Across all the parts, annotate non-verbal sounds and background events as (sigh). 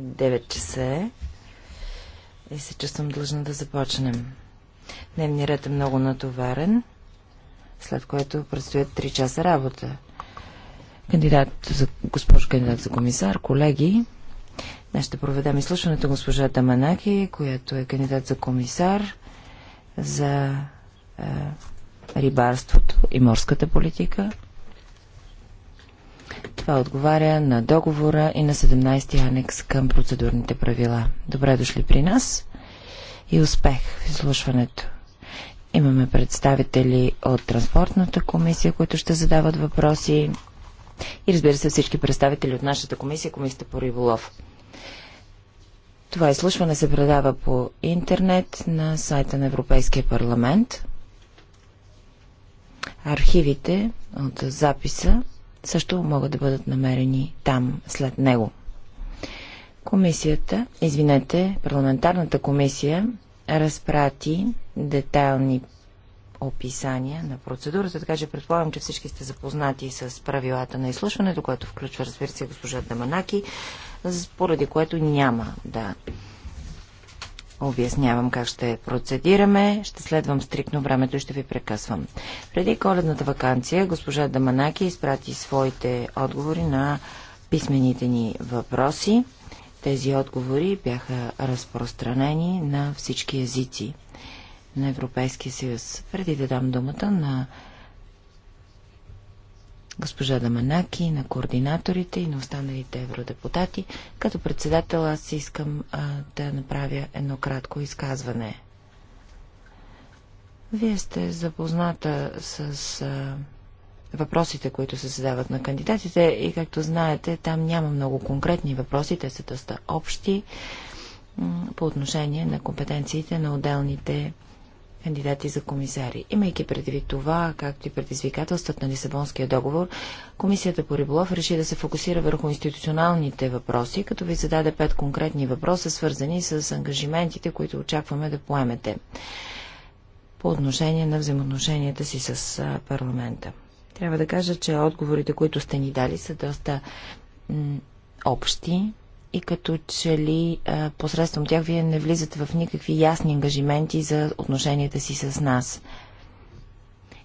9 часа е и се чувствам длъжна да започнем. Дневният ред е много натоварен, след което предстоят 3 часа работа. Кандидат за, госпожо кандидат за комисар, колеги, днес ще проведем изслушването госпожа Таманаки, която е кандидат за комисар за е, рибарството и морската политика. Това отговаря на договора и на 17-ти анекс към процедурните правила. Добре дошли при нас и успех в изслушването. Имаме представители от Транспортната комисия, които ще задават въпроси и разбира се всички представители от нашата комисия, комисията по риболов. Това изслушване се предава по интернет на сайта на Европейския парламент. Архивите от записа също могат да бъдат намерени там след него. Комисията, извинете, парламентарната комисия разпрати детайлни описания на процедурата, така че предполагам, че всички сте запознати с правилата на изслушването, което включва, разбира се, госпожа Даманаки, поради което няма да обяснявам как ще процедираме. Ще следвам стрикно времето и ще ви прекъсвам. Преди коледната вакансия госпожа Даманаки изпрати своите отговори на писмените ни въпроси. Тези отговори бяха разпространени на всички езици на Европейския съюз. Преди да дам думата на госпожа Даманаки, на координаторите и на останалите евродепутати. Като председател аз искам а, да направя едно кратко изказване. Вие сте запозната с а, въпросите, които се задават на кандидатите и както знаете, там няма много конкретни въпроси, те са доста общи по отношение на компетенциите на отделните кандидати за комисари. Имайки предвид това, както и предизвикателствата на Лисабонския договор, Комисията по риболов реши да се фокусира върху институционалните въпроси, като ви зададе пет конкретни въпроса, свързани с ангажиментите, които очакваме да поемете по отношение на взаимоотношенията си с парламента. Трябва да кажа, че отговорите, които сте ни дали, са доста общи, и като че ли а, посредством тях вие не влизате в никакви ясни ангажименти за отношенията си с нас.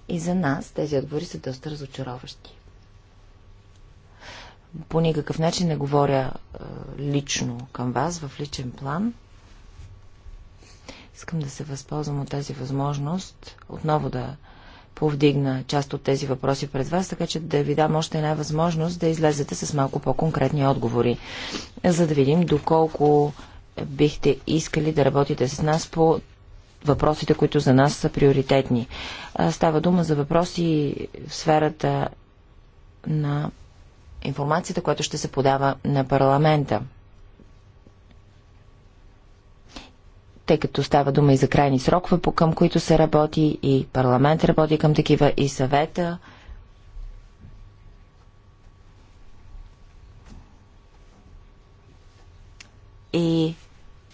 И за нас тези отговори са доста разочароващи. По никакъв начин не говоря а, лично към вас, в личен план. Искам да се възползвам от тази възможност отново да повдигна част от тези въпроси пред вас, така че да ви дам още една възможност да излезете с малко по-конкретни отговори, за да видим доколко бихте искали да работите с нас по въпросите, които за нас са приоритетни. Става дума за въпроси в сферата на информацията, която ще се подава на парламента. тъй като става дума и за крайни срокове, по към които се работи и парламент работи към такива и съвета. И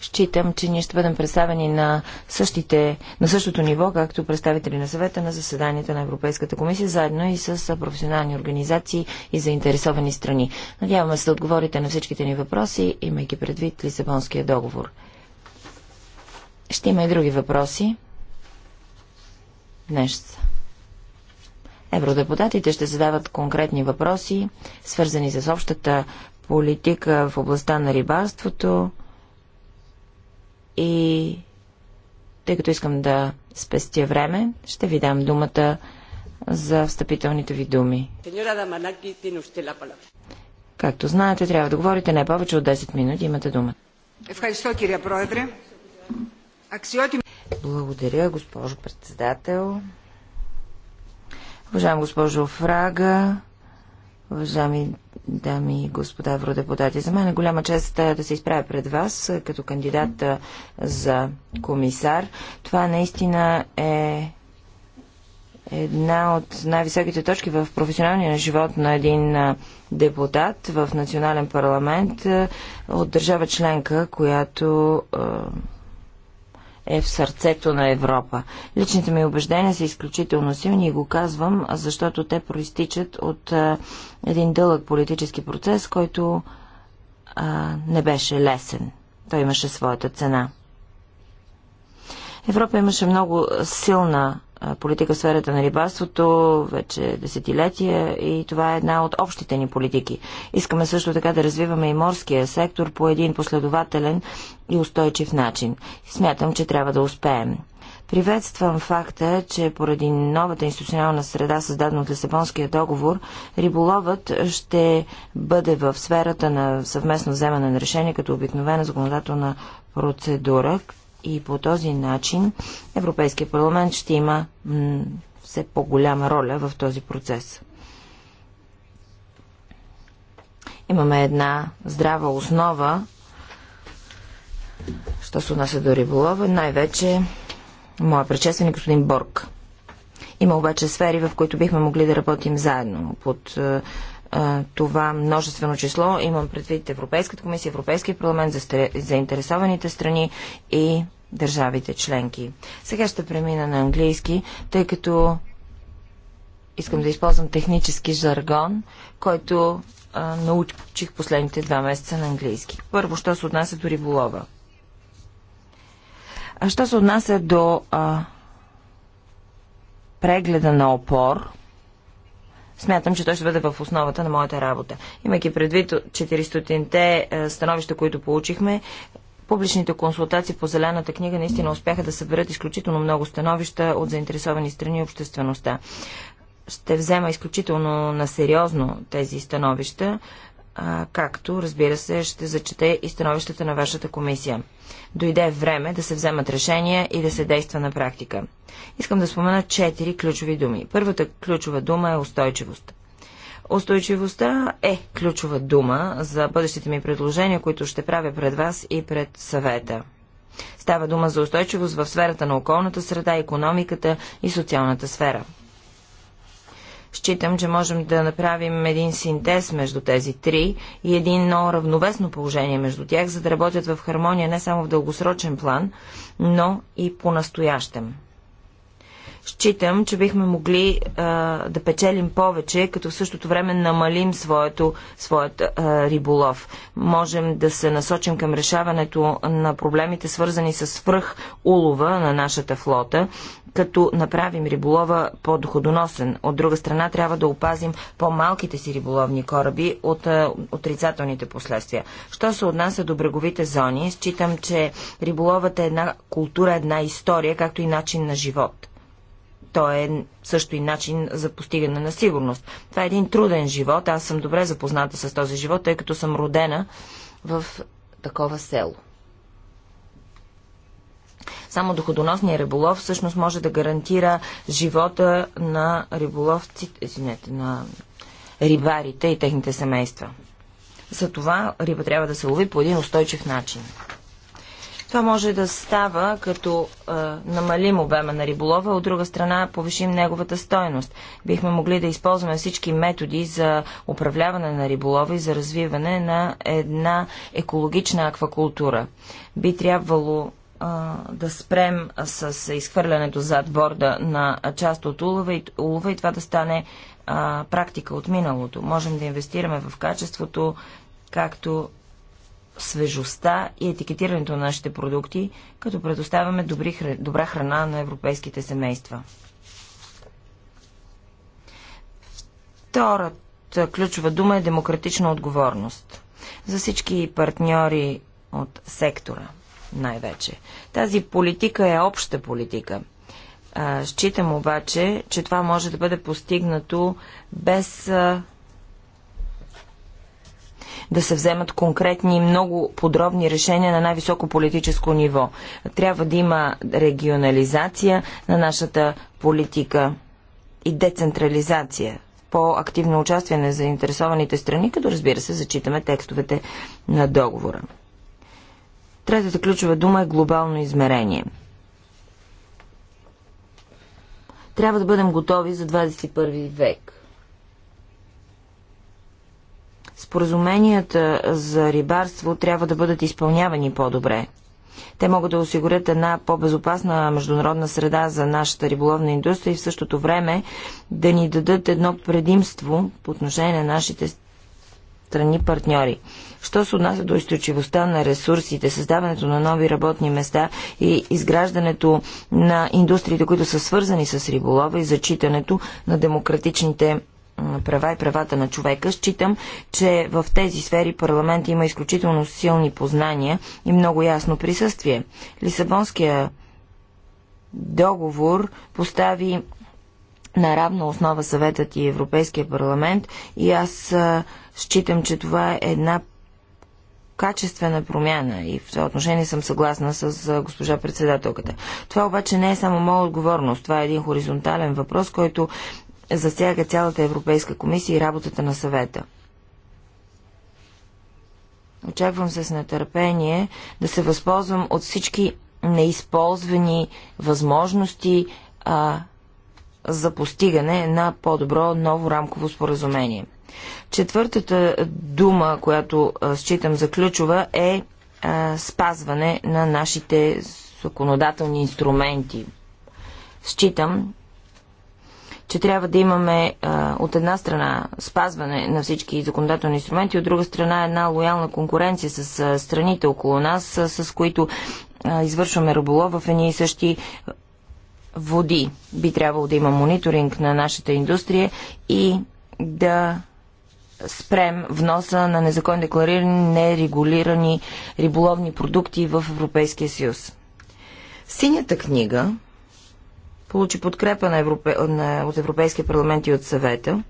считам, че ние ще бъдем представени на, същите, на същото ниво, както представители на съвета на заседанията на Европейската комисия, заедно и с професионални организации и заинтересовани страни. Надяваме се да отговорите на всичките ни въпроси, имайки предвид Лисабонския договор. Ще има и други въпроси. Днес. Евродепутатите ще задават конкретни въпроси, свързани с общата политика в областта на рибарството и тъй като искам да спестя време, ще ви дам думата за встъпителните ви думи. Както знаете, трябва да говорите не повече от 10 минути. Имате дума. Благодаря, госпожо председател. Уважаема госпожо Фрага, уважаеми дами и господа евродепутати, за мен е голяма чест е, да се изправя пред вас е, като кандидат е, за комисар. Това наистина е една от най-високите точки в професионалния живот на един депутат в национален парламент от държава членка, която е в сърцето на Европа. Личните ми убеждения са изключително силни и го казвам, защото те проистичат от а, един дълъг политически процес, който а, не беше лесен. Той имаше своята цена. Европа имаше много силна политика в сферата на рибарството вече десетилетия и това е една от общите ни политики. Искаме също така да развиваме и морския сектор по един последователен и устойчив начин. Смятам, че трябва да успеем. Приветствам факта, че поради новата институционална среда, създадена от Лисабонския договор, риболовът ще бъде в сферата на съвместно вземане на решение като обикновена законодателна процедура, и по този начин Европейския парламент ще има все по-голяма роля в този процес. Имаме една здрава основа, що се отнася до риболова, най-вече моя предшественик господин Борг. Има обаче сфери, в които бихме могли да работим заедно. Под а, е, е, това множествено число имам предвид Европейската комисия, Европейския парламент, за заинтересованите страни и държавите членки. Сега ще премина на английски, тъй като искам да използвам технически жаргон, който а, научих последните два месеца на английски. Първо, що се отнася до риболова. А що се отнася до а, прегледа на опор, смятам, че той ще бъде в основата на моята работа. Имайки предвид 400-те е, становища, които получихме, Публичните консултации по Зелената книга наистина успяха да съберат изключително много становища от заинтересовани страни и обществеността. Ще взема изключително на сериозно тези становища, както, разбира се, ще зачете и становищата на вашата комисия. Дойде време да се вземат решения и да се действа на практика. Искам да спомена четири ключови думи. Първата ключова дума е устойчивост. Устойчивостта е ключова дума за бъдещите ми предложения, които ще правя пред вас и пред съвета. Става дума за устойчивост в сферата на околната среда, економиката и социалната сфера. Считам, че можем да направим един синтез между тези три и един много равновесно положение между тях, за да работят в хармония не само в дългосрочен план, но и по-настоящем. Считам, че бихме могли а, да печелим повече, като в същото време намалим своето, своят а, риболов. Можем да се насочим към решаването на проблемите, свързани с връх улова на нашата флота, като направим риболова по-доходоносен. От друга страна, трябва да опазим по-малките си риболовни кораби от а, отрицателните последствия. Що се отнася до бреговите зони, считам, че риболовът е една култура, една история, както и начин на живот. То е също и начин за постигане на сигурност. Това е един труден живот. Аз съм добре запозната с този живот, тъй като съм родена в такова село. Само доходоносният риболов всъщност може да гарантира живота на риболовците, извинете, на рибарите и техните семейства. Затова риба трябва да се лови по един устойчив начин. Това може да става като е, намалим обема на риболова, от друга страна повишим неговата стойност. Бихме могли да използваме всички методи за управляване на риболова и за развиване на една екологична аквакултура. Би трябвало да спрем с изхвърлянето зад борда на част от улова и, улова и това да стане а, практика от миналото. Можем да инвестираме в качеството, както свежестта и етикетирането на нашите продукти, като предоставяме добри, добра храна на европейските семейства. Втората ключова дума е демократична отговорност за всички партньори от сектора най-вече. Тази политика е обща политика. Считам обаче, че това може да бъде постигнато без да се вземат конкретни, и много подробни решения на най-високо политическо ниво. Трябва да има регионализация на нашата политика и децентрализация по-активно участие на заинтересованите страни, като разбира се зачитаме текстовете на договора. Третата ключова дума е глобално измерение. Трябва да бъдем готови за 21 век. Споразуменията за рибарство трябва да бъдат изпълнявани по-добре. Те могат да осигурят една по-безопасна международна среда за нашата риболовна индустрия и в същото време да ни дадат едно предимство по отношение на нашите страни партньори. Що се отнася до източивостта на ресурсите, създаването на нови работни места и изграждането на индустриите, които са свързани с риболова и зачитането на демократичните права и правата на човека, считам, че в тези сфери парламент има изключително силни познания и много ясно присъствие. Лисабонския договор постави на равна основа съветът и Европейския парламент и аз считам, че това е една качествена промяна и в съотношение съм съгласна с госпожа председателката. Това обаче не е само моя отговорност, това е един хоризонтален въпрос, който засяга цялата Европейска комисия и работата на съвета. Очаквам се с нетърпение да се възползвам от всички неизползвани възможности а, за постигане на по-добро ново рамково споразумение. Четвъртата дума, която а, считам за ключова е а, спазване на нашите законодателни инструменти. Считам, че трябва да имаме а, от една страна спазване на всички законодателни инструменти, от друга страна една лоялна конкуренция с а, страните около нас, а, с които а, извършваме риболов в едни и същи води. Би трябвало да има мониторинг на нашата индустрия и да спрем вноса на незаконно декларирани, нерегулирани риболовни продукти в Европейския съюз. Синята книга получи подкрепа на Европе... на... от Европейския парламент и от съвета.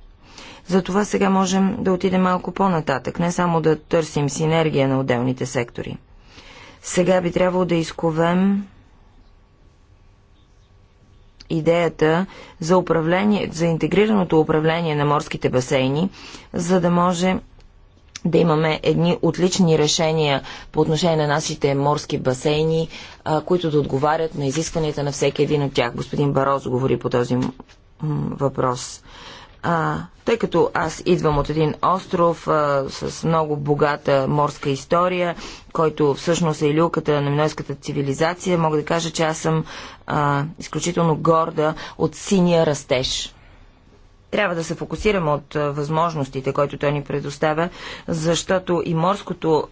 Затова сега можем да отидем малко по-нататък, не само да търсим синергия на отделните сектори. Сега би трябвало да изковем идеята за, управление, за интегрираното управление на морските басейни, за да може да имаме едни отлични решения по отношение на нашите морски басейни, които да отговарят на изискванията на всеки един от тях. Господин Бароз говори по този въпрос. А, тъй като аз идвам от един остров а, с много богата морска история, който всъщност е люката на минойската цивилизация, мога да кажа, че аз съм а, изключително горда от синия растеж трябва да се фокусираме от възможностите, които той ни предоставя, защото и морското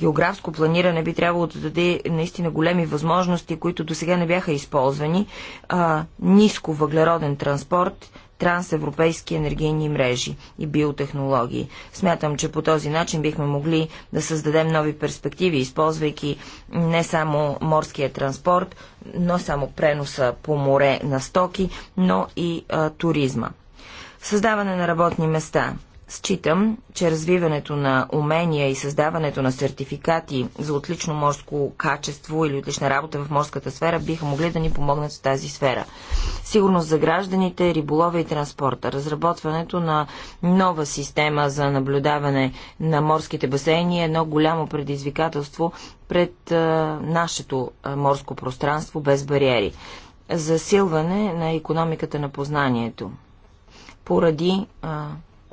географско планиране би трябвало да даде наистина големи възможности, които до сега не бяха използвани. А, ниско въглероден транспорт, трансевропейски енергийни мрежи и биотехнологии. Смятам, че по този начин бихме могли да създадем нови перспективи, използвайки не само морския транспорт, но само преноса по море на стоки, но и а, туризма. Създаване на работни места – Считам, че развиването на умения и създаването на сертификати за отлично морско качество или отлична работа в морската сфера биха могли да ни помогнат в тази сфера. Сигурност за гражданите, риболова и транспорта, разработването на нова система за наблюдаване на морските басейни е едно голямо предизвикателство пред нашето морско пространство без бариери. Засилване на економиката на познанието поради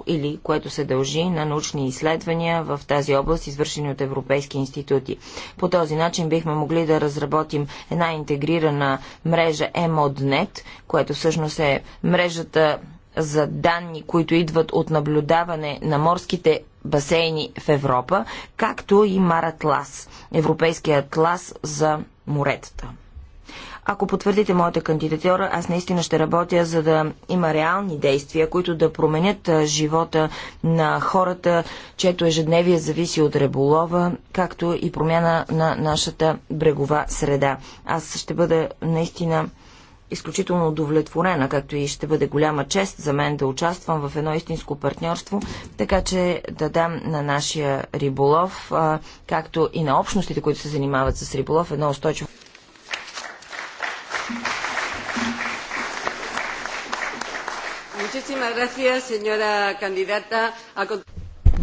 или което се дължи на научни изследвания в тази област, извършени от европейски институти. По този начин бихме могли да разработим една интегрирана мрежа EMODNET, е което всъщност е мрежата за данни, които идват от наблюдаване на морските басейни в Европа, както и маратлас, европейският Европейския атлас за моретата. Ако потвърдите моята кандидатура, аз наистина ще работя, за да има реални действия, които да променят живота на хората, чето ежедневие зависи от риболова, както и промяна на нашата брегова среда. Аз ще бъда наистина изключително удовлетворена, както и ще бъде голяма чест за мен да участвам в едно истинско партньорство, така че да дам на нашия риболов, както и на общностите, които се занимават с риболов, едно устойчиво.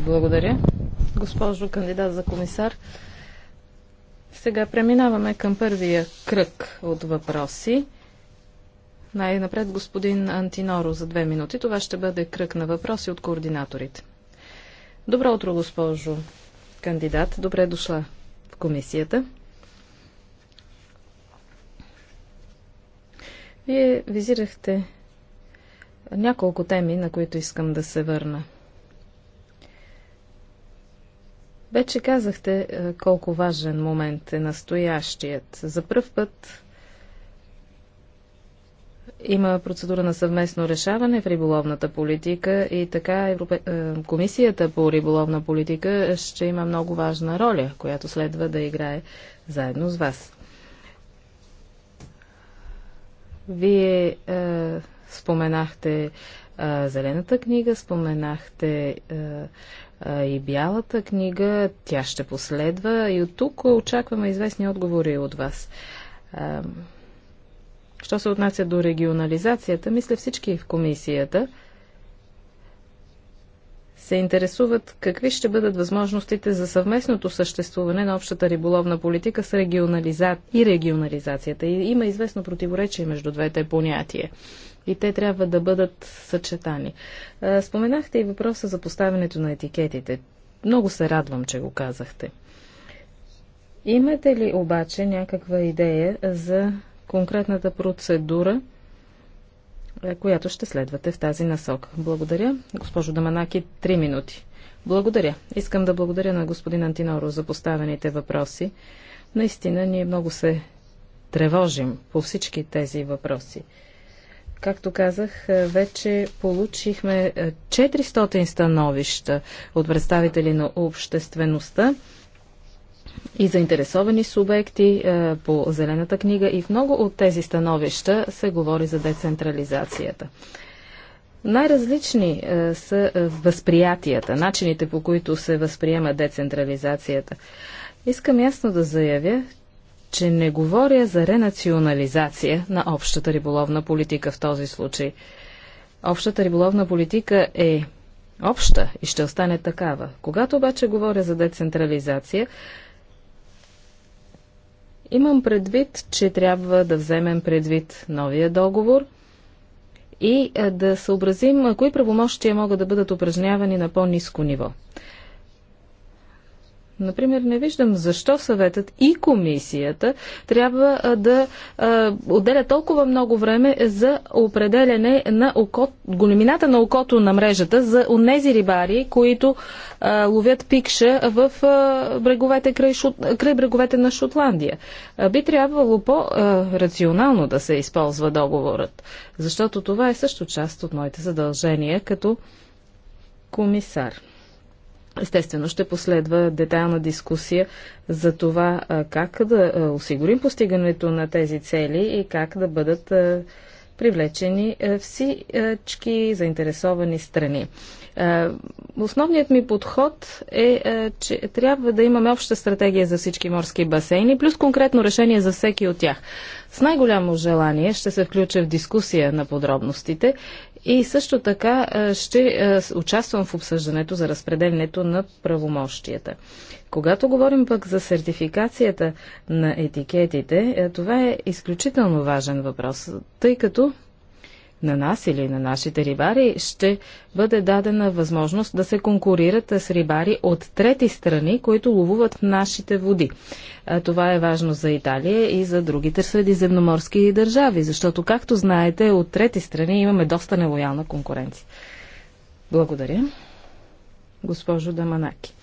Благодаря, госпожо кандидат за комисар. Сега преминаваме към първия кръг от въпроси. Най-напред господин Антиноро за две минути. Това ще бъде кръг на въпроси от координаторите. Добро утро, госпожо кандидат. Добре дошла в комисията. Вие визирахте няколко теми, на които искам да се върна. Вече казахте е, колко важен момент е настоящият. За пръв път има процедура на съвместно решаване в риболовната политика и така Европе... Е, Комисията по риболовна политика ще има много важна роля, която следва да играе заедно с вас. Вие е, споменахте е, Зелената книга, споменахте е, е, и Бялата книга. Тя ще последва и от тук очакваме известни отговори от вас. Е, що се отнася до регионализацията, мисля всички в комисията – се интересуват какви ще бъдат възможностите за съвместното съществуване на общата риболовна политика с регионализа... и регионализацията. И има известно противоречие между двете понятия. И те трябва да бъдат съчетани. Споменахте и въпроса за поставянето на етикетите. Много се радвам, че го казахте. Имате ли обаче някаква идея за конкретната процедура е, която ще следвате в тази насока. Благодаря. Госпожо Даманаки, три минути. Благодаря. Искам да благодаря на господин Антиноро за поставените въпроси. Наистина, ние много се тревожим по всички тези въпроси. Както казах, е, вече получихме 400 е, становища от представители на обществеността и заинтересовани субекти е, по Зелената книга и в много от тези становища се говори за децентрализацията. Най-различни е, са е, възприятията, начините по които се възприема децентрализацията. Искам ясно да заявя, че не говоря за ренационализация на общата риболовна политика в този случай. Общата риболовна политика е обща и ще остане такава. Когато обаче говоря за децентрализация, Имам предвид, че трябва да вземем предвид новия договор и е, да съобразим кои правомощия могат да бъдат упражнявани на по-низко ниво. Например, не виждам защо съветът и комисията трябва да отделя толкова много време за определене на око, големината на окото на мрежата за онези рибари, които а, ловят пикша в а, бреговете край, Шот, край бреговете на Шотландия. А, би трябвало по-рационално да се използва договорът, защото това е също част от моите задължения като комисар. Естествено, ще последва детайлна дискусия за това как да осигурим постигането на тези цели и как да бъдат привлечени всички заинтересовани страни. Основният ми подход е, че трябва да имаме обща стратегия за всички морски басейни, плюс конкретно решение за всеки от тях. С най-голямо желание ще се включа в дискусия на подробностите и също така ще участвам в обсъждането за разпределенето на правомощията. Когато говорим пък за сертификацията на етикетите, това е изключително важен въпрос, тъй като на нас или на нашите рибари ще бъде дадена възможност да се конкурират с рибари от трети страни, които ловуват в нашите води. Това е важно за Италия и за другите средиземноморски държави, защото, както знаете, от трети страни имаме доста нелоялна конкуренция. Благодаря. Госпожо Даманаки.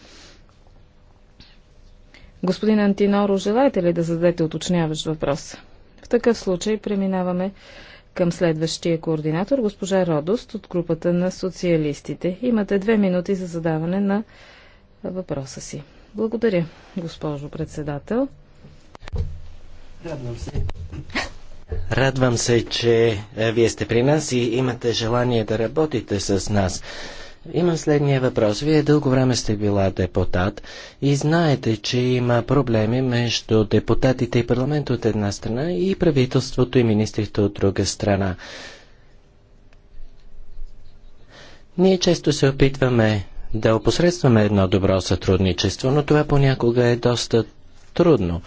Господин Антиноро, желаете ли да зададете уточняващ въпрос? В такъв случай преминаваме към следващия координатор, госпожа Родост от групата на социалистите. Имате две минути за задаване на въпроса си. Благодаря, госпожо председател. Радвам се. Радвам се, че е, вие сте при нас и имате желание да работите с нас. Имам следния въпрос. Вие дълго време сте била депутат и знаете, че има проблеми между депутатите и парламент от една страна и правителството и министрите от друга страна. Ние често се опитваме да опосредстваме едно добро сътрудничество, но това понякога е доста трудно.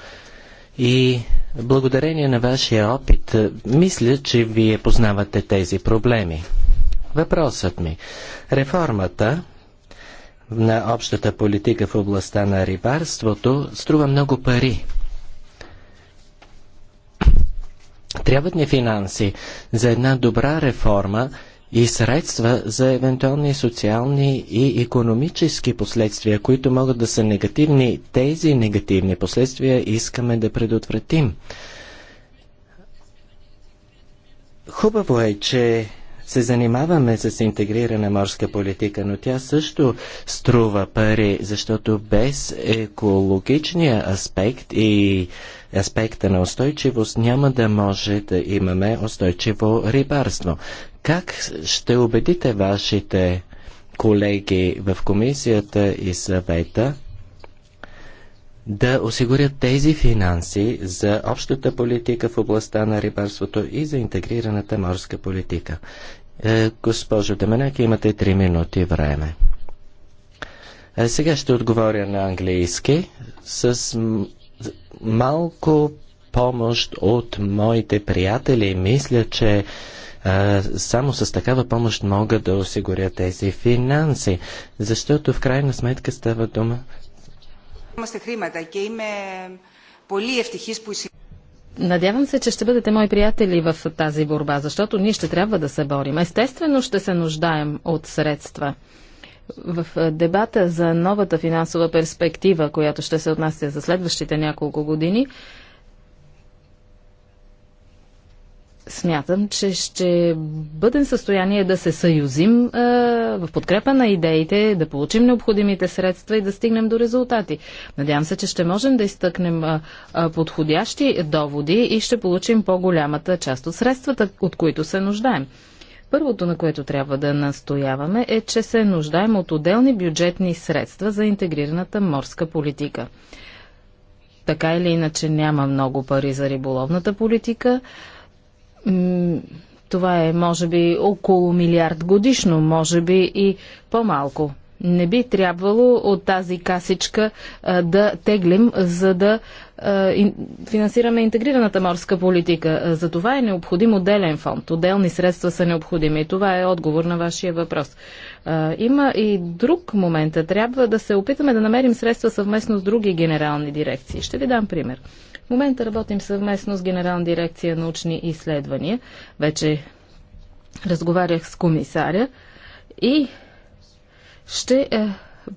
И благодарение на вашия опит, мисля, че вие познавате тези проблеми. Въпросът ми. Реформата на общата политика в областта на рибарството струва много пари. Трябват ни финанси за една добра реформа и средства за евентуални социални и економически последствия, които могат да са негативни. Тези негативни последствия искаме да предотвратим. Хубаво е, че се занимаваме с интегрирана морска политика, но тя също струва пари, защото без екологичния аспект и аспекта на устойчивост няма да може да имаме устойчиво рибарство. Как ще убедите вашите колеги в комисията и съвета, да осигурят тези финанси за общата политика в областта на рибарството и за интегрираната морска политика. Е, госпожо Деменек, имате 3 минути време. Е, сега ще отговоря на английски с малко помощ от моите приятели. Мисля, че е, само с такава помощ мога да осигуря тези финанси, защото в крайна сметка става дума Надявам се, че ще бъдете мои приятели в тази борба, защото ние ще трябва да се борим. Естествено ще се нуждаем от средства. В е, дебата за новата финансова перспектива, която ще се отнася за следващите няколко години, смятам, че ще бъдем в състояние да се съюзим а, в подкрепа на идеите, да получим необходимите средства и да стигнем до резултати. Надявам се, че ще можем да изтъкнем а, а, подходящи доводи и ще получим по-голямата част от средствата, от които се нуждаем. Първото, на което трябва да настояваме, е, че се нуждаем от отделни бюджетни средства за интегрираната морска политика. Така или иначе няма много пари за риболовната политика това е, може би, около милиард годишно, може би и по-малко. Не би трябвало от тази касичка а, да теглим, за да а, и, финансираме интегрираната морска политика. А, за това е необходим отделен фонд. Отделни средства са необходими. И това е отговор на вашия въпрос. А, има и друг момент. Трябва да се опитаме да намерим средства съвместно с други генерални дирекции. Ще ви дам пример момента работим съвместно с Генерална дирекция научни изследвания. Вече разговарях с комисаря и ще е,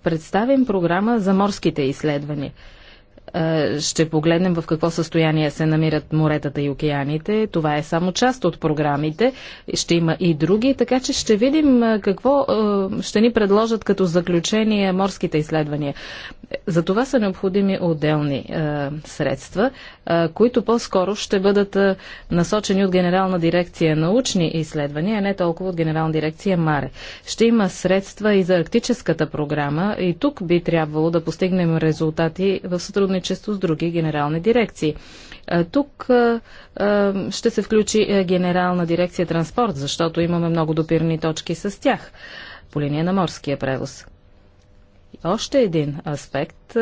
представим програма за морските изследвания. Е, ще погледнем в какво състояние се намират моретата и океаните. Това е само част от програмите. Ще има и други, така че ще видим е, какво е, ще ни предложат като заключение морските изследвания. За това са необходими отделни средства, които по-скоро ще бъдат насочени от Генерална дирекция научни изследвания, а не толкова от Генерална дирекция Маре. Ще има средства и за арктическата програма и тук би трябвало да постигнем резултати в сътрудничество сътрудничество с други генерални дирекции. Тук ще се включи е, Генерална дирекция транспорт, защото имаме много допирни точки с тях по линия на морския превоз. Още един аспект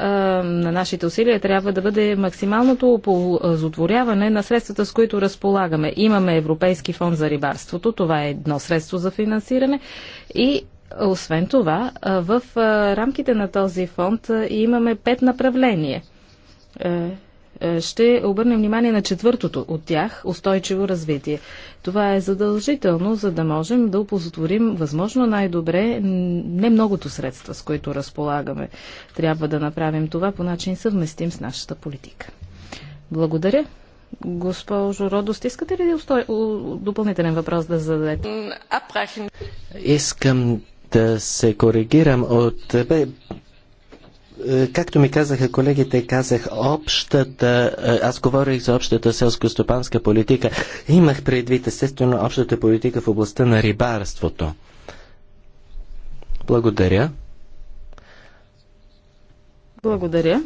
на нашите усилия трябва да бъде максималното оползотворяване на средствата, с които разполагаме. Имаме Европейски фонд за рибарството, това е едно средство за финансиране и освен това, в рамките на този фонд имаме пет направления. Е, е, ще обърнем внимание на четвъртото от тях – устойчиво развитие. Това е задължително, за да можем да опозотворим възможно най-добре не многото средства, с които разполагаме. Трябва да направим това по начин съвместим с нашата политика. Благодаря. Госпожо Родост, искате ли допълнителен въпрос да зададете? Искам да се коригирам от... тебе. Е, както ми казаха колегите, казах общата, е, аз говорих за общата селско-стопанска политика. Имах предвид естествено общата политика в областта на рибарството. Благодаря. Благодаря.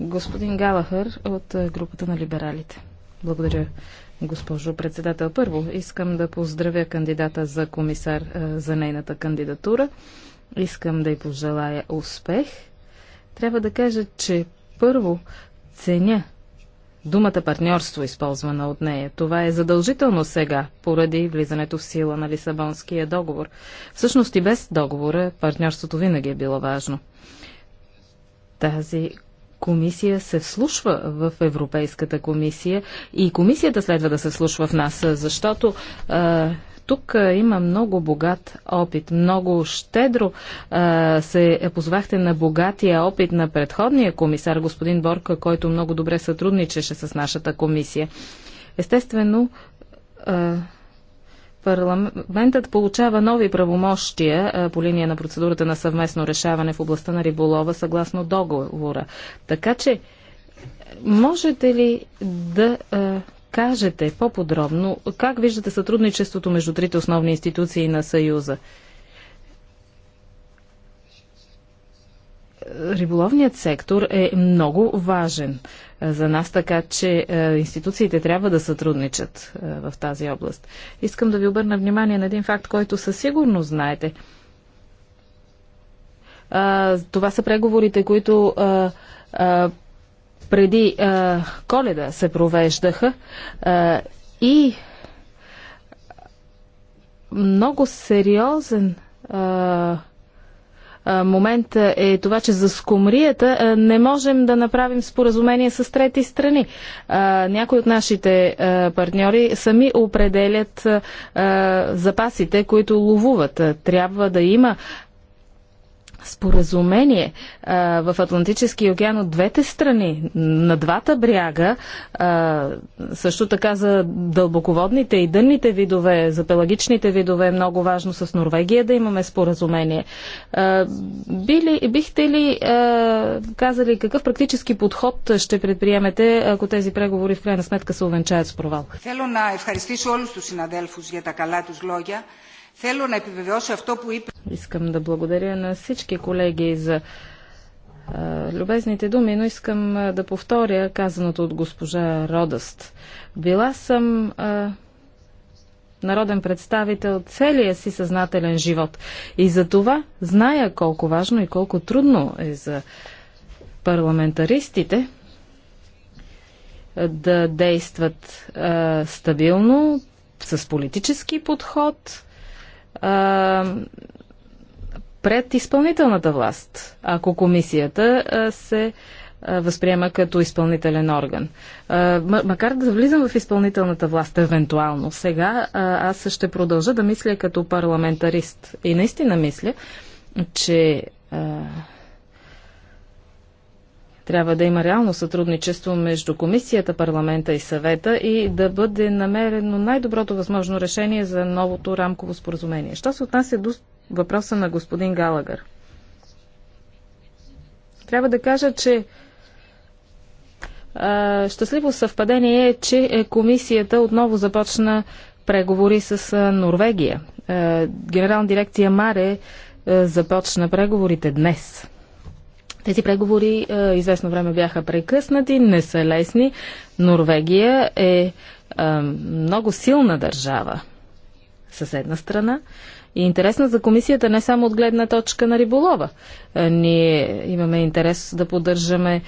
Господин Галахър от е, групата на либералите. Благодаря, Госпожо председател, първо искам да поздравя кандидата за комисар е, за нейната кандидатура. Искам да й пожелая успех. Трябва да кажа, че първо ценя думата партньорство, използвана от нея. Това е задължително сега, поради влизането в сила на Лисабонския договор. Всъщност и без договора партньорството винаги е било важно. Тази комисия се вслушва в Европейската комисия и комисията следва да се вслушва в нас, защото а, тук има много богат опит. Много щедро а, се позвахте на богатия опит на предходния комисар, господин Борка, който много добре сътрудничеше с нашата комисия. Естествено, а, Парламентът получава нови правомощия по линия на процедурата на съвместно решаване в областта на риболова съгласно договора. Така че, можете ли да кажете по-подробно как виждате сътрудничеството между трите основни институции на Съюза? Риболовният сектор е много важен за нас, така че е, институциите трябва да сътрудничат е, в тази област. Искам да ви обърна внимание на един факт, който със сигурност знаете. Това са преговорите, които преди коледа се провеждаха и много сериозен момент е това, че за скумрията не можем да направим споразумение с трети страни. Някои от нашите партньори сами определят запасите, които ловуват. Трябва да има споразумение а, в Атлантическия океан от двете страни, на двата бряга, а, също така за дълбоководните и дънните видове, за пелагичните видове е много важно с Норвегия да имаме споразумение. А, били, бихте ли казали какъв практически подход ще предприемете, ако тези преговори в крайна сметка се увенчаят с провал? Θέλω να ευχαριστήσω όλους τους συναδέλφους για τα καλά τους λόγια. Искам да благодаря на всички колеги за любезните думи, но искам да повторя казаното от госпожа Родъст. Била съм народен представител целия си съзнателен живот. И за това зная колко важно и колко трудно е за парламентаристите да действат а, стабилно, с политически подход, а, пред изпълнителната власт, ако комисията а, се а, възприема като изпълнителен орган. А, макар да влизам в изпълнителната власт, евентуално, сега а, аз ще продължа да мисля като парламентарист. И наистина мисля, че трябва да има реално сътрудничество между комисията, парламента и съвета и да бъде намерено най-доброто възможно решение за новото рамково споразумение. Що се отнася до въпроса на господин Галагър? Трябва да кажа, че а, щастливо съвпадение е, че е, комисията отново започна преговори с Норвегия. А, генерална дирекция Маре започна преговорите днес. Тези преговори е, известно време бяха прекъснати, не са лесни. Норвегия е, е много силна държава, съседна страна. И интересна за комисията не само от гледна точка на риболова. Е, ние имаме интерес да поддържаме е,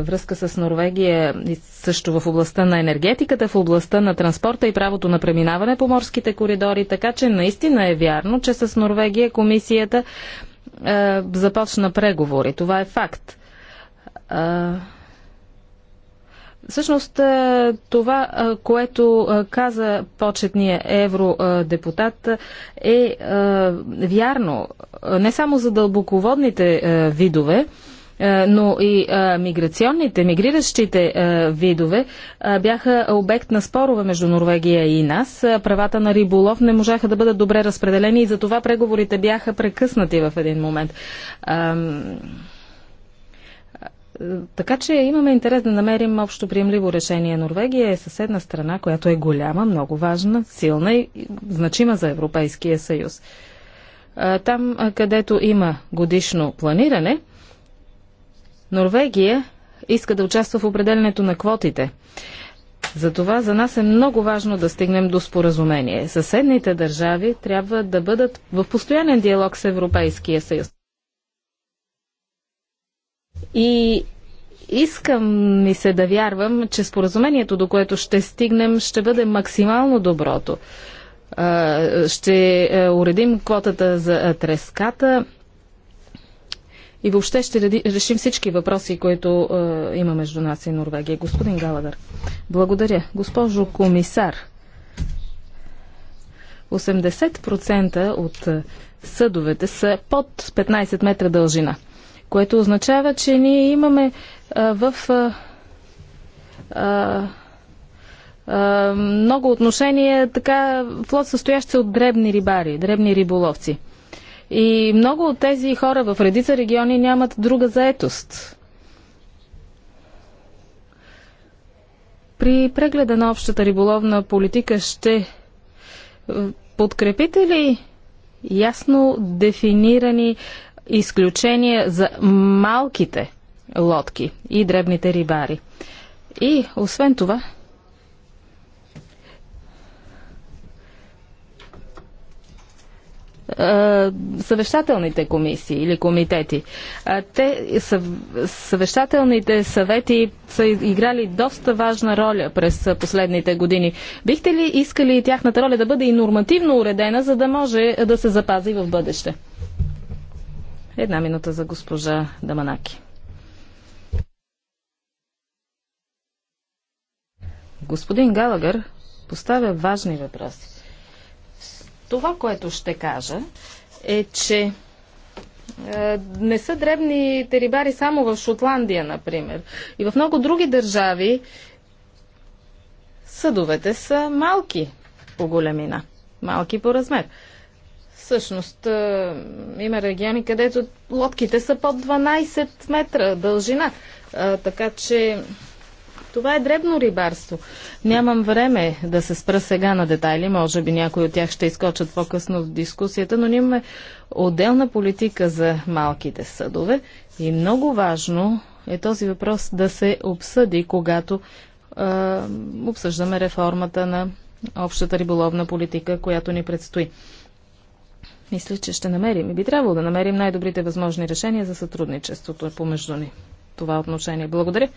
връзка с Норвегия също в областта на енергетиката, в областта на транспорта и правото на преминаване по морските коридори. Така че наистина е вярно, че с Норвегия комисията е, започна преговори. Това е факт. Е, Всъщност това, е, което е, каза почетният евродепутат е, е вярно не само за дълбоководните видове, е, но и е, миграционните, мигриращите е, видове бяха обект на спорове между Норвегия и нас. Правата на риболов не можаха да бъдат добре разпределени и затова преговорите бяха прекъснати в един момент. Така че имаме интерес да намерим общо приемливо решение. Норвегия е съседна страна, която е голяма, много важна, силна и значима за Европейския съюз. Там, където има годишно планиране, Норвегия иска да участва в определенето на квотите. Затова за нас е много важно да стигнем до споразумение. Съседните държави трябва да бъдат в постоянен диалог с Европейския съюз. И искам ми се да вярвам, че споразумението, до което ще стигнем, ще бъде максимално доброто. Ще е, уредим квотата за треската, и въобще ще решим всички въпроси, които е, има между нас и Норвегия. Господин Галагър, благодаря. Госпожо комисар, 80% от е, съдовете са под 15 метра дължина, което означава, че ние имаме а, е, в а, е, а, много отношения така флот състоящ се от дребни рибари, дребни риболовци. И много от тези хора в редица региони нямат друга заетост. При прегледа на общата риболовна политика ще е, подкрепите ли ясно дефинирани изключения за малките лодки и дребните рибари? И освен това, съвещателните комисии или комитети. Те, съвещателните съвети са играли доста важна роля през последните години. Бихте ли искали тяхната роля да бъде и нормативно уредена, за да може да се запази в бъдеще? Една минута за госпожа Даманаки. Господин Галагър поставя важни въпроси. Това, което ще кажа, е, че е, не са дребни рибари само в Шотландия, например. И в много други държави съдовете са малки по големина, малки по размер. Всъщност, е, има региони, където лодките са под 12 метра дължина. Така че това е дребно рибарство. Нямам време да се спра сега на детайли, може би някои от тях ще изкочат по-късно в дискусията, но имаме отделна политика за малките съдове и много важно е този въпрос да се обсъди, когато е, обсъждаме реформата на общата риболовна политика, която ни предстои. Мисля, че ще намерим и би трябвало да намерим най-добрите възможни решения за сътрудничеството помежду ни. Това отношение. Благодаря.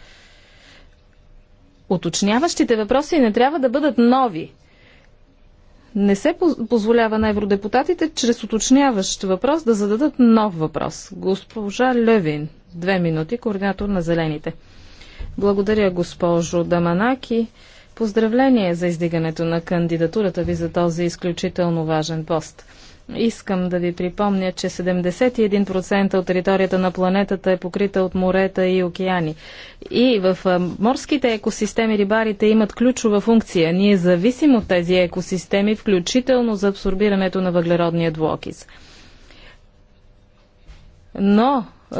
Оточняващите въпроси не трябва да бъдат нови. Не се позволява на евродепутатите чрез уточняващ въпрос да зададат нов въпрос. Госпожа Левин, две минути, координатор на Зелените. Благодаря, госпожо Даманаки. Поздравление за издигането на кандидатурата ви за този изключително важен пост. Искам да ви припомня, че 71% от територията на планетата е покрита от морета и океани. И в морските екосистеми рибарите имат ключова функция. Ние зависим от тези екосистеми, включително за абсорбирането на въглеродния двуокис. Но е,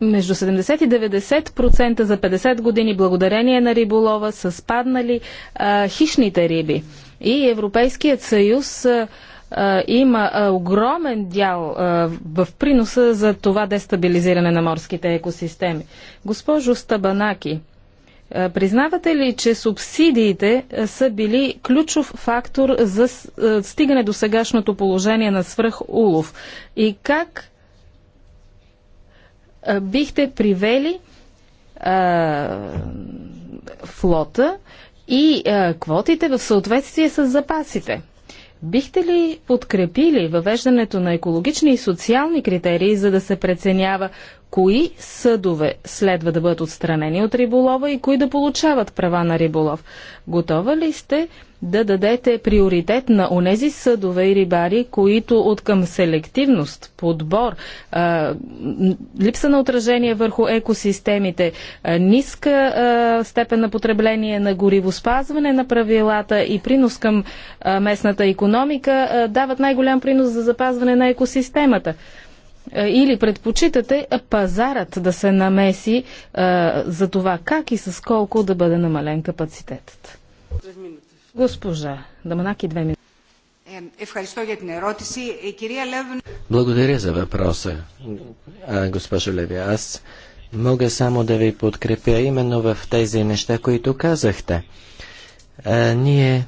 между 70 и 90% за 50 години благодарение на риболова са спаднали е, хищните риби. И Европейският съюз има огромен дял в приноса за това дестабилизиране на морските екосистеми. Госпожо Стабанаки, Признавате ли, че субсидиите са били ключов фактор за стигане до сегашното положение на свръхулов? И как бихте привели флота и а, е, квотите в съответствие с запасите. Бихте ли подкрепили въвеждането на екологични и социални критерии, за да се преценява кои съдове следва да бъдат отстранени от риболова и кои да получават права на риболов? Готова ли сте да дадете приоритет на онези съдове и рибари, които от към селективност, подбор, а, липса на отражение върху екосистемите, а, ниска а, степен на потребление на гориво, спазване на правилата и принос към а, местната економика а, дават най-голям принос за запазване на екосистемата или предпочитате пазарът да се намеси а, за това как и с колко да бъде намален капацитетът? Госпожа две минути. Е, е, Благодаря за въпроса, госпожо Леви. Аз мога само да ви подкрепя именно в тези неща, които казахте. А, ние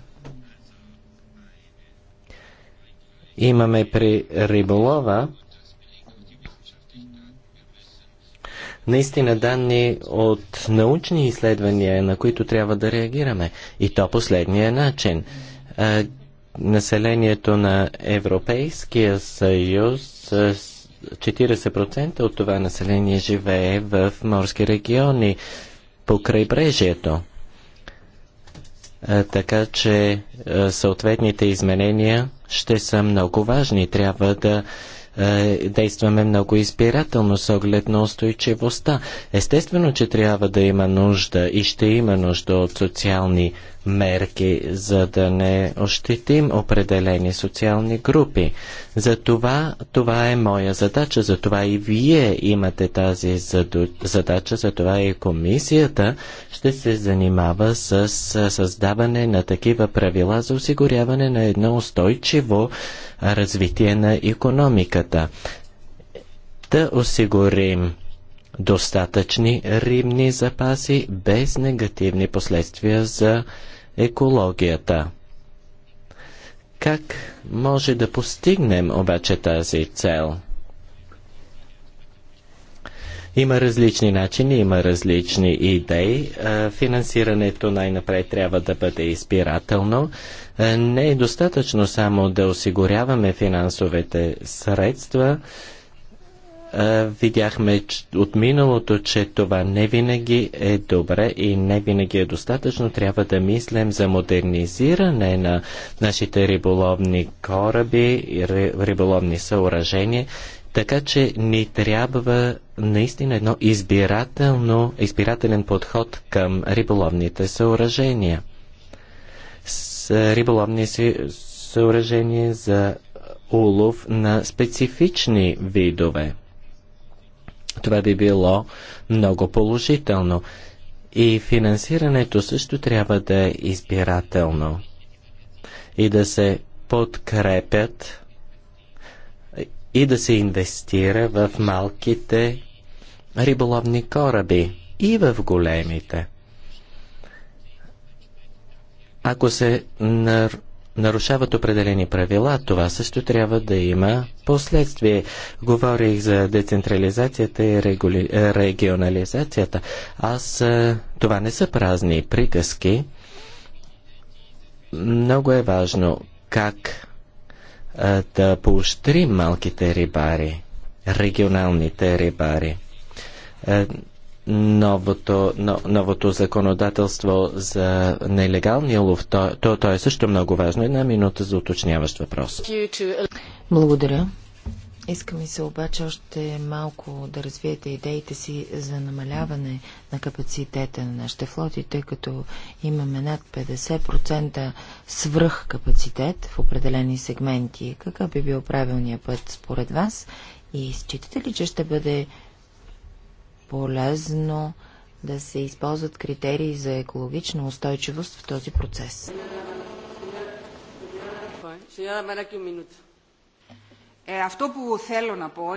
имаме при риболова наистина данни от научни изследвания, на които трябва да реагираме. И то последния начин. А, населението на Европейския съюз 40% от това население живее в морски региони по крайбрежието. Така че съответните изменения ще са много важни. Трябва да е, действаме много избирателно с оглед на устойчивостта. Естествено, че трябва да има нужда и ще има нужда от социални мерки, за да не ощетим определени социални групи. За това, това е моя задача, за това и вие имате тази задача, за това и комисията ще се занимава с създаване на такива правила за осигуряване на едно устойчиво развитие на економиката. Да осигурим достатъчни рибни запаси без негативни последствия за екологията. Как може да постигнем обаче тази цел? Има различни начини, има различни идеи. Финансирането най-напред трябва да бъде избирателно. Не е достатъчно само да осигуряваме финансовите средства, Видяхме от миналото, че това не винаги е добре и не винаги е достатъчно. Трябва да мислим за модернизиране на нашите риболовни кораби, риболовни съоръжения, така че ни трябва наистина едно избирателно, избирателен подход към риболовните съоръжения. С риболовни съоръжения за улов на специфични видове. Това би било много положително. И финансирането също трябва да е избирателно и да се подкрепят и да се инвестира в малките риболовни кораби и в големите. Ако се нар нарушават определени правила, това също трябва да има последствие. Говорих за децентрализацията и регули... Е, регионализацията. Аз е, това не са празни приказки. Много е важно как е, да поощрим малките рибари, регионалните рибари новото, но, новото законодателство за нелегалния лов, то, то, то е също много важно. Една минута за уточняващ въпрос. Благодаря. Иска ми се обаче още малко да развиете идеите си за намаляване на капацитета на нашите флоти, тъй като имаме над 50% свръхкапацитет в определени сегменти. Какъв би бил правилният път според вас? И считате ли, че ще бъде полезно да се използват критерии за екологична устойчивост в този процес.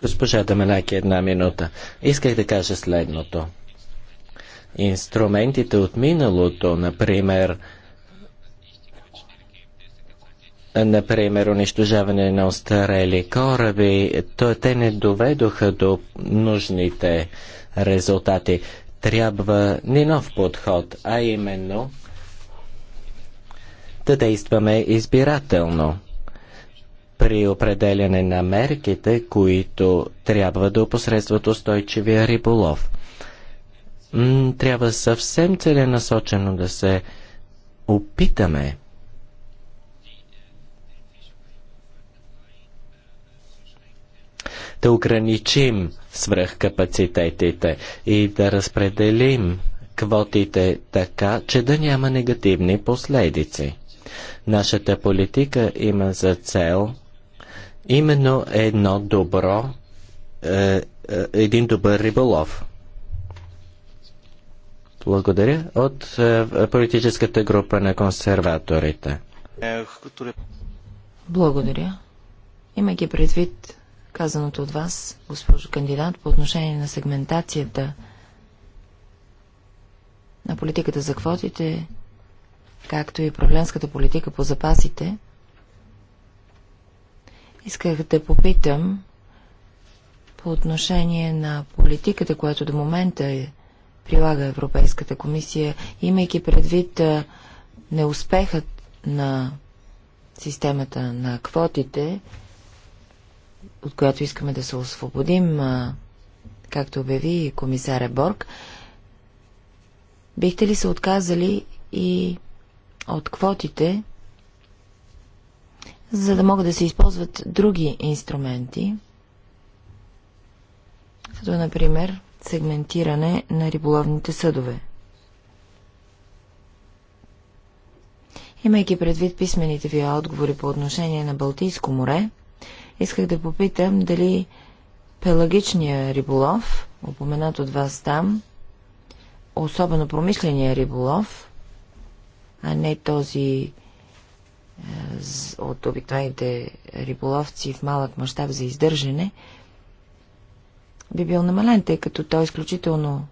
Госпожа Даменаки, една минута. Исках да кажа следното. Инструментите от миналото, например, например, унищожаване на остарели кораби, то те не доведоха до нужните резултати. Трябва ни нов подход, а именно да действаме избирателно при определяне на мерките, които трябва да опосредстват устойчивия риболов. Трябва съвсем целенасочено да се опитаме да ограничим свръхкапацитетите и да разпределим квотите така, че да няма негативни последици. Нашата политика има за цел именно едно добро, е, е, един добър риболов. Благодаря от е, политическата група на консерваторите. Е, Благодаря. Имайки предвид казаното от вас, госпожо кандидат, по отношение на сегментацията на политиката за квотите, както и управленската политика по запасите, исках да попитам по отношение на политиката, която до момента е прилага Европейската комисия, имайки предвид неуспехът на системата на квотите от която искаме да се освободим, както обяви комисаря Борг, бихте ли се отказали и от квотите, за да могат да се използват други инструменти, като например сегментиране на риболовните съдове. Имайки предвид писмените ви отговори по отношение на Балтийско море, Исках да попитам дали пелагичния риболов, упоменат от вас там, особено промисления риболов, а не този е, от обикновените риболовци в малък мащаб за издържане, би бил намален, тъй като той е изключително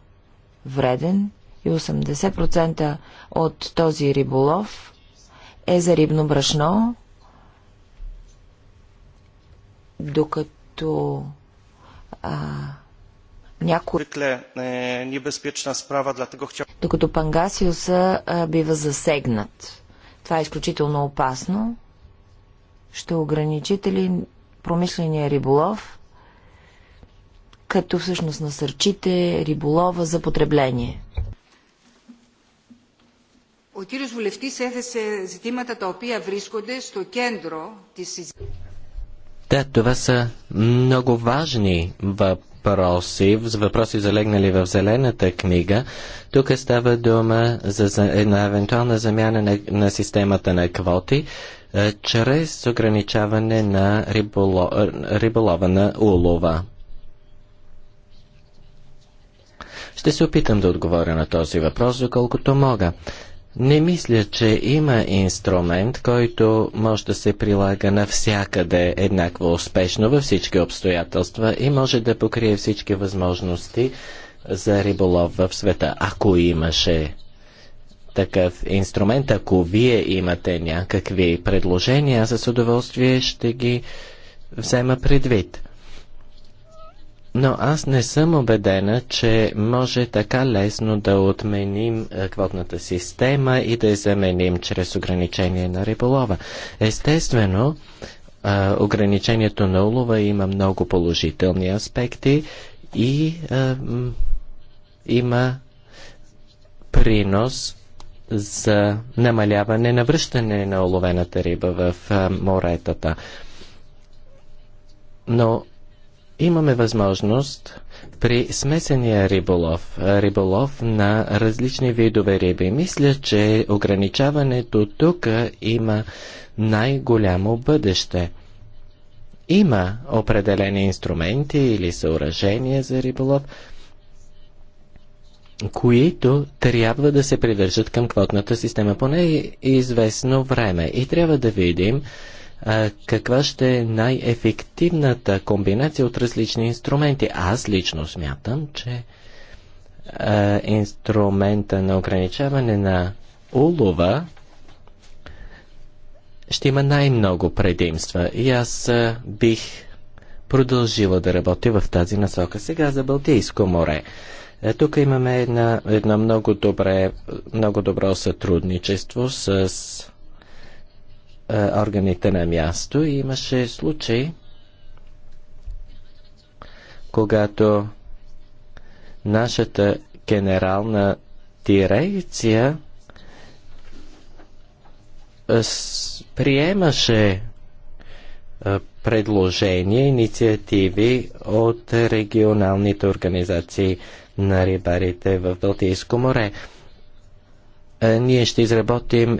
вреден и 80% от този риболов е за рибно брашно, докато а, някой... Е, докато Пангасиуса а, бива засегнат. Това е изключително опасно. Ще ограничите ли промисления риболов, като всъщност насърчите риболова за потребление? Ο κύριος Βουλευτής έθεσε ζητήματα τα οποία βρίσκονται στο κέντρο της συζήτησης. Да, това са много важни въпроси, въпроси залегнали в Зелената книга. Тук става дума за една евентуална замяна на, на системата на квоти е, чрез ограничаване на риболо, е, риболова на улова. Ще се опитам да отговоря на този въпрос, доколкото мога. Не мисля, че има инструмент, който може да се прилага навсякъде еднакво успешно във всички обстоятелства и може да покрие всички възможности за риболов в света. Ако имаше такъв инструмент, ако вие имате някакви предложения, аз с удоволствие ще ги взема предвид. Но аз не съм убедена, че може така лесно да отменим е, квотната система и да я заменим чрез ограничение на риболова. Естествено, е, ограничението на улова има много положителни аспекти и е, има принос за намаляване на връщане на оловената риба в моретата. Но имаме възможност при смесения риболов, риболов на различни видове риби. Мисля, че ограничаването тук има най-голямо бъдеще. Има определени инструменти или съоръжения за риболов, които трябва да се придържат към квотната система поне е известно време. И трябва да видим, каква ще е най-ефективната комбинация от различни инструменти. Аз лично смятам, че инструмента на ограничаване на улова ще има най-много предимства и аз бих продължила да работя в тази насока. Сега за Балтийско море. Тук имаме една, едно много, добре, много добро сътрудничество с е, органите на място и имаше случаи, когато нашата генерална дирекция е, приемаше е, предложения, инициативи от регионалните организации на рибарите в Балтийско море. Е, ние ще изработим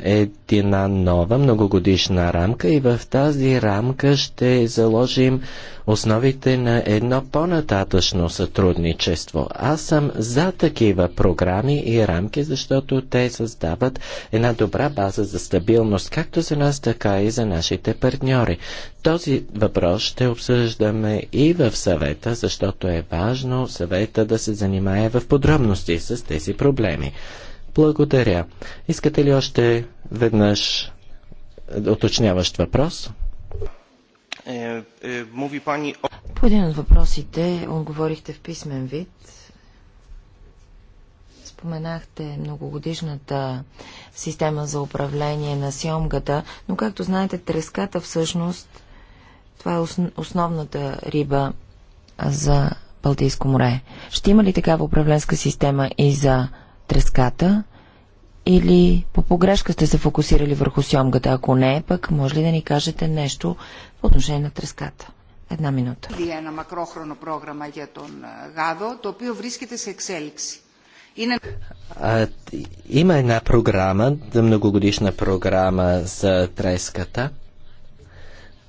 една нова многогодишна рамка и в тази рамка ще заложим основите на едно по-нататъчно сътрудничество. Аз съм за такива програми и рамки, защото те създават една добра база за стабилност, както за нас, така и за нашите партньори. Този въпрос ще обсъждаме и в съвета, защото е важно съвета да се занимае в подробности с тези проблеми. Благодаря. Искате ли още веднъж уточняващ въпрос? Е, е, По един от въпросите отговорихте в писмен вид. Споменахте многогодишната система за управление на сьомгата, но както знаете, треската всъщност това е основната риба за Балтийско море. Ще има ли такава управленска система и за треската или по погрешка сте се фокусирали върху сьомгата? Ако не, пък може ли да ни кажете нещо по отношение на треската? Една минута. Ήδη една μακρόχρονο програма για тон гадо, то οποίο βρίσκεται се екселикси. Има една програма, многогодишна програма за треската.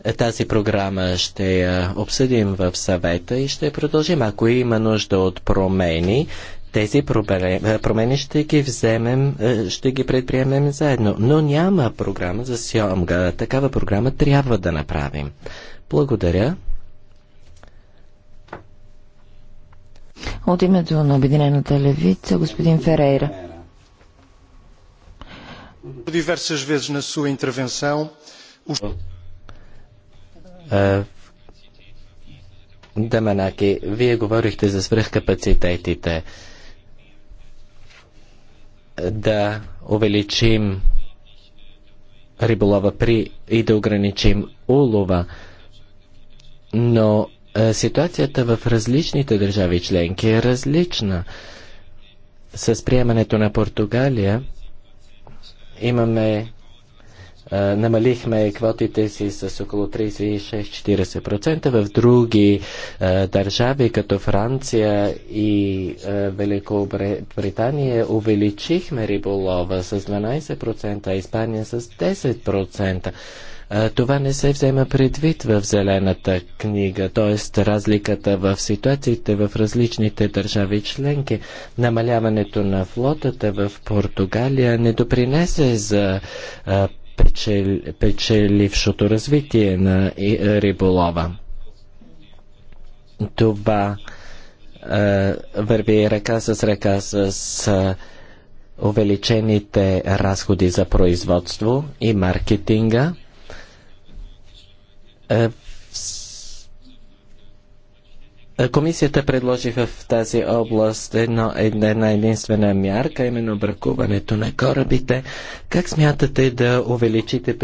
Е, тази програма ще я обсъдим в съвета и ще продължим. Ако има нужда от промени, тези промени ще ги вземем, ще ги предприемем заедно. Но няма програма за Сьомга. Такава програма трябва да направим. Благодаря. От името на Обединената левица, господин Ферейра. Даманаки, вие говорихте за свръхкапацитетите да увеличим риболова при и да ограничим улова. Но е, ситуацията в различните държави членки е различна. С приемането на Португалия имаме намалихме квотите си с около 36-40%. В други държави, като Франция и Великобритания, увеличихме риболова с 12%, а Испания с 10%. Това не се взема предвид в зелената книга, т.е. разликата в ситуациите в различните държави членки. Намаляването на флотата в Португалия не допринесе за печел, печелившото развитие на е, риболова. Това е, върви ръка с ръка с е, увеличените разходи за производство и маркетинга. Е, е, комисията предложи в тази област едно, една единствена мярка, именно бракуването на корабите. Как смятате да увеличите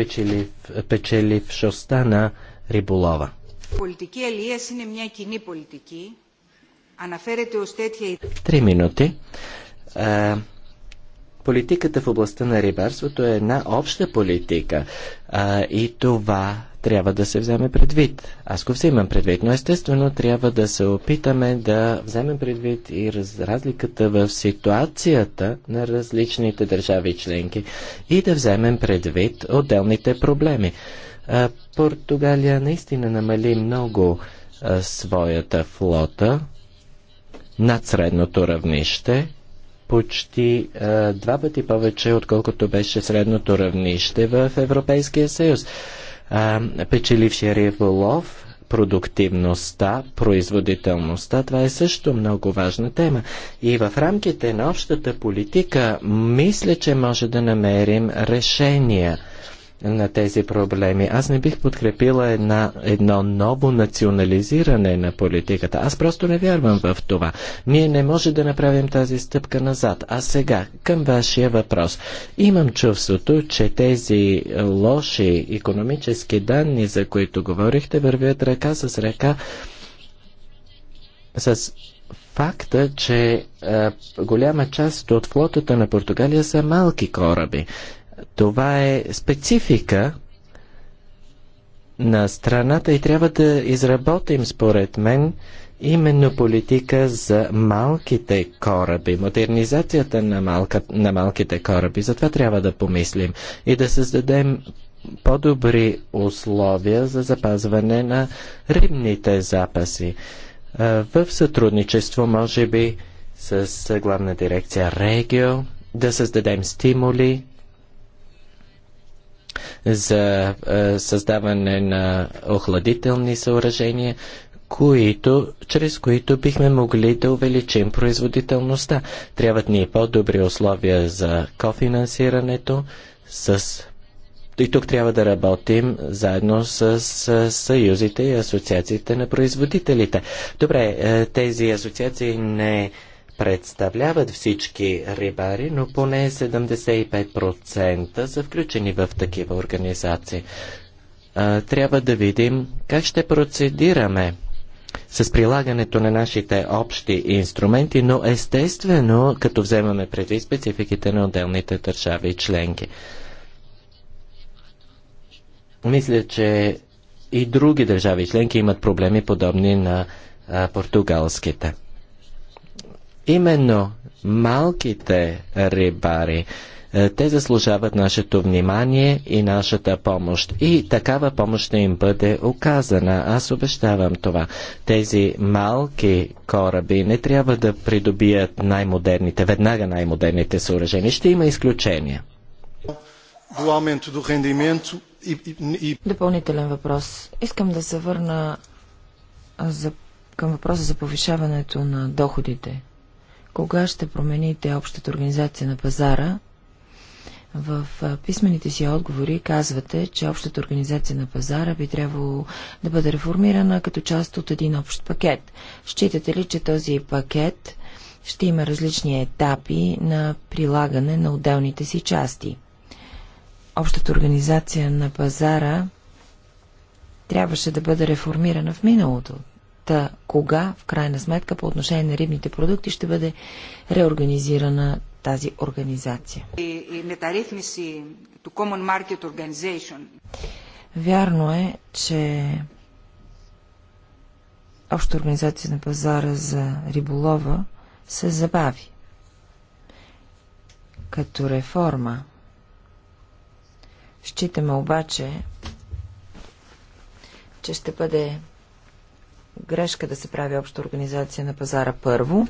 печелившостта на риболова? Политики Елиес е μια κοινή политики. Αναφέρεται ως τέτοια... Три минути. А, е, политиката в областта на рибарството е една обща политика. А, е, и това трябва да се вземе предвид. Аз го взимам предвид, но естествено трябва да се опитаме да вземем предвид и раз, разликата в ситуацията на различните държави членки и да вземем предвид отделните проблеми. А, Португалия наистина намали много а, своята флота над средното равнище, почти а, два пъти повече, отколкото беше средното равнище в Европейския съюз печелившия риболов, продуктивността, производителността. Това е също много важна тема. И в рамките на общата политика мисля, че може да намерим решения на тези проблеми. Аз не бих подкрепила една, едно ново национализиране на политиката. Аз просто не вярвам в това. Ние не може да направим тази стъпка назад. А сега, към вашия въпрос. Имам чувството, че тези лоши економически данни, за които говорихте, вървят ръка с ръка с факта, че а, голяма част от флотата на Португалия са малки кораби. Това е специфика на страната и трябва да изработим, според мен, именно политика за малките кораби, модернизацията на, малка, на малките кораби. Затова трябва да помислим и да създадем по-добри условия за запазване на рибните запаси. В сътрудничество, може би, с главна дирекция Регио, да създадем стимули за е, създаване на охладителни съоръжения, които, чрез които бихме могли да увеличим производителността. Трябват ни по-добри условия за кофинансирането с и тук трябва да работим заедно с, с съюзите и асоциациите на производителите. Добре, е, тези асоциации не представляват всички рибари, но поне 75% са включени в такива организации. Трябва да видим как ще процедираме с прилагането на нашите общи инструменти, но естествено, като вземаме предвид спецификите на отделните държави и членки. Мисля, че и други държави членки имат проблеми подобни на а, португалските. Именно малките рибари, е, те заслужават нашето внимание и нашата помощ. И такава помощ ще им бъде оказана. Аз обещавам това. Тези малки кораби не трябва да придобият най-модерните, веднага най-модерните съоръжения. Ще има изключения. Допълнителен въпрос. Искам да се върна за, към въпроса за повишаването на доходите кога ще промените общата организация на пазара? В писмените си отговори казвате, че общата организация на пазара би трябвало да бъде реформирана като част от един общ пакет. Считате ли, че този пакет ще има различни етапи на прилагане на отделните си части? Общата организация на пазара трябваше да бъде реформирана в миналото. Та кога, в крайна сметка, по отношение на рибните продукти ще бъде реорганизирана тази организация? Вярно е, че Обща организация на пазара за риболова се забави като реформа. Считаме обаче, че ще бъде грешка да се прави обща организация на пазара първо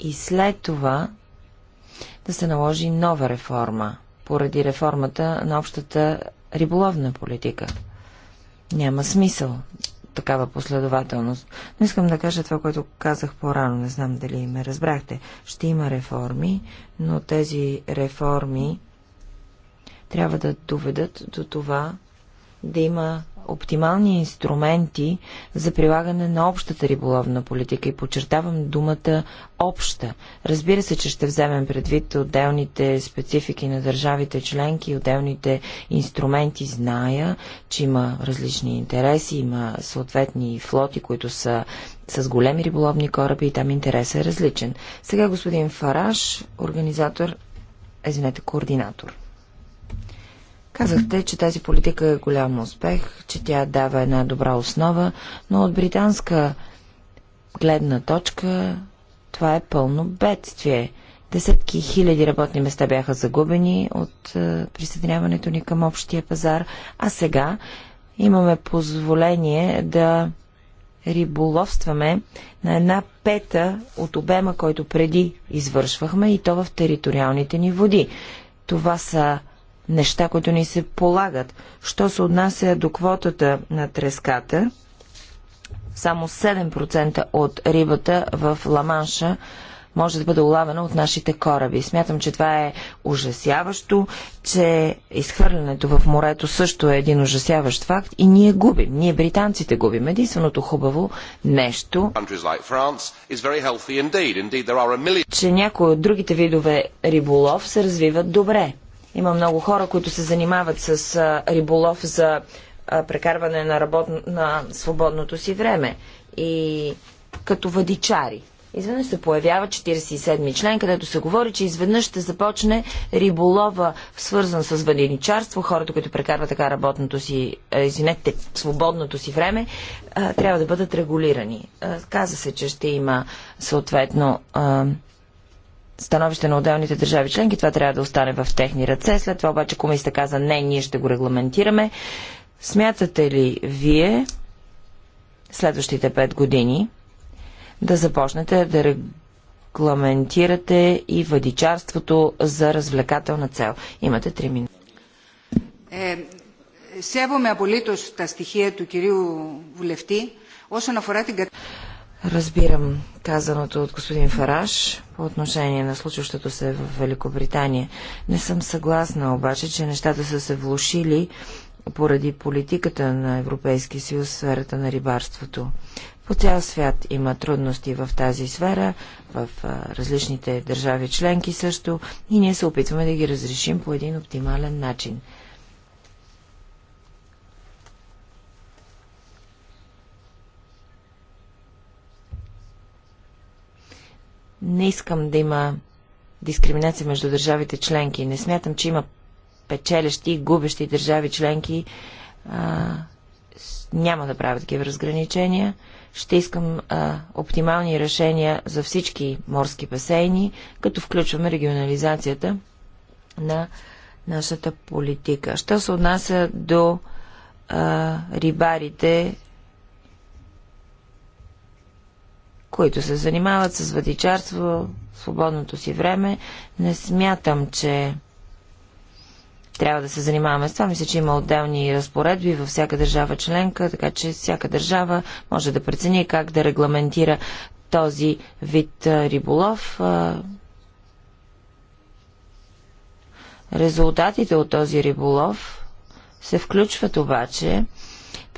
и след това да се наложи нова реформа поради реформата на общата риболовна политика. Няма смисъл такава последователност. Но искам да кажа това, което казах по-рано. Не знам дали ме разбрахте. Ще има реформи, но тези реформи трябва да доведат до това да има оптимални инструменти за прилагане на общата риболовна политика и подчертавам думата обща. Разбира се, че ще вземем предвид отделните специфики на държавите членки, отделните инструменти. Зная, че има различни интереси, има съответни флоти, които са с големи риболовни кораби и там интересът е различен. Сега господин Фараш, организатор, извинете, координатор. Казахте, че тази политика е голям успех, че тя дава една добра основа, но от британска гледна точка това е пълно бедствие. Десетки хиляди работни места бяха загубени от е, присъединяването ни към общия пазар, а сега имаме позволение да риболовстваме на една пета от обема, който преди извършвахме и то в териториалните ни води. Това са неща, които ни се полагат. Що се отнася до квотата на треската, само 7% от рибата в Ламанша може да бъде улавена от нашите кораби. Смятам, че това е ужасяващо, че изхвърлянето в морето също е един ужасяващ факт и ние губим. Ние британците губим. Единственото хубаво нещо, че някои от другите видове риболов се развиват добре. Има много хора, които се занимават с риболов за прекарване на, работ... на свободното си време и като въдичари. Изведнъж се появява 47-ми член, където се говори, че изведнъж ще започне риболова, свързан с ваниничарство. Хората, които прекарват така работното си, извинете, свободното си време, трябва да бъдат регулирани. Каза се, че ще има съответно становище на отделните държави членки. Това трябва да остане в техни ръце. След това обаче комисията каза не, ние ще го регламентираме. Смятате ли вие следващите пет години да започнете да регламентирате и въдичарството за развлекателна цел? Имате три минути. Ε, σέβομαι απολύτως τα στοιχεία του κυρίου Βουλευτή όσον αφορά την κατάσταση. Разбирам казаното от господин Фараш по отношение на случващото се в Великобритания. Не съм съгласна обаче, че нещата са се влушили поради политиката на Европейския съюз в сферата на рибарството. По цял свят има трудности в тази сфера, в различните държави членки също, и ние се опитваме да ги разрешим по един оптимален начин. Не искам да има дискриминация между държавите членки. Не смятам, че има печелещи и губещи държави членки. А, няма да правя такива разграничения. Ще искам а, оптимални решения за всички морски басейни, като включваме регионализацията на нашата политика. Що се отнася до а, рибарите които се занимават с въдичарство в свободното си време. Не смятам, че трябва да се занимаваме с това. Мисля, че има отделни разпоредби във всяка държава членка, така че всяка държава може да прецени как да регламентира този вид риболов. Резултатите от този риболов се включват обаче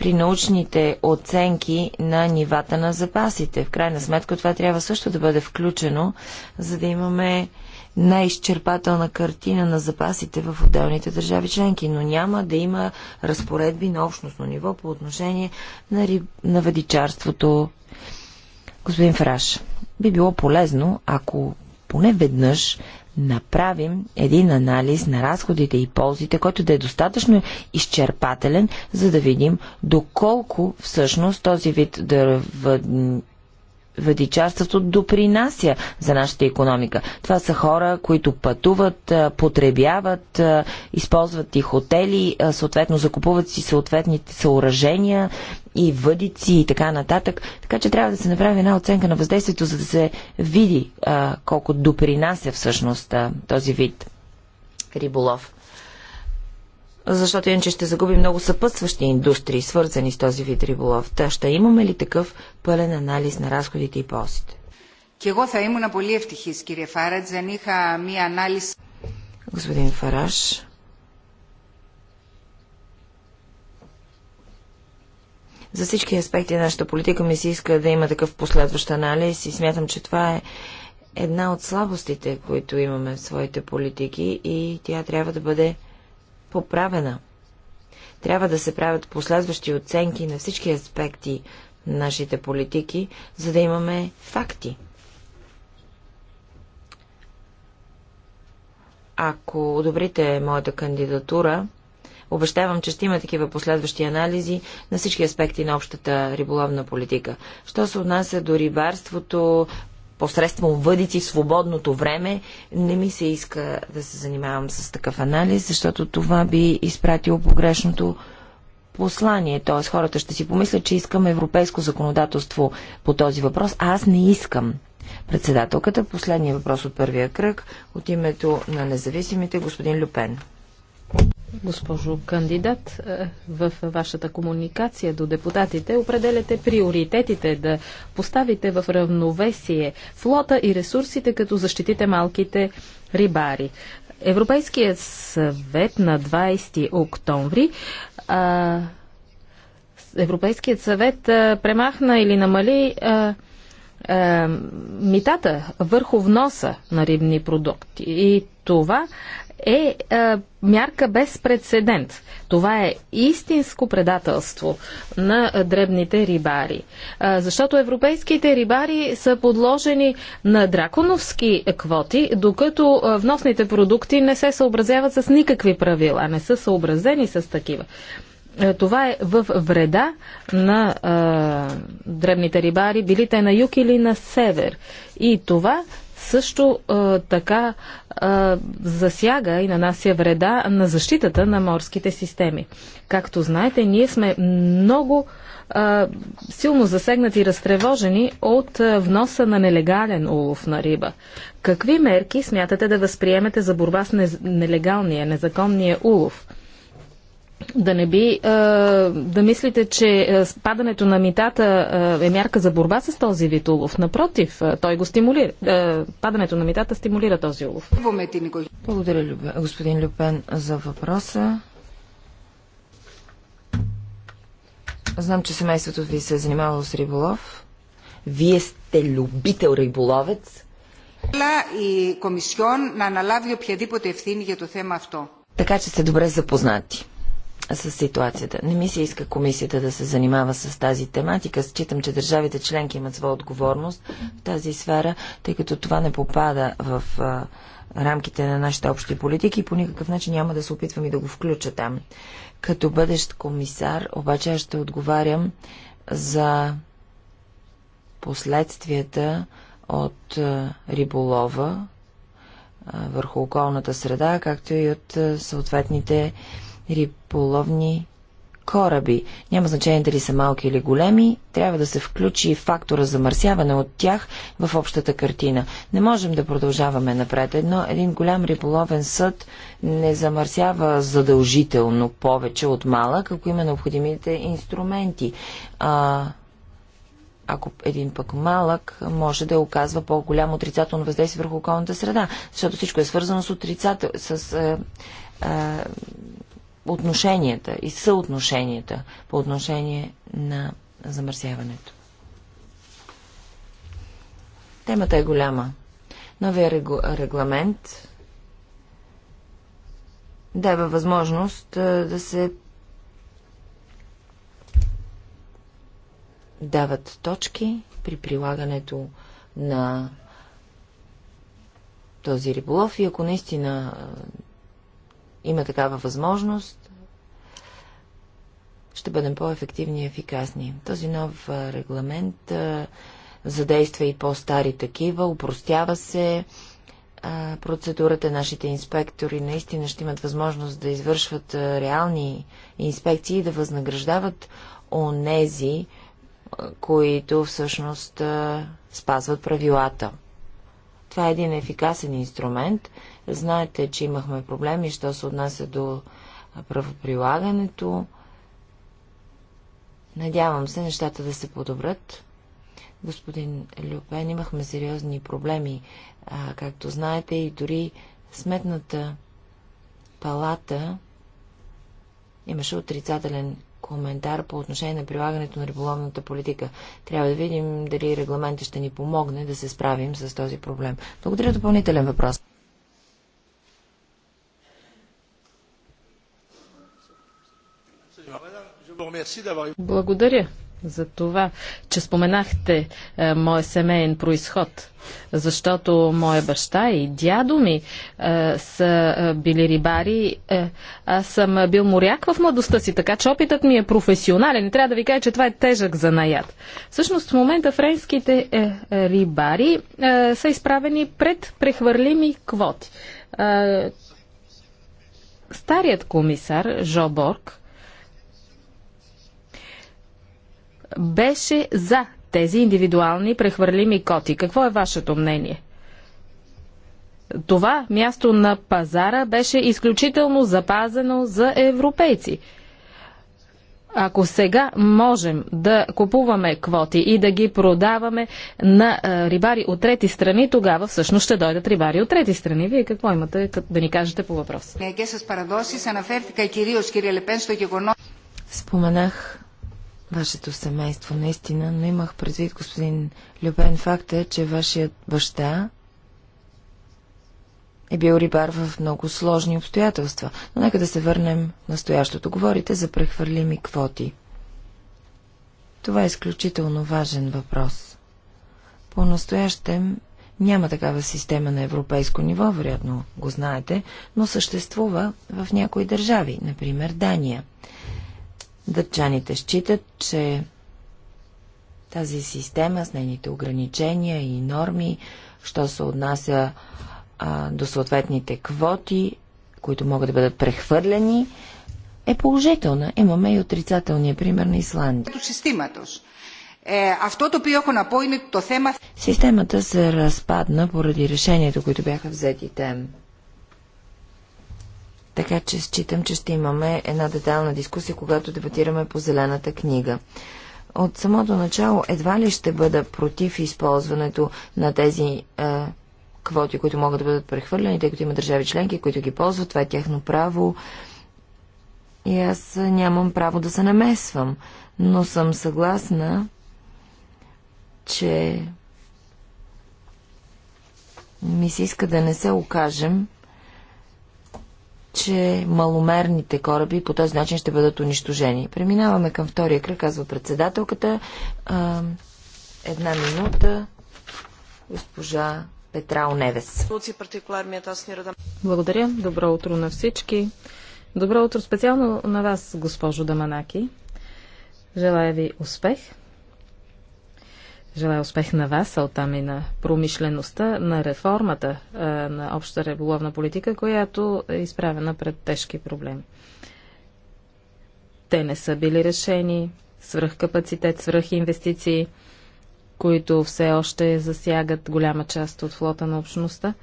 при научните оценки на нивата на запасите. В крайна сметка това трябва също да бъде включено, за да имаме най-изчерпателна картина на запасите в отделните държави членки, но няма да има разпоредби на общностно ниво по отношение на, риб... на въдичарството. Господин Фраш, би било полезно, ако поне веднъж направим един анализ на разходите и ползите, който да е достатъчно изчерпателен, за да видим доколко всъщност този вид Ведичарството допринася за нашата економика. Това са хора, които пътуват, потребяват, използват и хотели, съответно закупуват си съответните съоръжения и въдици и така нататък. Така че трябва да се направи една оценка на въздействието, за да се види колко допринася всъщност този вид риболов защото иначе ще загуби много съпътстващи индустрии, свързани с този вид риболов. Та ще имаме ли такъв пълен анализ на разходите и ползите? Господин Фараш, за всички аспекти на нашата политика ми се иска да има такъв последващ анализ и смятам, че това е една от слабостите, които имаме в своите политики и тя трябва да бъде поправена. Трябва да се правят последващи оценки на всички аспекти на нашите политики, за да имаме факти. Ако одобрите моята кандидатура, Обещавам, че ще има такива последващи анализи на всички аспекти на общата риболовна политика. Що се отнася до рибарството, посредством въдици в свободното време, не ми се иска да се занимавам с такъв анализ, защото това би изпратило погрешното послание. Т.е. хората ще си помислят, че искам европейско законодателство по този въпрос, а аз не искам. Председателката, последния въпрос от първия кръг, от името на независимите, господин Люпен. Госпожо кандидат, е, в вашата комуникация до депутатите определяте приоритетите да поставите в равновесие флота и ресурсите, като защитите малките рибари. Европейският съвет на 20 октомври а, Европейският съвет а, премахна или намали а, а, митата върху вноса на рибни продукти. И това е а, е, мярка без прецедент. Това е истинско предателство на е, дребните рибари. А, е, защото европейските рибари са подложени на драконовски квоти, докато вносните продукти не се съобразяват с никакви правила, не са съобразени с такива. Това е в вреда на а, древните рибари, били те на юг или на север. И това също а, така а, засяга и нанася вреда на защитата на морските системи. Както знаете, ние сме много а, силно засегнати и разтревожени от а, вноса на нелегален улов на риба. Какви мерки смятате да възприемете за борба с нелегалния, незаконния улов? да не би да мислите, че падането на митата е мярка за борба с този вид улов. Напротив, той го стимулира. падането на митата стимулира този улов. Благодаря, господин Люпен, за въпроса. Знам, че семейството ви се е занимавало с риболов. Вие сте любител риболовец. Така че сте добре запознати с ситуацията. Не ми се иска комисията да се занимава с тази тематика. Считам, че държавите членки имат своя отговорност в тази сфера, тъй като това не попада в а, рамките на нашите общи политики и по никакъв начин няма да се опитвам и да го включа там. Като бъдещ комисар, обаче аз ще отговарям за последствията от а, риболова, върху околната среда, както и от съответните риболовни кораби. Няма значение дали са малки или големи, трябва да се включи фактора замърсяване от тях в общата картина. Не можем да продължаваме напред. Едно, един голям риболовен съд не замърсява задължително повече от малък, ако има необходимите инструменти. А, ако един пък малък, може да оказва по-голямо отрицателно въздействие върху околната среда, защото всичко е свързано с отрицател... с а, е, а, е, отношенията и съотношенията по отношение на замърсяването. Темата е голяма. Новия регламент дава възможност да се дават точки при прилагането на този риболов и ако наистина има такава възможност, ще бъдем по-ефективни и ефикасни. Този нов регламент задейства и по-стари такива, упростява се процедурата. Нашите инспектори наистина ще имат възможност да извършват реални инспекции и да възнаграждават онези, които всъщност спазват правилата. Това е един ефикасен инструмент – Знаете, че имахме проблеми, що се отнася до правоприлагането. Надявам се нещата да се подобрят. Господин Люпен, имахме сериозни проблеми, а, както знаете, и дори сметната палата имаше отрицателен коментар по отношение на прилагането на риболовната политика. Трябва да видим дали регламентът ще ни помогне да се справим с този проблем. Благодаря допълнителен въпрос. Благодаря за това, че споменахте е, моят семейен происход, защото моя баща и дядо ми е, са е, били рибари. Е, аз съм бил моряк в младостта си, така че опитът ми е професионален. И трябва да ви кажа, че това е тежък занаят. Всъщност в момента френските е, е, рибари е, са изправени пред прехвърлими квоти. Е, старият комисар Жо Борг беше за тези индивидуални прехвърлими коти. Какво е вашето мнение? Това място на пазара беше изключително запазено за европейци. Ако сега можем да купуваме квоти и да ги продаваме на рибари от трети страни, тогава всъщност ще дойдат рибари от трети страни. Вие какво имате да ни кажете по въпрос? Споменах вашето семейство, наистина, но имах предвид, господин Любен, факт е, че вашият баща е бил рибар в много сложни обстоятелства. Но нека да се върнем в настоящото. Говорите за прехвърлими квоти. Това е изключително важен въпрос. По-настоящем няма такава система на европейско ниво, вероятно го знаете, но съществува в някои държави, например Дания. Дъчаните считат, че тази система с нейните ограничения и норми, що се отнася а, до съответните квоти, които могат да бъдат прехвърлени, е положителна. Имаме и отрицателния пример на Исландия. Е, Системата се разпадна поради решението, които бяха взети тем. Така че считам, че ще имаме една детална дискусия, когато дебатираме по зелената книга. От самото начало едва ли ще бъда против използването на тези е, квоти, които могат да бъдат прехвърляни, тъй като има държави членки, които ги ползват. Това е тяхно право. И аз нямам право да се намесвам. Но съм съгласна, че ми се иска да не се окажем че маломерните кораби по този начин ще бъдат унищожени. Преминаваме към втория кръг, казва председателката. Една минута. Госпожа Петра Оневес. Благодаря. Добро утро на всички. Добро утро специално на вас, госпожо Даманаки. Желая ви успех Желая успех на вас, Алтам, и на промишлеността, на реформата на обща реболовна политика, която е изправена пред тежки проблеми. Те не са били решени, свръхкапацитет, свръхинвестиции, които все още засягат голяма част от флота на общността –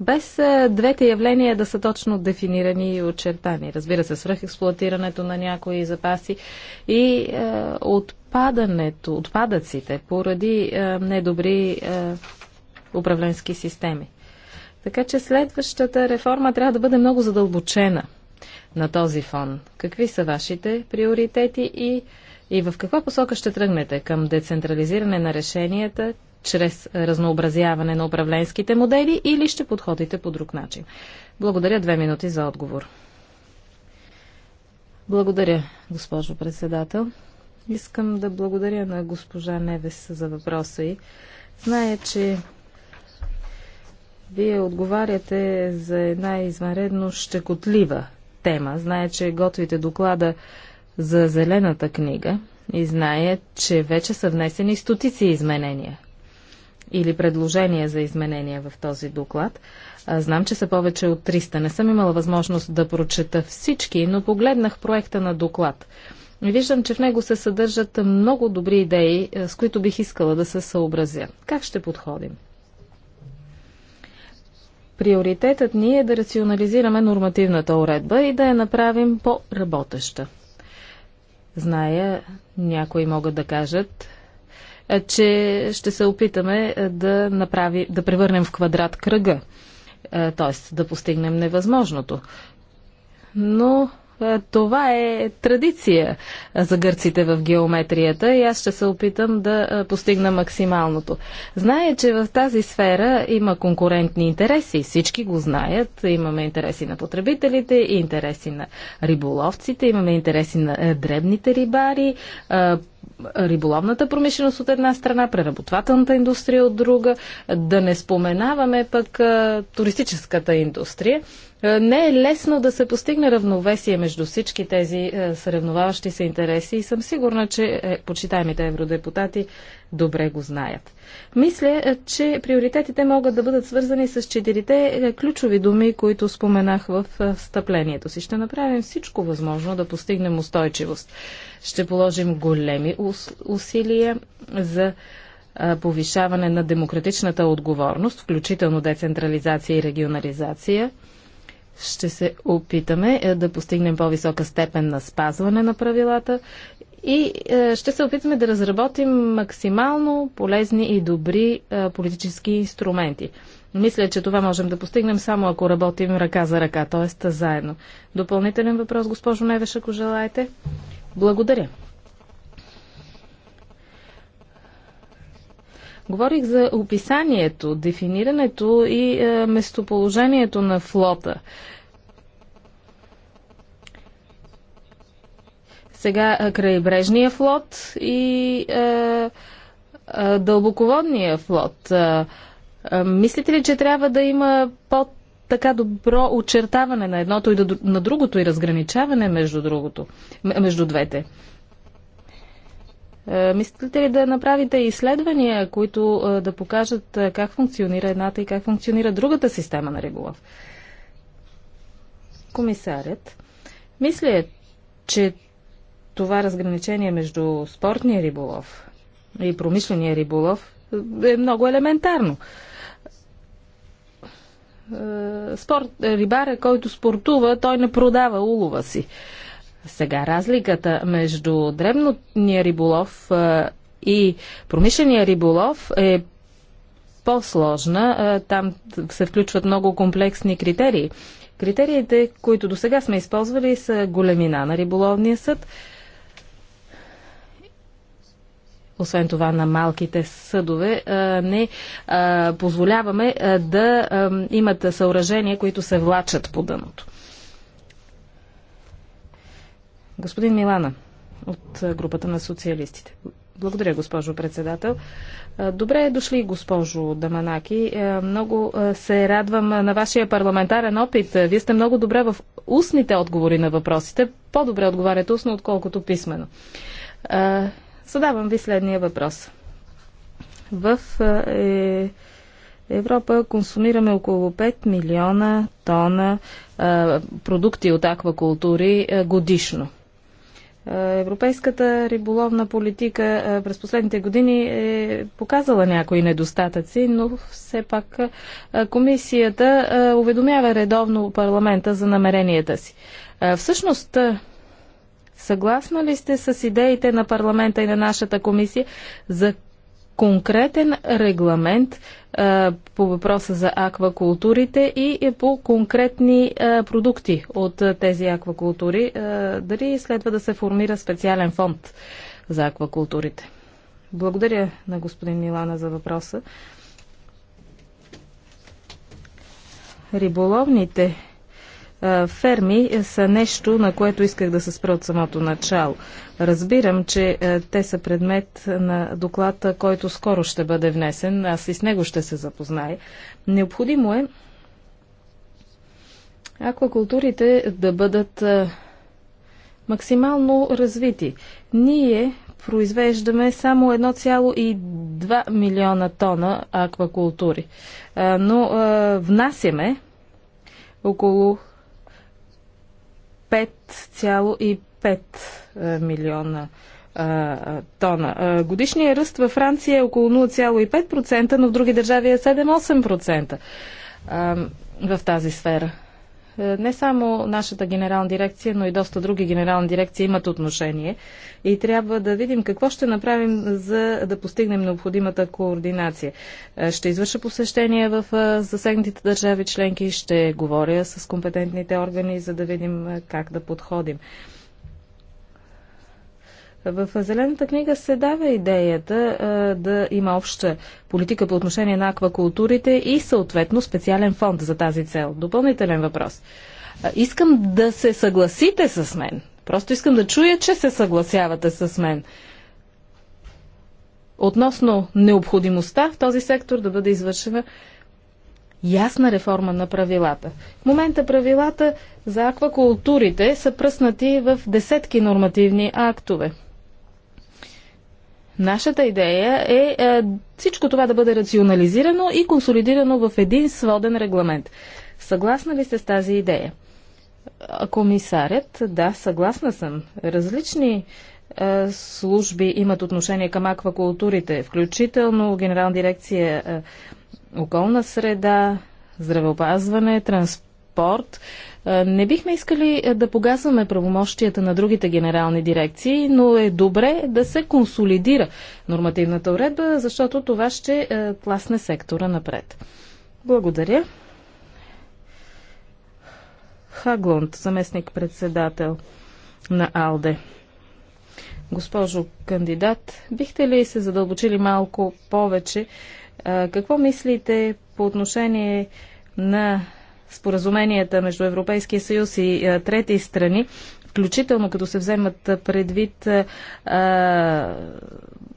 без е, двете явления да са точно дефинирани и очертани. Разбира се, свръхексплуатирането на някои запаси и е, отпадането, отпадъците поради е, недобри е, управленски системи. Така че следващата реформа трябва да бъде много задълбочена на този фон. Какви са вашите приоритети и, и в каква посока ще тръгнете към децентрализиране на решенията, чрез разнообразяване на управленските модели или ще подходите по друг начин? Благодаря две минути за отговор. Благодаря, госпожо председател. Искам да благодаря на госпожа Невес за въпроса и. Знае, че вие отговаряте за една извънредно щекотлива тема. Знае, че готвите доклада за Зелената книга и знае, че вече са внесени стотици изменения или предложения за изменения в този доклад. Знам, че са повече от 300. Не съм имала възможност да прочета всички, но погледнах проекта на доклад. Виждам, че в него се съдържат много добри идеи, с които бих искала да се съобразя. Как ще подходим? Приоритетът ни е да рационализираме нормативната уредба и да я направим по-работеща. Зная, някои могат да кажат, че ще се опитаме е, да, направи, да превърнем в квадрат кръга, т.е. да постигнем невъзможното. Но е, това е традиция е, за гърците в геометрията и аз ще се опитам да постигна максималното. Зная, че в тази сфера има конкурентни интереси. Всички го знаят. Имаме интереси на потребителите, интереси на риболовците, имаме интереси на дребните рибари, риболовната промишленост от една страна, преработвателната индустрия от друга, да не споменаваме пък туристическата индустрия. Не е лесно да се постигне равновесие между всички тези съревноваващи се интереси и съм сигурна, че е, почитаемите евродепутати добре го знаят. Мисля, е, че приоритетите могат да бъдат свързани с четирите е, ключови думи, които споменах в е, встъплението си. Ще направим всичко възможно да постигнем устойчивост. Ще положим големи усилия за повишаване на демократичната отговорност, включително децентрализация и регионализация. Ще се опитаме да постигнем по-висока степен на спазване на правилата и е, ще се опитаме да разработим максимално полезни и добри е, политически инструменти. Мисля, че това можем да постигнем само ако работим ръка за ръка, т.е. заедно. Допълнителен въпрос, госпожо Невеш, ако желаете. Благодаря. Говорих за описанието, дефинирането и е, местоположението на флота. Сега крайбрежния флот и е, е, дълбоководния флот. Е, е, мислите ли, че трябва да има по така добро очертаване на едното и на другото и разграничаване между, другото, между двете? Мислите ли да направите изследвания, които да покажат как функционира едната и как функционира другата система на риболов? Комисарят, мисля, че това разграничение между спортния риболов и промишления риболов е, е много елементарно. Е, спорт, е, рибаря, който спортува, той не продава улова си. Сега разликата между дребния риболов и промишления риболов е по-сложна. Там се включват много комплексни критерии. Критериите, които до сега сме използвали, са големина на риболовния съд, освен това на малките съдове, не позволяваме да имат съоръжения, които се влачат по дъното. Господин Милана от групата на социалистите. Благодаря, госпожо председател. Добре дошли, госпожо Даманаки. Много се радвам на вашия парламентарен опит. Вие сте много добре в устните отговори на въпросите. По-добре отговаряте устно, отколкото писмено. Задавам ви следния въпрос. В е, Европа консумираме около 5 милиона тона е, продукти от аквакултури е, годишно. Европейската риболовна политика през последните години е показала някои недостатъци, но все пак комисията уведомява редовно парламента за намеренията си. Всъщност, Съгласна ли сте с идеите на парламента и на нашата комисия за конкретен регламент а, по въпроса за аквакултурите и по конкретни а, продукти от а, тези аквакултури. А, дали следва да се формира специален фонд за аквакултурите? Благодаря на господин Милана за въпроса. Риболовните ферми са нещо, на което исках да се спра от самото начало. Разбирам, че те са предмет на доклада, който скоро ще бъде внесен. Аз и с него ще се запознае. Необходимо е аквакултурите да бъдат максимално развити. Ние произвеждаме само 1,2 милиона тона аквакултури, но внасяме около 5,5 е, милиона е, е, тона. Годишният ръст във Франция е около 0,5%, но в други държави е 7-8% в тази сфера. Е, не само нашата генерална дирекция, но и доста други генерални дирекции имат отношение. И трябва да видим какво ще направим, за да постигнем необходимата координация. Е, ще извърша посещение в е, засегнатите държави членки, ще говоря с компетентните органи, за да видим как да подходим. В Зелената книга се дава идеята а, да има обща политика по отношение на аквакултурите и съответно специален фонд за тази цел. Допълнителен въпрос. А, искам да се съгласите с мен. Просто искам да чуя, че се съгласявате с мен. Относно необходимостта в този сектор да бъде извършена ясна реформа на правилата. В момента правилата за аквакултурите са пръснати в десетки нормативни актове. Нашата идея е, е всичко това да бъде рационализирано и консолидирано в един своден регламент. Съгласна ли сте с тази идея? Комисарят, да, съгласна съм. Различни е, служби имат отношение към аквакултурите, включително Генерална дирекция е, околна среда, здравеопазване, транспорт, е, не бихме искали е, да погасваме правомощията на другите генерални дирекции, но е добре да се консолидира нормативната уредба, защото това ще е, тласне сектора напред. Благодаря. Хаглунд, заместник-председател на АЛДЕ. Госпожо кандидат, бихте ли се задълбочили малко повече? Какво мислите по отношение на споразуменията между Европейския съюз и трети страни, включително като се вземат предвид а,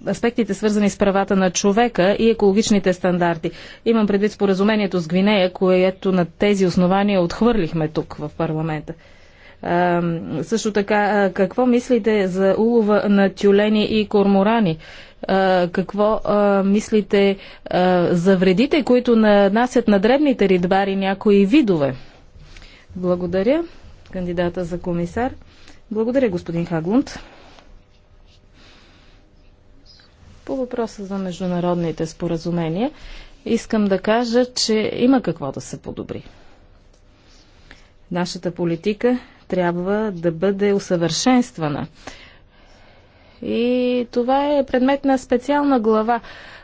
аспектите свързани с правата на човека и екологичните стандарти. Имам предвид споразумението с Гвинея, което на тези основания отхвърлихме тук в парламента. А, също така, какво мислите за улова на тюлени и корморани? А, какво а, мислите а, за вредите, които нанасят на дребните ридбари някои видове? Благодаря, кандидата за комисар. Благодаря, господин Хаглунд. По въпроса за международните споразумения, искам да кажа, че има какво да се подобри. Нашата политика трябва да бъде усъвършенствана. И това е предмет на специална глава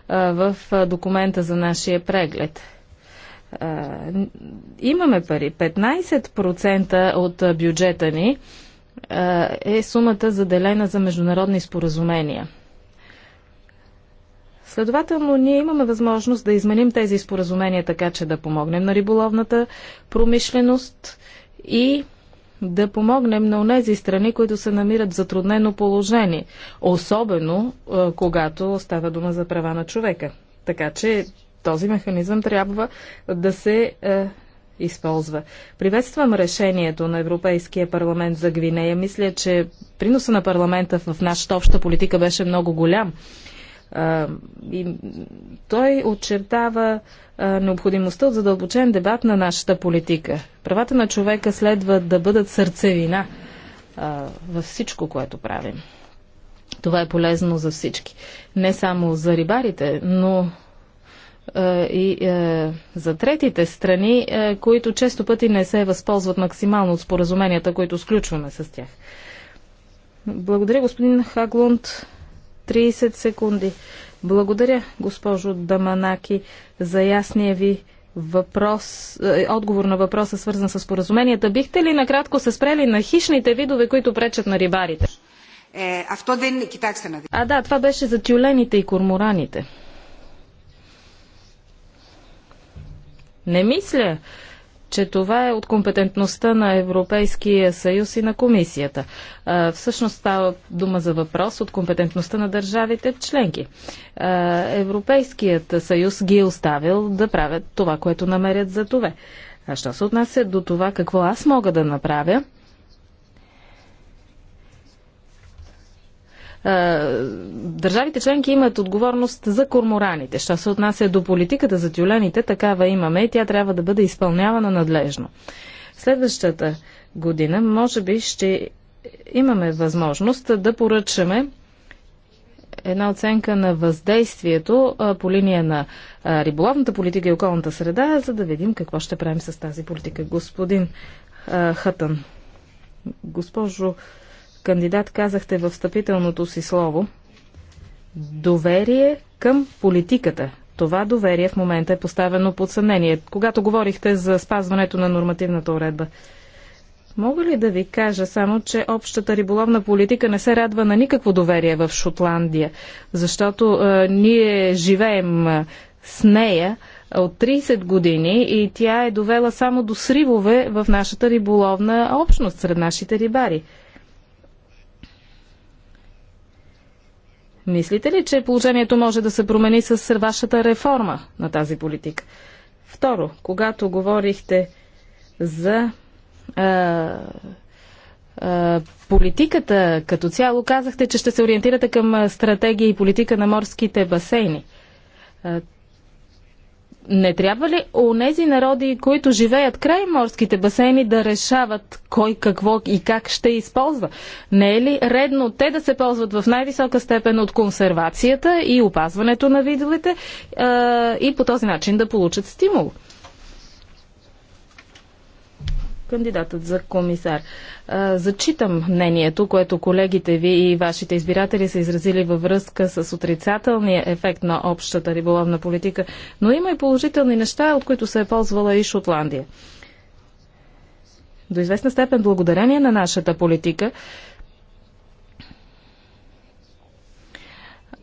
а, в документа за нашия преглед. А, имаме пари. 15% от бюджета ни а, е сумата заделена за международни споразумения. Следователно, ние имаме възможност да изменим тези споразумения така, че да помогнем на риболовната промишленост и да помогнем на тези страни, които се намират в затруднено положение, особено е, когато става дума за права на човека. Така че този механизъм трябва да се е, използва. Приветствам решението на Европейския парламент за Гвинея. Мисля, че приноса на парламента в нашата обща политика беше много голям. И той очертава необходимостта от задълбочен дебат на нашата политика. Правата на човека следва да бъдат сърцевина във всичко, което правим. Това е полезно за всички. Не само за рибарите, но и за третите страни, които често пъти не се възползват максимално от споразуменията, които сключваме с тях. Благодаря, господин Хаглунд. 30 секунди. Благодаря, госпожо Даманаки, за ясния ви въпрос, е, отговор на въпроса, свързан с поразуменията. Бихте ли накратко се спрели на хищните видове, които пречат на рибарите? Е, ден, на А, да, това беше за тюлените и кормораните. Не мисля, че това е от компетентността на Европейския съюз и на комисията. всъщност става дума за въпрос от компетентността на държавите членки. Европейският съюз ги е оставил да правят това, което намерят за това. А що се отнася до това какво аз мога да направя, Е, държавите членки имат отговорност за кормораните. Що се отнася до политиката за тюлените, такава имаме и тя трябва да бъде изпълнявана надлежно. Следващата година, може би, ще имаме възможност да поръчаме една оценка на въздействието по линия на риболовната политика и околната среда, за да видим какво ще правим с тази политика. Господин Хътън, госпожо кандидат казахте във встъпителното си слово, доверие към политиката. Това доверие в момента е поставено под съмнение. Когато говорихте за спазването на нормативната уредба, Мога ли да ви кажа само, че общата риболовна политика не се радва на никакво доверие в Шотландия, защото е, ние живеем е, с нея от 30 години и тя е довела само до сривове в нашата риболовна общност сред нашите рибари. Мислите ли, че положението може да се промени с вашата реформа на тази политика? Второ, когато говорихте за а, а, политиката като цяло, казахте, че ще се ориентирате към стратегия и политика на морските басейни не трябва ли онези народи, които живеят край морските басейни, да решават кой какво и как ще използва? Не е ли редно те да се ползват в най-висока степен от консервацията и опазването на видовете а, и по този начин да получат стимул? кандидатът за комисар. Зачитам мнението, което колегите ви и вашите избиратели са изразили във връзка с отрицателния ефект на общата риболовна политика, но има и положителни неща, от които се е ползвала и Шотландия. До известна степен благодарение на нашата политика,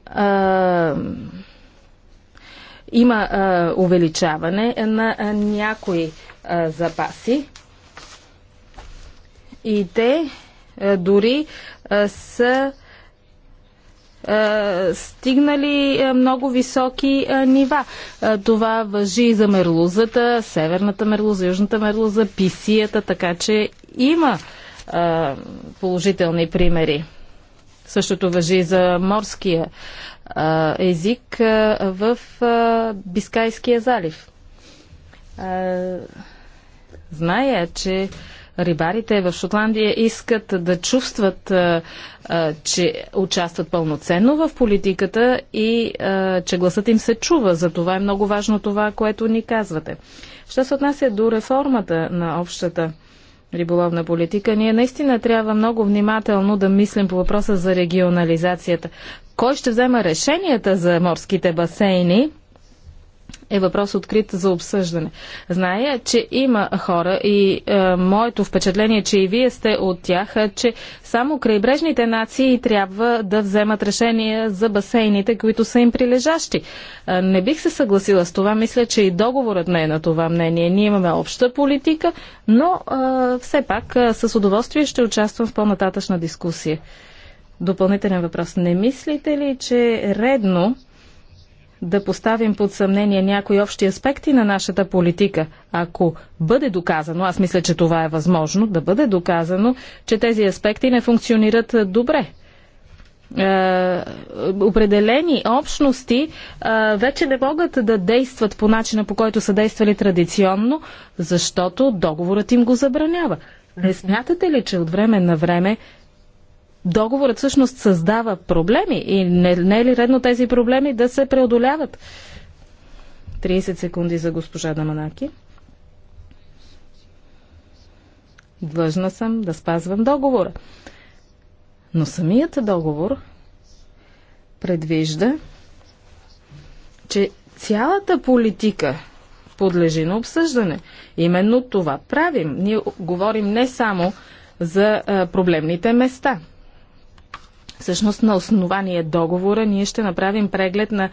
а, има а, увеличаване на а, някои а, запаси. И те дори е, са е, стигнали е, много високи нива. Това въжи и за мерлузата, северната мерлуза, южната мерлуза, писията, така че има положителни примери. Същото въжи и за морския език в Бискайския залив. Зная, че рибарите в Шотландия искат да чувстват, че участват пълноценно в политиката и че гласът им се чува. За това е много важно това, което ни казвате. Що се отнася до реформата на общата риболовна политика, ние наистина трябва много внимателно да мислим по въпроса за регионализацията. Кой ще взема решенията за морските басейни? е въпрос открит за обсъждане. Зная, че има хора и е, моето впечатление, че и вие сте от тях, е, че само крайбрежните нации трябва да вземат решения за басейните, които са им прилежащи. Е, не бих се съгласила с това. Мисля, че и договорът не е на това мнение. Ние имаме обща политика, но е, все пак е, с удоволствие ще участвам в по-нататъчна дискусия. Допълнителен въпрос. Не мислите ли, че е редно да поставим под съмнение някои общи аспекти на нашата политика. Ако бъде доказано, аз мисля, че това е възможно, да бъде доказано, че тези аспекти не функционират добре. Е, определени общности е, вече не могат да действат по начина, по който са действали традиционно, защото договорът им го забранява. Не смятате ли, че от време на време договорът всъщност създава проблеми и не, не е ли редно тези проблеми да се преодоляват? 30 секунди за госпожа Даманаки. Длъжна съм да спазвам договора. Но самият договор предвижда, че цялата политика подлежи на обсъждане. Именно това правим. Ние говорим не само за проблемните места. Всъщност на основание договора ние ще направим преглед на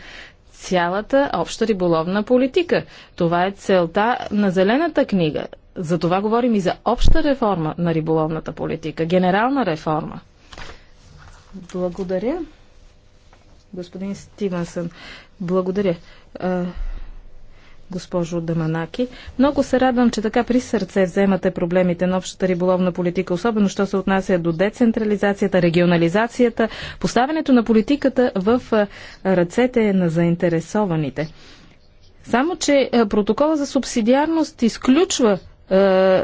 цялата обща риболовна политика. Това е целта на Зелената книга. За това говорим и за обща реформа на риболовната политика, генерална реформа. Благодаря. Господин Стивенсън, благодаря госпожо Даманаки. Много се радвам, че така при сърце вземате проблемите на общата риболовна политика, особено що се отнася до децентрализацията, регионализацията, поставянето на политиката в ръцете на заинтересованите. Само, че протокола за субсидиарност изключва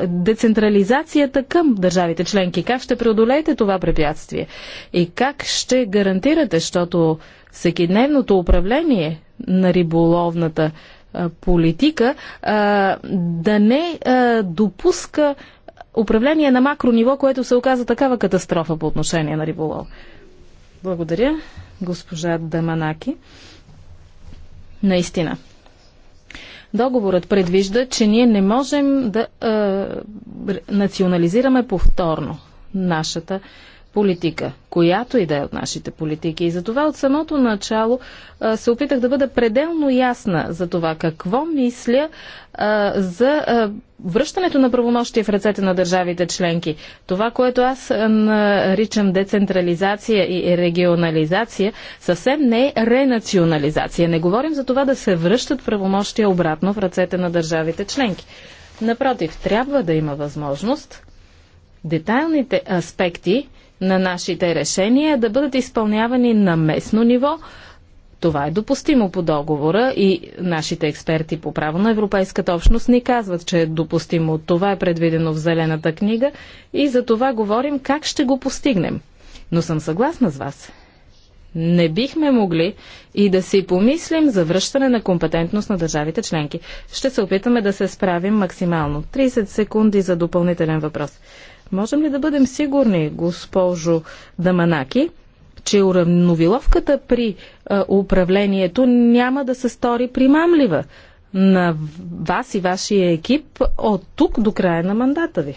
децентрализацията към държавите членки. Как ще преодолеете това препятствие? И как ще гарантирате, защото всекидневното управление на риболовната политика да не допуска управление на макро ниво, което се оказа такава катастрофа по отношение на риболов. Благодаря, госпожа Даманаки. Наистина. Договорът предвижда, че ние не можем да е, национализираме повторно нашата политика, която и да е от нашите политики. И затова от самото начало се опитах да бъда пределно ясна за това какво мисля за връщането на правомощие в ръцете на държавите членки. Това, което аз наричам децентрализация и регионализация, съвсем не е ренационализация. Не говорим за това да се връщат правомощия обратно в ръцете на държавите членки. Напротив, трябва да има възможност детайлните аспекти на нашите решения да бъдат изпълнявани на местно ниво. Това е допустимо по договора и нашите експерти по право на Европейската общност ни казват, че е допустимо. Това е предвидено в Зелената книга и за това говорим как ще го постигнем. Но съм съгласна с вас. Не бихме могли и да си помислим за връщане на компетентност на държавите членки. Ще се опитаме да се справим максимално. 30 секунди за допълнителен въпрос. Можем ли да бъдем сигурни, госпожо Даманаки, че уравновиловката при а, управлението няма да се стори примамлива на вас и вашия екип от тук до края на мандата ви?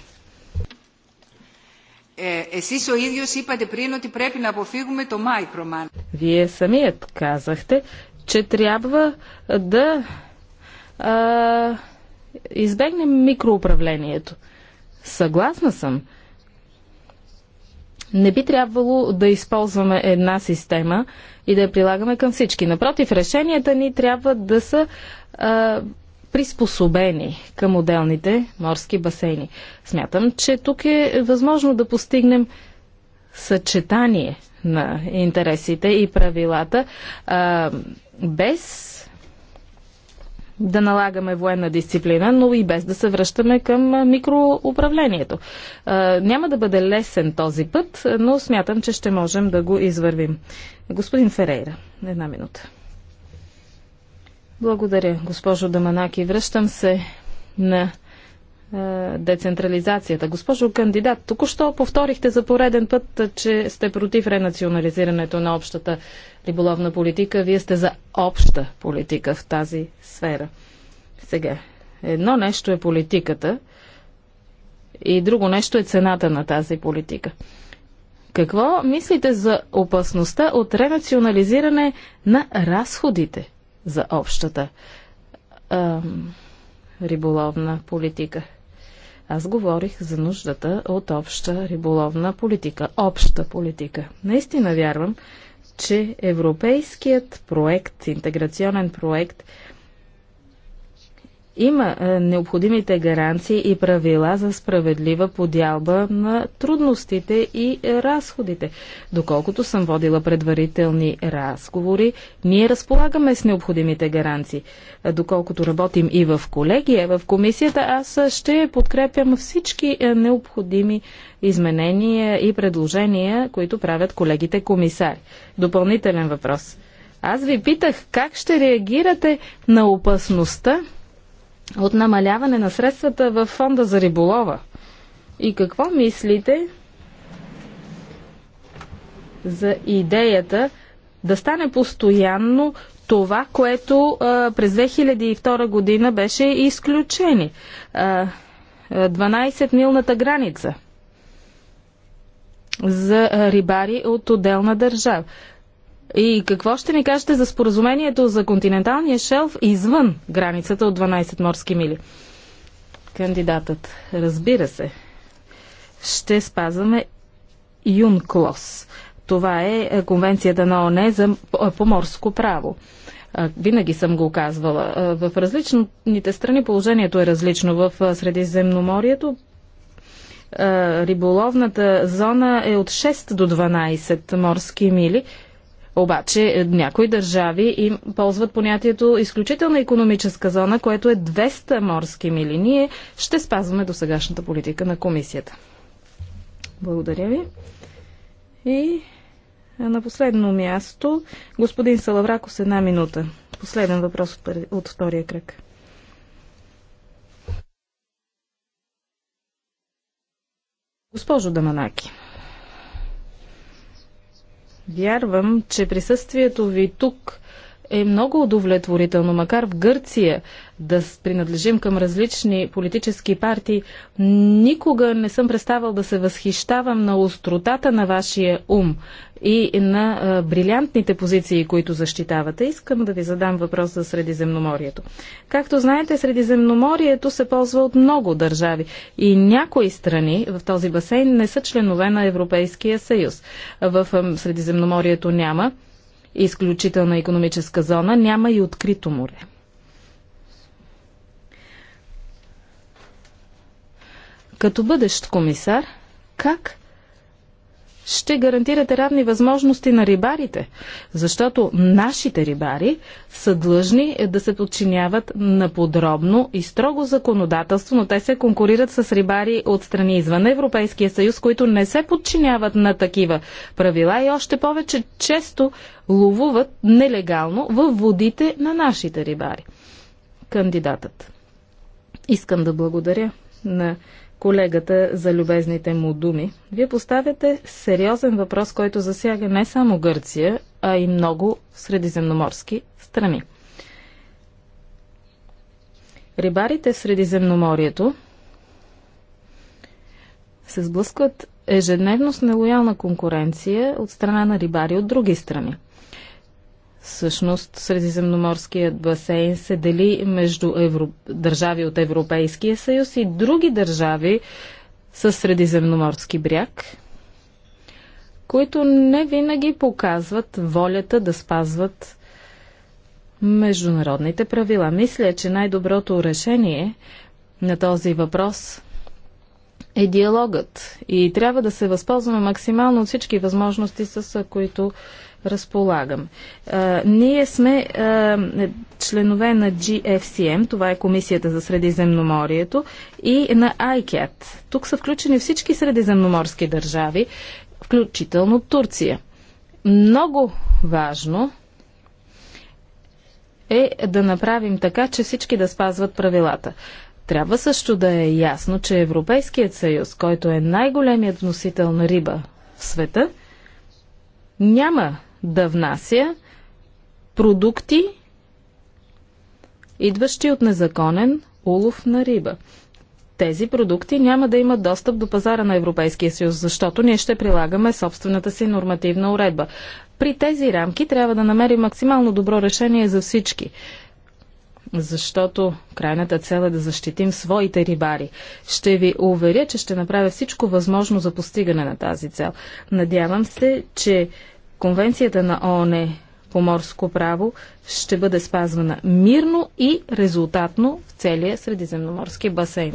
Е, εσείς ο ίδιος είπατε πριν ότι πρέπει να αποφύγουμε το Вие самият казахте, че трябва да а, избегнем микроуправлението. Съгласна съм. Не би трябвало да използваме една система и да я прилагаме към всички. Напротив, решенията ни трябва да са а, приспособени към отделните морски басейни. Смятам, че тук е възможно да постигнем съчетание на интересите и правилата, а, без да налагаме военна дисциплина, но и без да се връщаме към микроуправлението. Няма да бъде лесен този път, но смятам, че ще можем да го извървим. Господин Ферейра, една минута. Благодаря, госпожо Даманаки. Връщам се на е, децентрализацията. Госпожо кандидат, току-що повторихте за пореден път, че сте против ренационализирането на общата риболовна политика. Вие сте за обща политика в тази сфера. Сега, едно нещо е политиката и друго нещо е цената на тази политика. Какво мислите за опасността от ренационализиране на разходите за общата а, риболовна политика? Аз говорих за нуждата от обща риболовна политика. Обща политика. Наистина вярвам, че европейският проект, интеграционен проект, има е, необходимите гаранции и правила за справедлива подялба на трудностите и разходите. Доколкото съм водила предварителни разговори, ние разполагаме с необходимите гаранции. Е, доколкото работим и в колегия, в комисията, аз ще подкрепям всички е, необходими изменения и предложения, които правят колегите комисари. Допълнителен въпрос. Аз ви питах как ще реагирате на опасността от намаляване на средствата в фонда за риболова. И какво мислите за идеята да стане постоянно това, което а, през 2002 година беше изключени? А, 12-милната граница за рибари от отделна държава. И какво ще ни кажете за споразумението за континенталния шелф извън границата от 12 морски мили? Кандидатът. Разбира се. Ще спазваме ЮНКЛОС. Това е, е конвенцията на ОНЕ за е, поморско право. Винаги съм го казвала. В различните страни положението е различно. В Средиземноморието риболовната зона е от 6 до 12 морски мили. Обаче е, някои държави им ползват понятието изключителна економическа зона, което е 200 морски мили. Ние ще спазваме до сегашната политика на комисията. Благодаря ви. И е, на последно място, господин Салаврако с една минута. Последен въпрос от втория кръг. Госпожо Даманаки. Вярвам, че присъствието ви тук е много удовлетворително, макар в Гърция да принадлежим към различни политически партии, никога не съм представал да се възхищавам на остротата на вашия ум и на брилянтните позиции, които защитавате. Искам да ви задам въпрос за Средиземноморието. Както знаете, Средиземноморието се ползва от много държави и някои страни в този басейн не са членове на Европейския съюз. В Средиземноморието няма изключителна економическа зона, няма и открито море. Като бъдещ комисар, как ще гарантирате равни възможности на рибарите, защото нашите рибари са длъжни е да се подчиняват на подробно и строго законодателство, но те се конкурират с рибари от страни извън Европейския съюз, които не се подчиняват на такива правила и още повече често ловуват нелегално във водите на нашите рибари. Кандидатът. Искам да благодаря на колегата за любезните му думи. Вие поставяте сериозен въпрос, който засяга не само Гърция, а и много средиземноморски страни. Рибарите в Средиземноморието се сблъскват ежедневно с нелоялна конкуренция от страна на рибари от други страни – Всъщност Средиземноморският басейн се дели между евро... държави от Европейския съюз и други държави с Средиземноморски бряг, които не винаги показват волята да спазват международните правила. Мисля, че най-доброто решение на този въпрос е диалогът и трябва да се възползваме максимално от всички възможности, с които разполагам. А, ние сме а, членове на GFCM, това е Комисията за Средиземноморието, и на ICAT. Тук са включени всички средиземноморски държави, включително Турция. Много важно е да направим така, че всички да спазват правилата. Трябва също да е ясно, че Европейският съюз, който е най-големият вносител на риба в света, няма да внася продукти, идващи от незаконен улов на риба. Тези продукти няма да имат достъп до пазара на Европейския съюз, защото ние ще прилагаме собствената си нормативна уредба. При тези рамки трябва да намерим максимално добро решение за всички защото крайната цел е да защитим своите рибари. Ще ви уверя, че ще направя всичко възможно за постигане на тази цел. Надявам се, че Конвенцията на ООН по морско право ще бъде спазвана мирно и резултатно в целия средиземноморски басейн.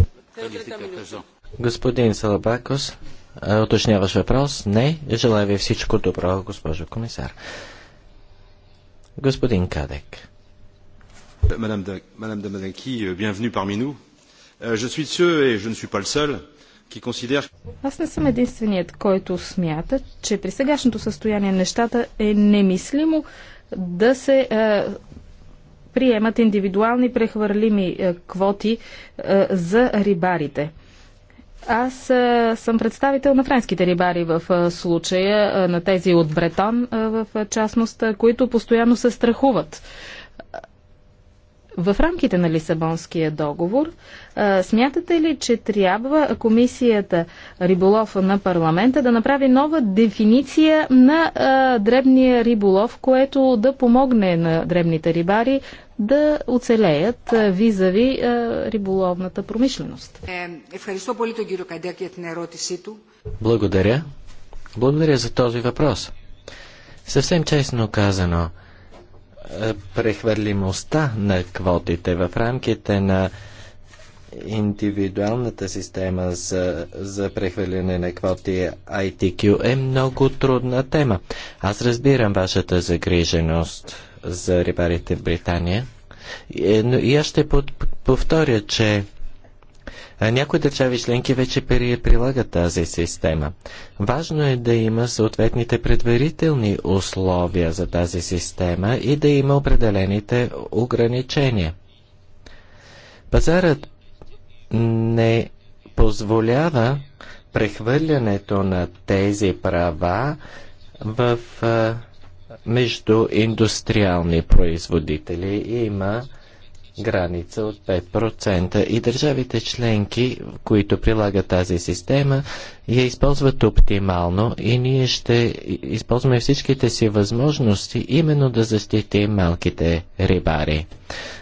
Господин Салабакос, уточняваш въпрос? Не. Желая ви всичко добро, госпожо комисар. Господин Кадек. Мадам Дамадаки, euh, bienvenue parmi nous. Euh, je suis de ceux, et je ne suis pas le seul, аз не съм единственият, който смята, че при сегашното състояние нещата е немислимо да се е, приемат индивидуални прехвърлими е, квоти е, за рибарите. Аз е, съм представител на френските рибари в е, случая, е, на тези от Бретон е, в частност, е, които постоянно се страхуват в рамките на Лисабонския договор смятате ли, че трябва комисията риболов на парламента да направи нова дефиниция на дребния риболов, което да помогне на дребните рибари да оцелеят визави риболовната промишленост? Е, Благодаря. Благодаря за този въпрос. Съвсем честно казано, е, прехвърлимостта на квотите в рамките на индивидуалната система за, за прехвърляне на квоти ITQ е много трудна тема. Аз разбирам вашата загриженост за рибарите в Британия, е, но и аз ще повторя, че някои държави членки вече прилагат тази система. Важно е да има съответните предварителни условия за тази система и да има определените ограничения. Пазарът не позволява прехвърлянето на тези права в между индустриални производители. Има граница от 5% и държавите членки, които прилагат тази система, я използват оптимално и ние ще използваме всичките си възможности именно да защитим малките рибари.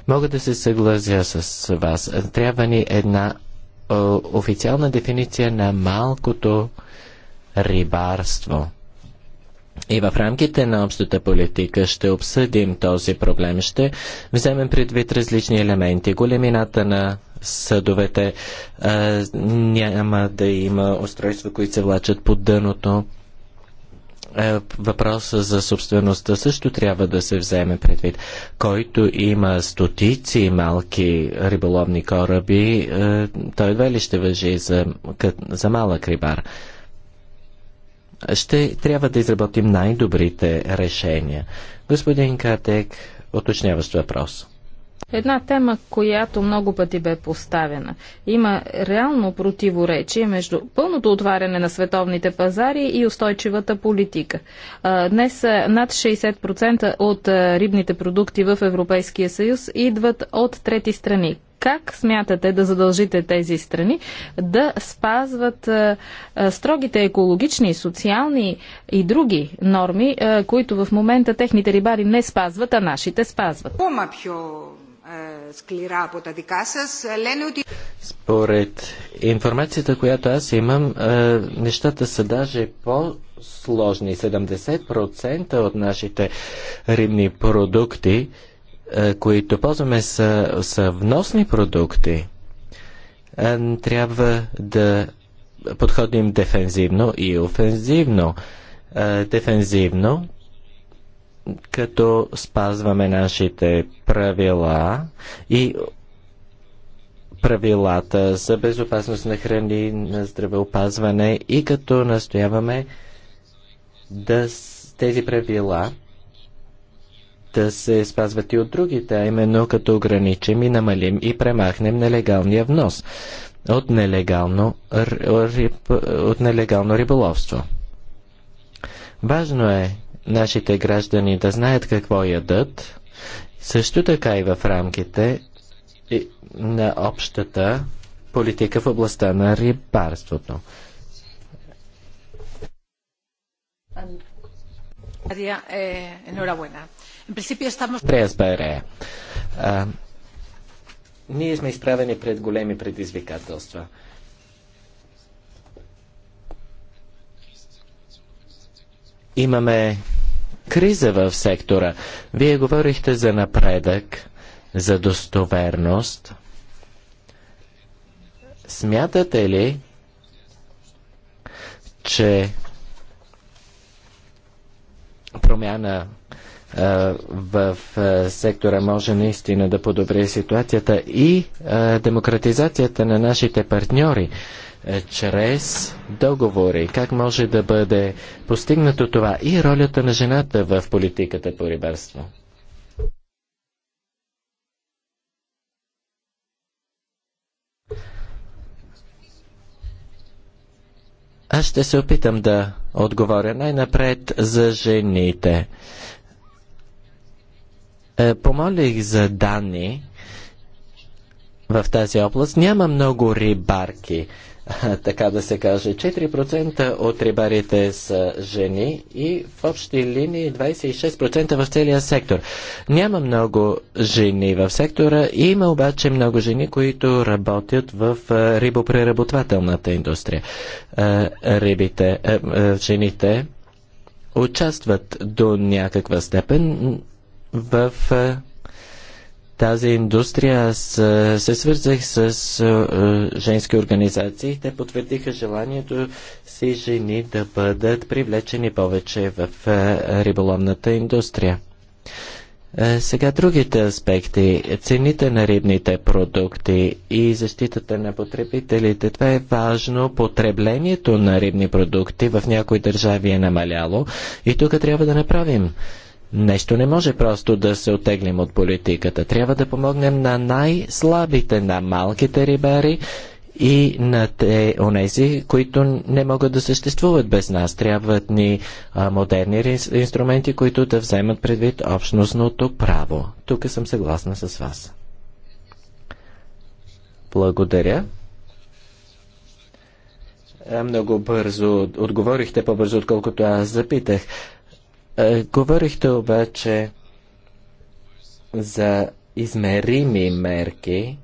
Мога да се съглася с вас. Трябва ни една официална дефиниция на малкото рибарство. И в рамките на общата политика ще обсъдим този проблем. Ще вземем предвид различни елементи. Големината на съдовете а, няма да има устройства, които се влачат под дъното. А, е, въпроса за собствеността също трябва да се вземе предвид. Който има стотици малки риболовни кораби, а, е, той едва ли ще въжи за, за малък рибар ще трябва да изработим най-добрите решения. Господин Катек, уточняващ въпрос. Една тема, която много пъти бе поставена. Има реално противоречие между пълното отваряне на световните пазари и устойчивата политика. Днес над 60% от рибните продукти в Европейския съюз идват от трети страни как смятате да задължите тези страни да спазват строгите екологични, социални и други норми, които в момента техните рибари не спазват, а нашите спазват? από τα δικά σας, λένε ότι... Според информацията, която аз имам, е, нещата са даже по-сложни. 70% от нашите рибни продукти, е, които ползваме, са, са вносни продукти. Е, трябва да подходим дефензивно и офензивно. Дефензивно като спазваме нашите правила и правилата за безопасност на храни, на здравеопазване и като настояваме да тези правила да се спазват и от другите, а именно като ограничим и намалим и премахнем нелегалния внос от нелегално, риб, от нелегално риболовство. Важно е нашите граждани да знаят какво ядат, също така и в рамките на общата политика в областта на рибарството. Е, Андреас Ние сме изправени пред големи предизвикателства. имаме криза в сектора. Вие говорихте за напредък, за достоверност. Смятате ли, че промяна в сектора може наистина да подобри ситуацията и демократизацията на нашите партньори. Е, чрез договори. Как може да бъде постигнато това и ролята на жената в политиката по рибарство? Аз ще се опитам да отговоря най-напред за жените. Е, помолих за данни в тази област. Няма много рибарки. (laughs) така да се каже. 4% от рибарите са жени и в общи линии 26% в целия сектор. Няма много жени в сектора, има обаче много жени, които работят в рибопреработвателната индустрия. Рибите, жените участват до някаква степен в тази индустрия. Аз се свързах с женски организации. Те потвърдиха желанието си жени да бъдат привлечени повече в риболовната индустрия. Сега другите аспекти. Цените на рибните продукти и защитата на потребителите. Това е важно. Потреблението на рибни продукти в някои държави е намаляло и тук трябва да направим Нещо не може просто да се отеглим от политиката. Трябва да помогнем на най-слабите, на малките рибари и на те, онези, които не могат да съществуват без нас. Трябват ни а, модерни инструменти, които да вземат предвид общностното право. Тук съм съгласна с вас. Благодаря. Много бързо отговорихте, по-бързо отколкото аз запитах. Е, говорихте обаче за измерими мерки.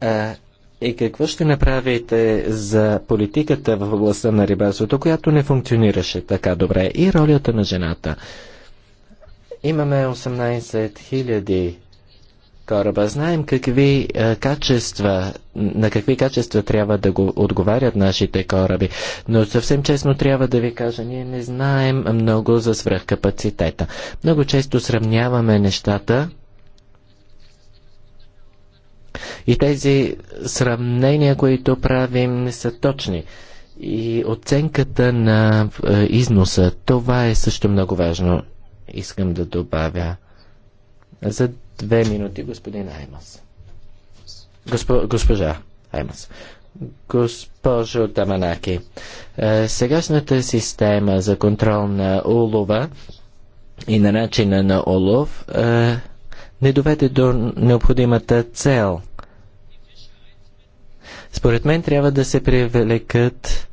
А, е, и какво ще направите за политиката в областта на рибарството, която не функционираше така добре и ролята на жената? Имаме 18 000 кораба. Знаем какви е, качества, на какви качества трябва да го отговарят нашите кораби. Но съвсем честно трябва да ви кажа, ние не знаем много за свръхкапацитета. Много често сравняваме нещата и тези сравнения, които правим, не са точни. И оценката на е, износа, това е също много важно, искам да добавя. За Две минути, господин Аймас. Госпо, госпожа Аймас. Госпожо Таманаки, е, сегашната система за контрол на улова и на начина на улов е, не доведе до необходимата цел. Според мен трябва да се привлекат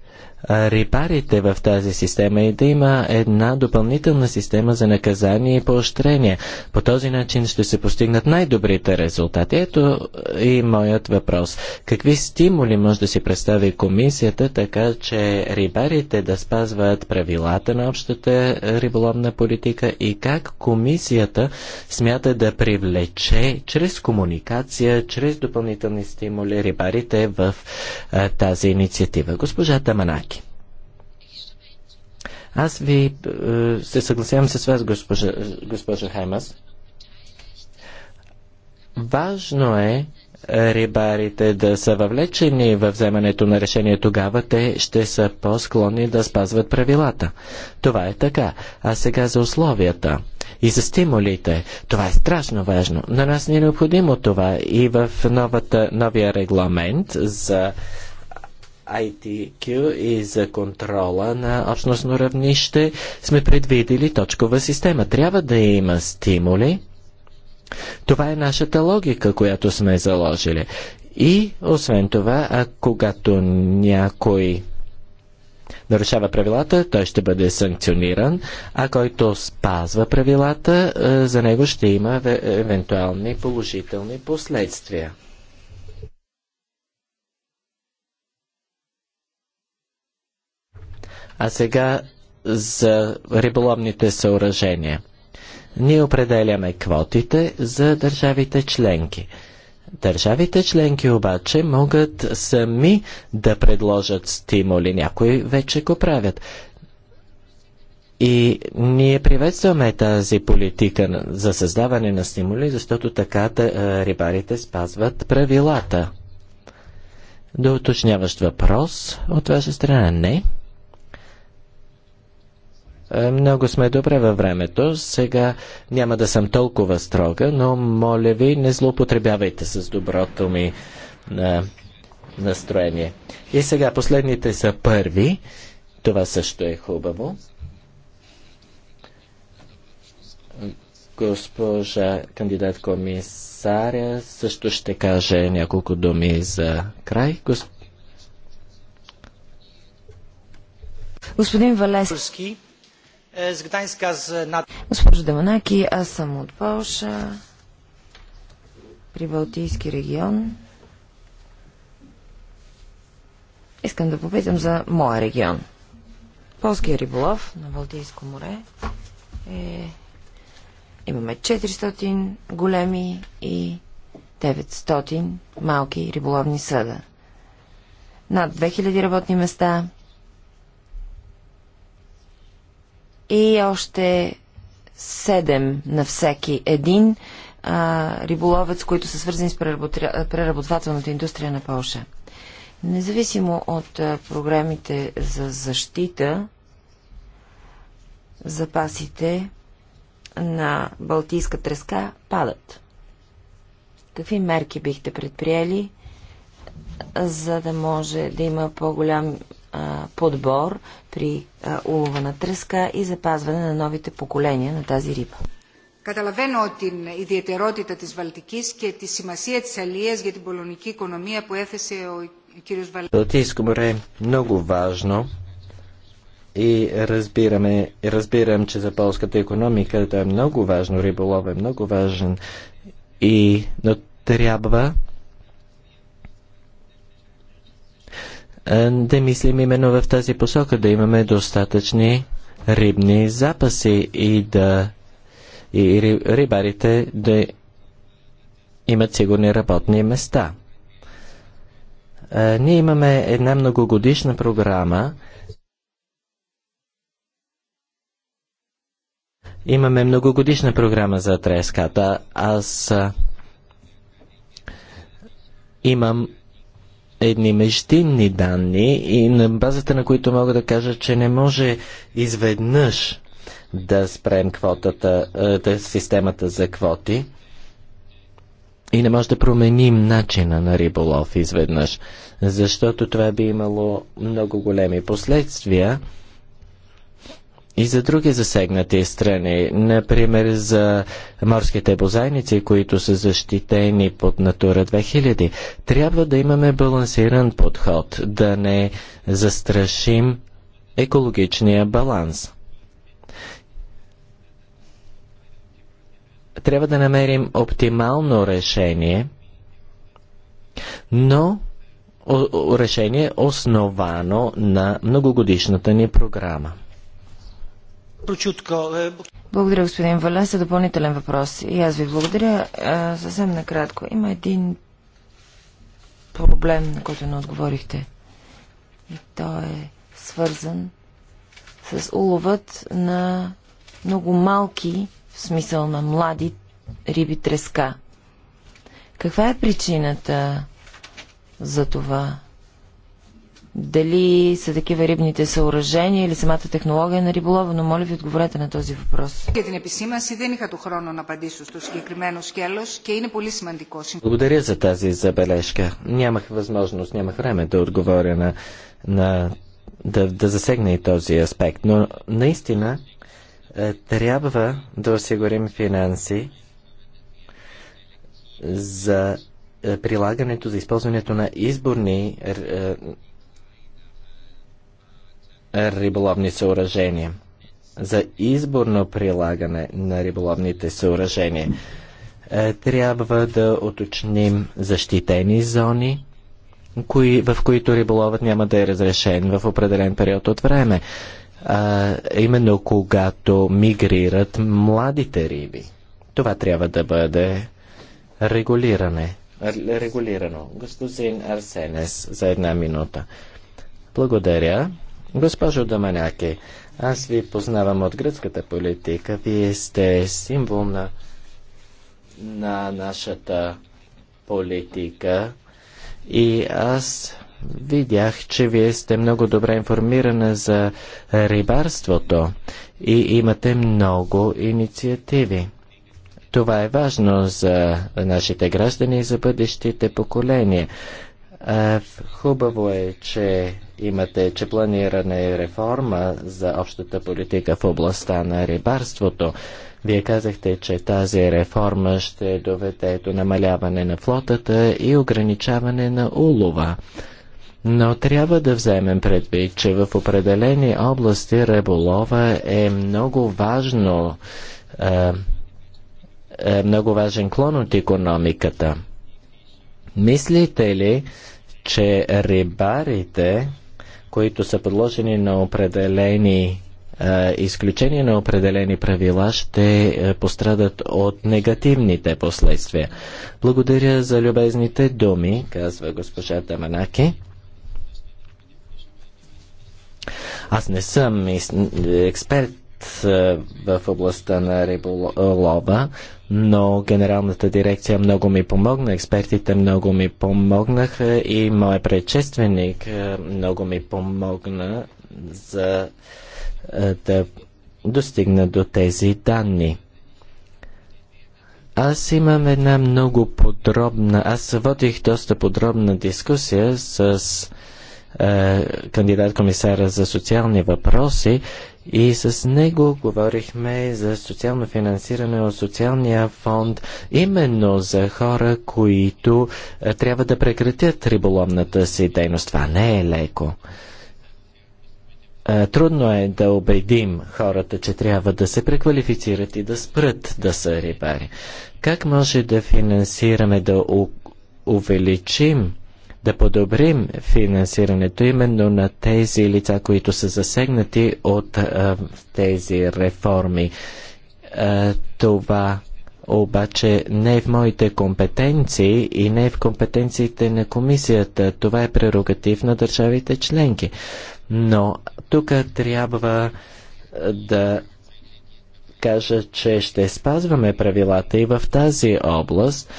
рибарите в тази система и да има една допълнителна система за наказание и поощрение. По този начин ще се постигнат най-добрите резултати. Ето и моят въпрос. Какви стимули може да си представи комисията, така че рибарите да спазват правилата на общата риболовна политика и как комисията смята да привлече чрез комуникация, чрез допълнителни стимули рибарите в а, тази инициатива? Госпожа Таманаки. Аз ви е, се съгласявам с вас, госпожа, госпожа Хаймас. Важно е рибарите да са въвлечени във вземането на решение, тогава те ще са по-склонни да спазват правилата. Това е така. А сега за условията и за стимулите. Това е страшно важно. На нас не е необходимо това и в новата, новия регламент за ITQ и за контрола на общностно равнище сме предвидили точкова система. Трябва да има стимули. Това е нашата логика, която сме заложили. И освен това, а когато някой нарушава правилата, той ще бъде санкциониран, а който спазва правилата, е, за него ще има евентуални положителни последствия. А сега за риболовните съоръжения. Ние определяме квотите за държавите членки. Държавите членки обаче могат сами да предложат стимули. Някои вече го правят. И ние приветстваме тази политика за създаване на стимули, защото така е, рибарите спазват правилата. До уточняващ въпрос от ваша страна не. Е, много сме добре във времето. Сега няма да съм толкова строга, но моля ви, не злоупотребявайте с доброто ми на е, настроение. И сега последните са първи. Това също е хубаво. Госпожа кандидат комисаря също ще каже няколко думи за край. Госп... Господин Валес z Gdańska z nad Госпожо Деманаки, аз съм от Полша, при Балтийски регион. Искам да попитам за моя регион. Полския риболов на Балтийско море е... Имаме 400 големи и 900 малки риболовни съда. Над 2000 работни места – и още 7 на всеки един а, риболовец, които са свързани с преработвателната индустрия на Польша. Независимо от а, програмите за защита, запасите на Балтийска треска падат. Какви мерки бихте предприели, за да може да има по-голям подбор при а, улова на треска и запазване на новите поколения на тази риба. Καταλαβαίνω την ιδιαιτερότητα της Βαλτικής και τη σημασία της αλίας για την πολωνική οικονομία που έθεσε ο κύριος Βαλτικής. Το τίσκο е много важно и разбираме, разбирам, че за полската економика то е много важно, риболов е много важен, и, но трябва Е, да мислим именно в тази посока, да имаме достатъчни рибни запаси и да и рибарите да имат сигурни работни места. Е, ние имаме една многогодишна програма. Имаме многогодишна програма за треската. Аз е, имам едни междинни данни и на базата на които мога да кажа, че не може изведнъж да спрем квотата, е, да системата за квоти и не може да променим начина на риболов изведнъж, защото това би имало много големи последствия и за други засегнати страни, например за морските бозайници, които са защитени под Натура 2000. Трябва да имаме балансиран подход, да не застрашим екологичния баланс. Трябва да намерим оптимално решение, но решение основано на многогодишната ни програма. Е, благодаря, господин за Допълнителен въпрос. И аз ви благодаря. А, съвсем накратко. Има един проблем, на който не отговорихте. И той е свързан с уловът на много малки, в смисъл на млади риби треска. Каква е причината за това? дали са такива рибните съоръжения или самата технология на риболова, но моля ви отговорете на този въпрос. Благодаря за тази забележка. Нямах възможност, нямах време да отговоря на, на да, да засегна и този аспект. Но наистина е, трябва да осигурим финанси за е, прилагането, за използването на изборни е, риболовни съоръжения, за изборно прилагане на риболовните съоръжения. Е, трябва да уточним защитени зони, кои, в които риболовът няма да е разрешен в определен период от време. А, именно когато мигрират младите риби. Това трябва да бъде регулиране. Регулирано. Господин Арсенес, за една минута. Благодаря. Госпожо Доманяки, аз ви познавам от гръцката политика. Вие сте символ на, на нашата политика и аз видях, че вие сте много добре информирана за рибарството и имате много инициативи. Това е важно за нашите граждани и за бъдещите поколения. Е, хубаво е, че имате, че планиране реформа за общата политика в областта на рибарството. Вие казахте, че тази реформа ще доведе до намаляване на флотата и ограничаване на улова. Но трябва да вземем предвид, че в определени области риболова е много важно, е, е много важен клон от економиката. Мислите ли, че рибарите, които са подложени на определени изключение на определени правила ще пострадат от негативните последствия. Благодаря за любезните думи, казва госпожа Таманаки, Аз не съм експерт е, в областта на риболова, но генералната дирекция много ми помогна, експертите много ми помогнаха и моят предшественик е, много ми помогна за е, да достигна до тези данни. Аз имам една много подробна, аз водих доста подробна дискусия с кандидат комисара за социални въпроси и с него говорихме за социално финансиране от социалния фонд, именно за хора, които е, трябва да прекратят риболовната си дейност. Това не е леко. Е, трудно е да убедим хората, че трябва да се преквалифицират и да спрат да са рибари. Как може да финансираме, да увеличим да подобрим финансирането именно на тези лица, които са засегнати от а, тези реформи. А, това обаче не е в моите компетенции и не е в компетенциите на комисията. Това е прерогатив на държавите членки. Но тук трябва да кажа, че ще спазваме правилата и в тази област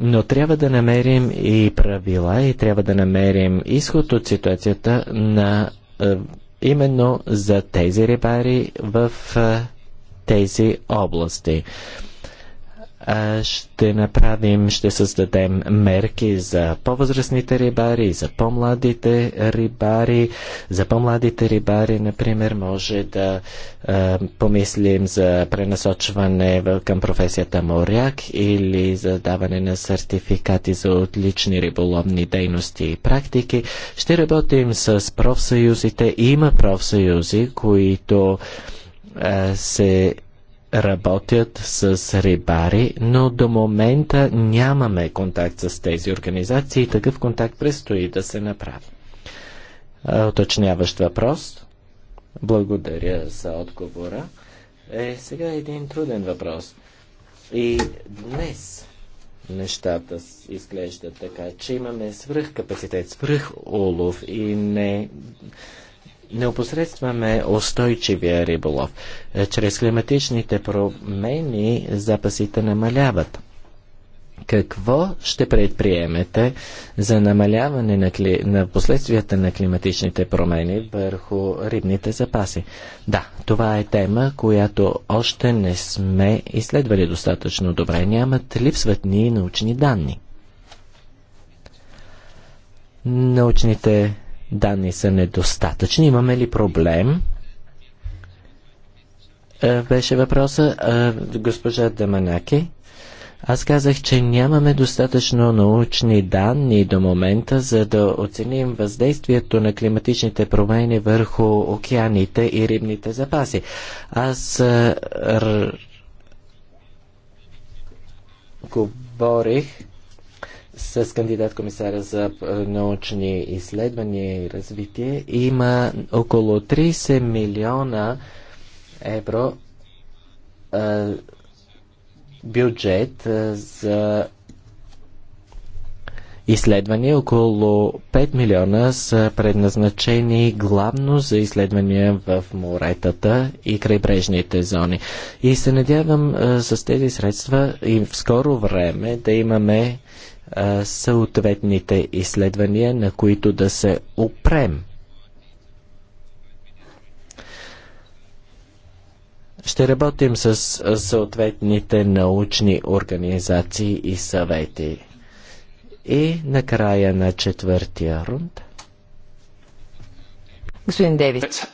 но трябва да намерим и правила и трябва да намерим изход от ситуацията на е, именно за тези рибари в е, тези области ще направим, ще създадем мерки за по-възрастните рибари, за по-младите рибари. За по-младите рибари, например, може да а, помислим за пренасочване към професията моряк или за даване на сертификати за отлични риболовни дейности и практики. Ще работим с профсъюзите. Има профсъюзи, които се работят с рибари, но до момента нямаме контакт с тези организации и такъв контакт предстои да се направи. Оточняващ въпрос. Благодаря за отговора. Е, сега е един труден въпрос. И днес нещата изглеждат така, че имаме свръхкапацитет, улов и не не опосредстваме устойчивия риболов. Е, чрез климатичните промени запасите намаляват. Какво ще предприемете за намаляване на, кли... на последствията на климатичните промени върху рибните запаси? Да, това е тема, която още не сме изследвали достатъчно добре. Нямат липсват ни научни данни. Научните данни са недостатъчни. Имаме ли проблем? Е, беше въпроса е, госпожа Даманаки. Аз казах, че нямаме достатъчно научни данни до момента, за да оценим въздействието на климатичните промени върху океаните и рибните запаси. Аз е, говорих с кандидат комисаря за научни изследвания и развитие има около 30 милиона евро а, бюджет а, за изследвания. Около 5 милиона са предназначени главно за изследвания в моретата и крайбрежните зони. И се надявам а, с тези средства и в скоро време да имаме съответните изследвания, на които да се опрем. Ще работим с съответните научни организации и съвети. И накрая на четвъртия рунд. Господин Девиц.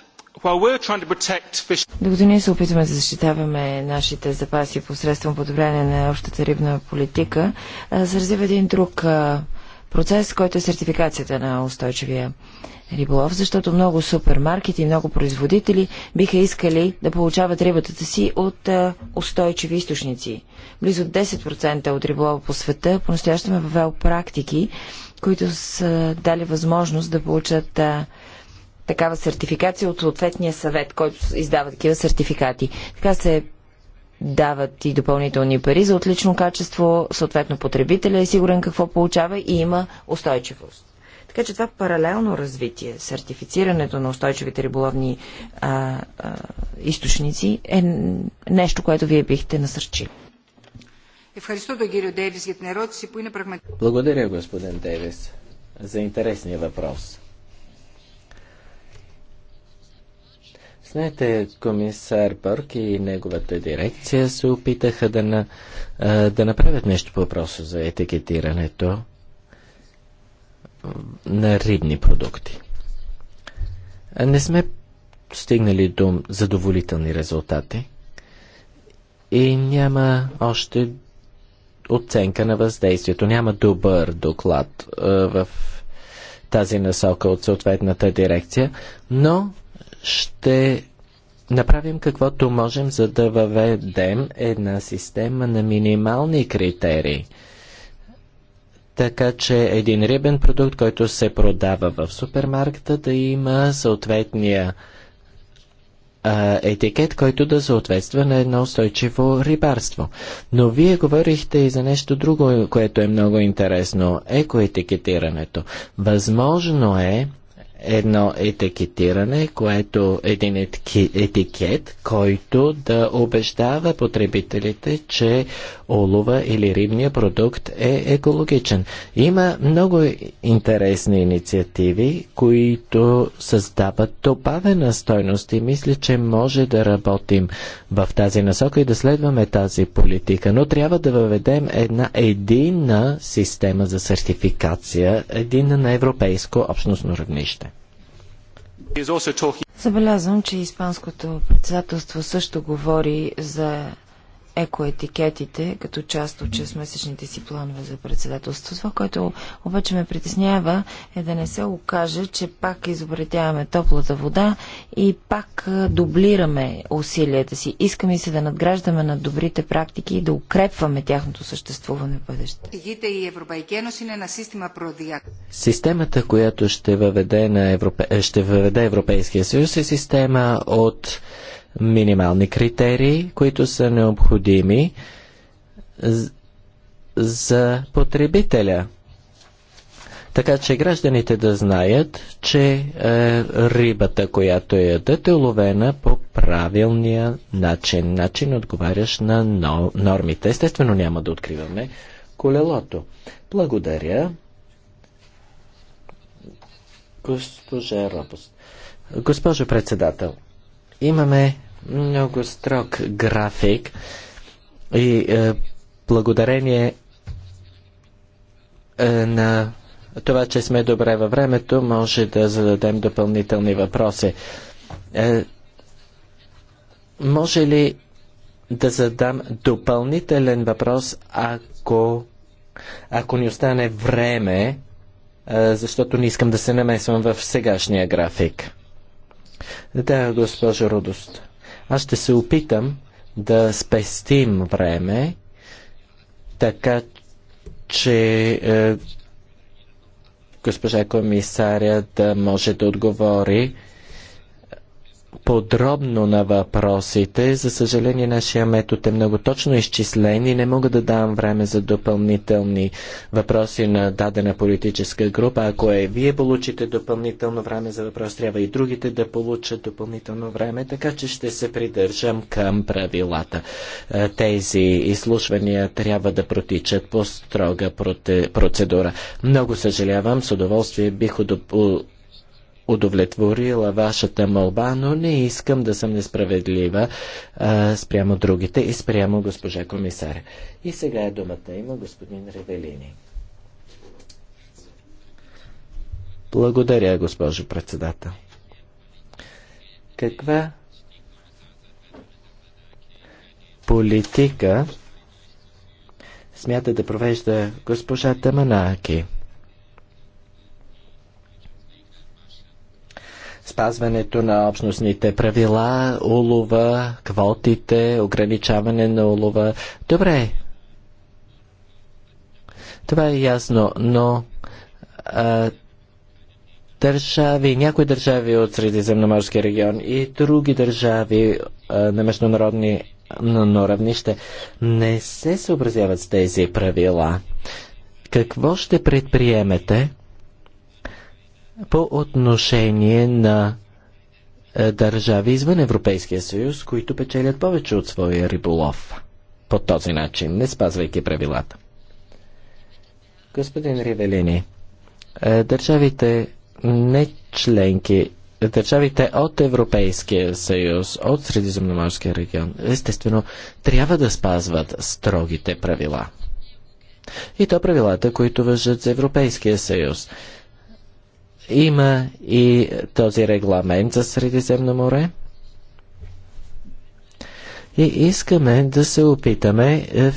Докато ние се опитваме да защитаваме нашите запаси посредством подобряване на общата рибна политика, се развива един друг процес, който е сертификацията на устойчивия риболов, защото много супермаркети и много производители биха искали да получават рибата си от устойчиви източници. Близо 10% от риболова по света по-настоящем е въвел практики, които са дали възможност да получат такава сертификация от съответния съвет, който издава такива сертификати. Така се дават и допълнителни пари за отлично качество, съответно потребителя е сигурен какво получава и има устойчивост. Така че това паралелно развитие, сертифицирането на устойчивите риболовни а, а, източници е нещо, което вие бихте насърчили. Благодаря, господин Дейвис, за интересния въпрос. Знаете, комисар Бърк и неговата дирекция се опитаха да, на, да направят нещо по въпроса за етикетирането на рибни продукти. Не сме стигнали до задоволителни резултати и няма още оценка на въздействието. Няма добър доклад в тази насока от съответната дирекция, но ще направим каквото можем, за да въведем една система на минимални критерии. Така че един рибен продукт, който се продава в супермаркета, да има съответния а, етикет, който да съответства на едно устойчиво рибарство. Но вие говорихте и за нещо друго, което е много интересно екоетикетирането. Възможно е едно етикетиране, което един етикет, който да обещава потребителите, че олова или рибния продукт е екологичен. Има много интересни инициативи, които създават добавена стойност и мисля, че може да работим в тази насока и да следваме тази политика, но трябва да въведем една единна система за сертификация, единна на европейско общностно равнище. Забелязвам, че Испанското председателство също говори за екоетикетите като част от 6-месечните си планове за председателство. Това, което обаче ме притеснява е да не се окаже, че пак изобретяваме топлата вода и пак дублираме усилията си. Искаме се да надграждаме на добрите практики и да укрепваме тяхното съществуване в бъдеще. Системата, която ще въведе, на Европе... ще въведе Европейския съюз е система от минимални критерии, които са необходими за потребителя. Така че гражданите да знаят, че е, рибата, която ядат, е уловена по правилния начин. Начин отговарящ на нормите. Естествено няма да откриваме колелото. Благодаря. Госпожа Робост. Госпожо председател, Имаме много строг график и е, благодарение е, на това, че сме добре във времето, може да зададем допълнителни въпроси. Е, може ли да задам допълнителен въпрос, ако, ако ни остане време, е, защото не искам да се намесвам в сегашния график. Да, госпожо Родост. Аз ще се опитам да спестим време, така че е, госпожа комисаря да може да отговори подробно на въпросите. За съжаление, нашия метод е много точно изчислен и не мога да давам време за допълнителни въпроси на дадена политическа група. Ако е вие получите допълнително време за въпрос, трябва и другите да получат допълнително време, така че ще се придържам към правилата. Е, тези изслушвания трябва да протичат по строга процедура. Много съжалявам, с удоволствие бих удоб удовлетворила вашата молба, но не искам да съм несправедлива а, спрямо другите и спрямо госпожа комисар. И сега е думата има господин Ревелини. Благодаря, госпожо председател. Каква политика смята да провежда госпожа Таманаки? спазването на общностните правила, улова, квотите, ограничаване на улова. Добре. Това е ясно, но а, държави, някои държави от Средиземноморския регион и други държави а, на международни на, но равнище не се съобразяват с тези правила. Какво ще предприемете? по отношение на е, държави извън Европейския съюз, които печелят повече от своя риболов. По този начин, не спазвайки правилата. Господин Ривелини, е, държавите не членки, държавите от Европейския съюз, от Средиземноморския регион, естествено, трябва да спазват строгите правила. И то правилата, които въжат за Европейския съюз. Има и този регламент за Средиземно море. И искаме да се опитаме е,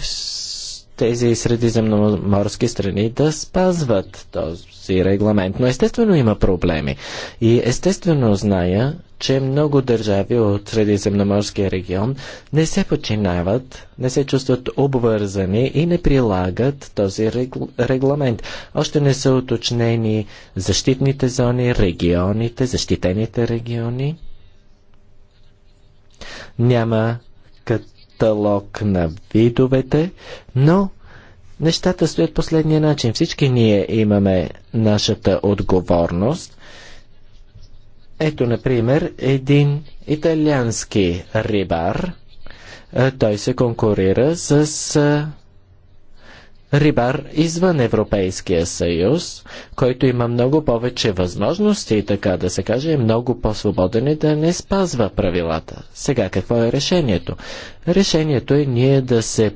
тези средиземноморски страни да спазват този регламент. Но естествено има проблеми. И естествено зная, че много държави от Средиземноморския регион не се починават, не се чувстват обвързани и не прилагат този регламент. Още не са уточнени защитните зони, регионите, защитените региони. Няма като каталог на видовете, но нещата стоят последния начин. Всички ние имаме нашата отговорност. Ето, например, един италиански рибар. Той се конкурира с рибар извън Европейския съюз, който има много повече възможности, така да се каже, е много по-свободен и да не спазва правилата. Сега какво е решението? Решението е ние да се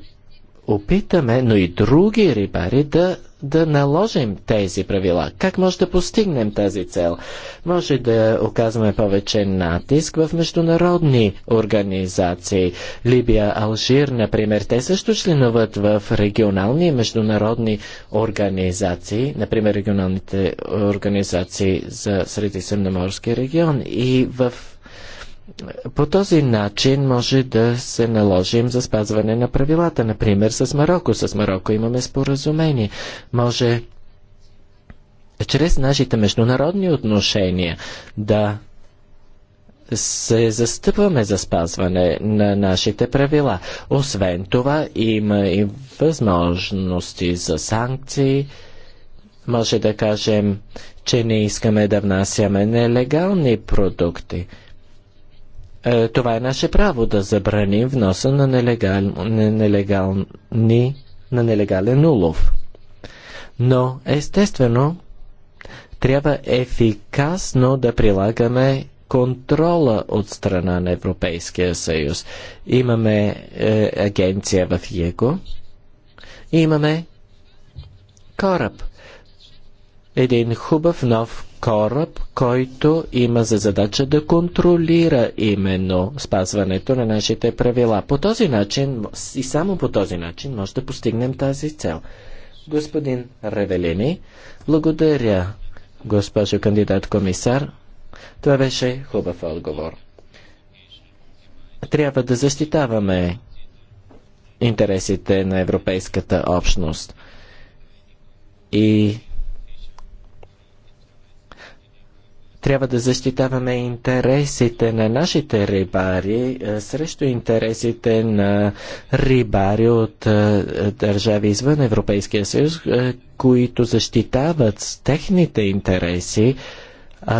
опитаме, но и други рибари да да наложим тези правила? Как може да постигнем тази цел? Може да оказваме повече натиск в международни организации. Либия, Алжир, например, те също членуват в регионални и международни организации, например регионалните организации за Средиземноморски регион. И в по този начин може да се наложим за спазване на правилата, например с Марокко. С Марокко имаме споразумение. Може чрез нашите международни отношения да се застъпваме за спазване на нашите правила. Освен това, има и възможности за санкции. Може да кажем, че не искаме да внасяме нелегални продукти. Е, това е наше право да забраним вноса на, нелегал, на, ни, на нелегален улов. Но, естествено, трябва ефикасно да прилагаме контрола от страна на Европейския съюз. Имаме е, агенция в ЕГО, имаме кораб. Един хубав нов кораб, който има за задача да контролира именно спазването на нашите правила. По този начин и само по този начин може да постигнем тази цел. Господин Ревелини, благодаря, госпожо кандидат комисар. Това беше хубав отговор. Трябва да защитаваме интересите на Европейската общност. И Трябва да защитаваме интересите на нашите рибари е, срещу интересите на рибари от е, държави извън Европейския съюз, е, които защитават техните интереси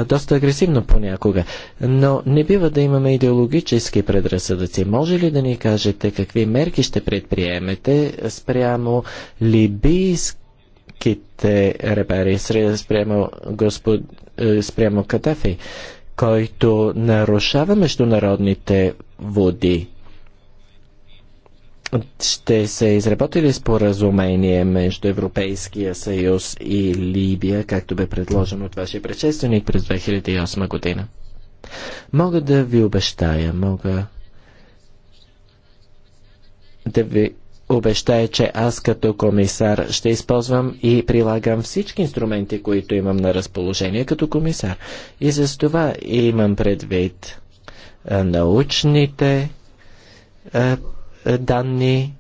доста агресивно понякога. Но не бива да имаме идеологически предразсъдъци. Може ли да ни кажете какви мерки ще предприемете спрямо либийски малките репери спрямо, господ... Е, спрямо Катафи, който нарушава международните води. Ще се изработи ли споразумение между Европейския съюз и Либия, както бе предложено от вашия предшественик през 2008 година? Мога да ви обещая, мога да ви обещая, че аз като комисар ще използвам и прилагам всички инструменти, които имам на разположение като комисар. И за това имам предвид научните данни,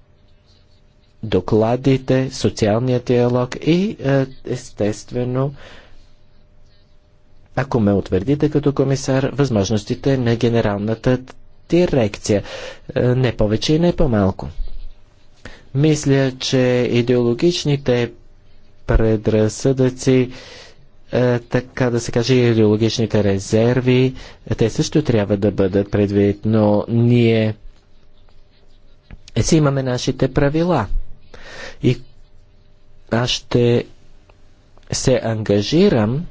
докладите, социалния диалог и естествено, ако ме утвърдите като комисар, възможностите на генералната дирекция. Не повече и не по-малко. Мисля, че идеологичните предразсъдъци, е, така да се каже, идеологичните резерви, те също трябва да бъдат предвид, но ние си имаме нашите правила. И аз ще се ангажирам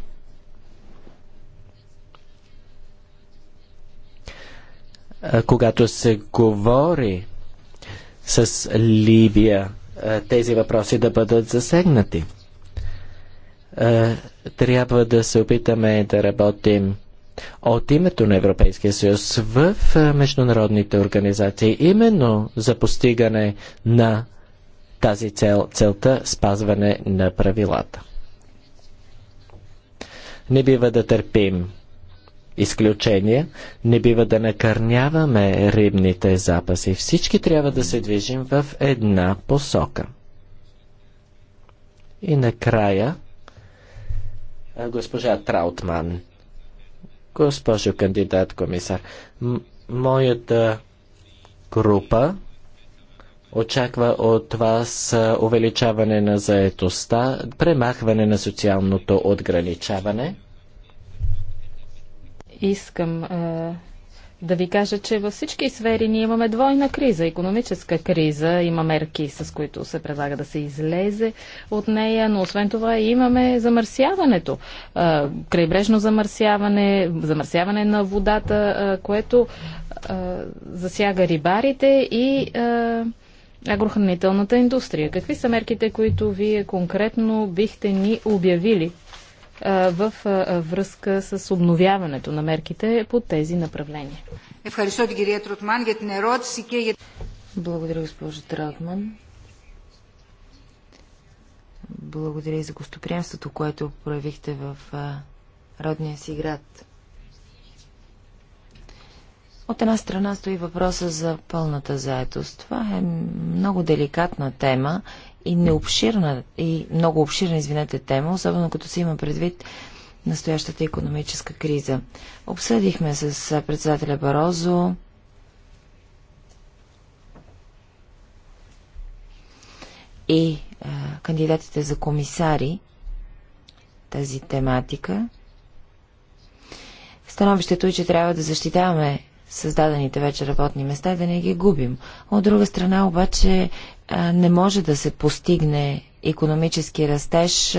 е, когато се говори с Либия е, тези въпроси да бъдат засегнати. Е, трябва да се опитаме да работим от името на Европейския съюз в е, международните организации, именно за постигане на тази цел, целта спазване на правилата. Не бива да търпим изключения. Не бива да накърняваме рибните запаси. Всички трябва да се движим в една посока. И накрая, госпожа Траутман, госпожо кандидат комисар, моята група очаква от вас увеличаване на заетостта, премахване на социалното отграничаване – искам а, да ви кажа, че във всички сфери ние имаме двойна криза. Економическа криза, има мерки, с които се предлага да се излезе от нея, но освен това имаме замърсяването. А, крайбрежно замърсяване, замърсяване на водата, а, което а, засяга рибарите и а, агрохранителната индустрия. Какви са мерките, които вие конкретно бихте ни обявили в връзка с обновяването на мерките по тези направления. Благодаря, госпожо Тратман. Благодаря и за гостоприемството, което проявихте в родния си град. От една страна стои въпроса за пълната заедост. Това е много деликатна тема и необширна, и много обширна, извинете, тема, особено като се има предвид настоящата економическа криза. Обсъдихме с председателя Барозо и а, кандидатите за комисари тази тематика. Становището е, че трябва да защитаваме създадените вече работни места и да не ги губим. От друга страна обаче не може да се постигне економически растеж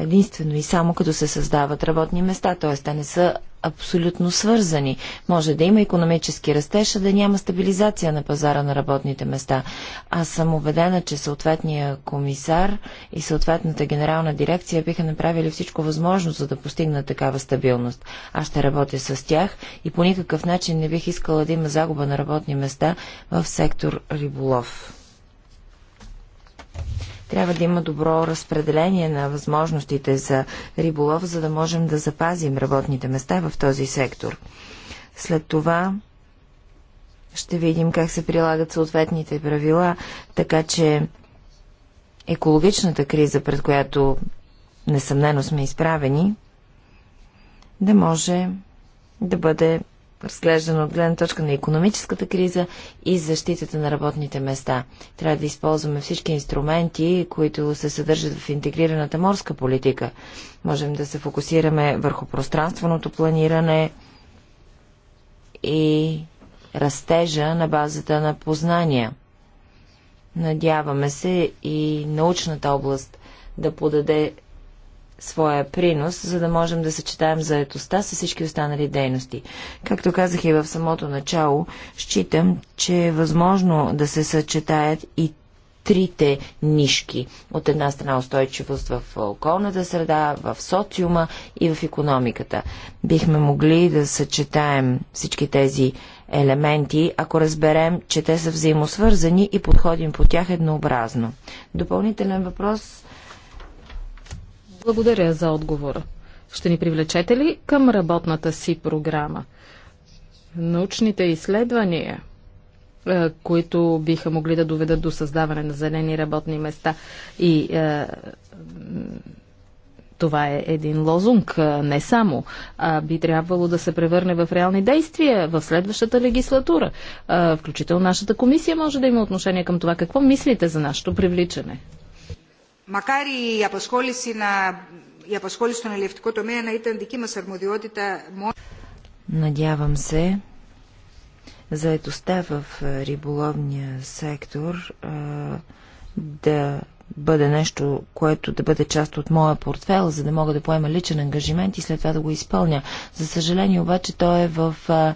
единствено и само като се създават работни места, т.е. те не са абсолютно свързани. Може да има економически растеж, а да няма стабилизация на пазара на работните места. Аз съм убедена, че съответния комисар и съответната генерална дирекция биха направили всичко възможно, за да постигнат такава стабилност. Аз ще работя с тях и по никакъв начин не бих искала да има загуба на работни места в сектор риболов. Трябва да има добро разпределение на възможностите за риболов, за да можем да запазим работните места в този сектор. След това ще видим как се прилагат съответните правила, така че екологичната криза, пред която несъмнено сме изправени, да може да бъде разглеждано от гледна точка на економическата криза и защитата на работните места. Трябва да използваме всички инструменти, които се съдържат в интегрираната морска политика. Можем да се фокусираме върху пространственото планиране и растежа на базата на познания. Надяваме се и научната област да подаде своя принос, за да можем да съчетаем заетостта с всички останали дейности. Както казах и в самото начало, считам, че е възможно да се съчетаят и трите нишки. От една страна устойчивост в околната среда, в социума и в економиката. Бихме могли да съчетаем всички тези елементи, ако разберем, че те са взаимосвързани и подходим по тях еднообразно. Допълнителен въпрос благодаря за отговора. Ще ни привлечете ли към работната си програма? Научните изследвания, е, които биха могли да доведат до създаване на зелени работни места и е, това е един лозунг, е, не само, а би трябвало да се превърне в реални действия в следващата легислатура. Включително нашата комисия може да има отношение към това. Какво мислите за нашето привличане? Μακάρι η απασχόληση, να... η απασχόληση στον ελευτικό τομέα να ήταν δική μας αρμοδιότητα μόνο. Надявам се, заедостта в е, риболовния сектор е, да бъде нещо, което да бъде част от моя портфел, за да мога да поема личен ангажимент и след това да го изпълня. За съжаление обаче той е в е,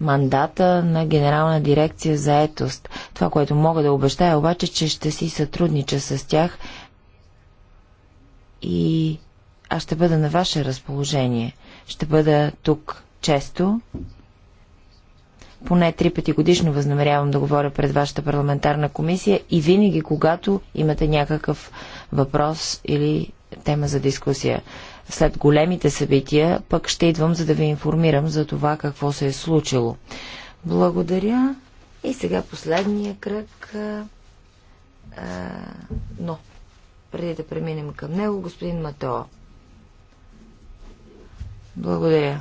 мандата на Генерална дирекция за етост. Това, което мога да обещая обаче, че ще си сътруднича с тях и аз ще бъда на ваше разположение. Ще бъда тук често. Поне три пъти годишно възнамерявам да говоря пред вашата парламентарна комисия и винаги, когато имате някакъв въпрос или тема за дискусия след големите събития, пък ще идвам, за да ви информирам за това какво се е случило. Благодаря. И сега последния кръг. А, а, но, преди да преминем към него, господин Матео. Благодаря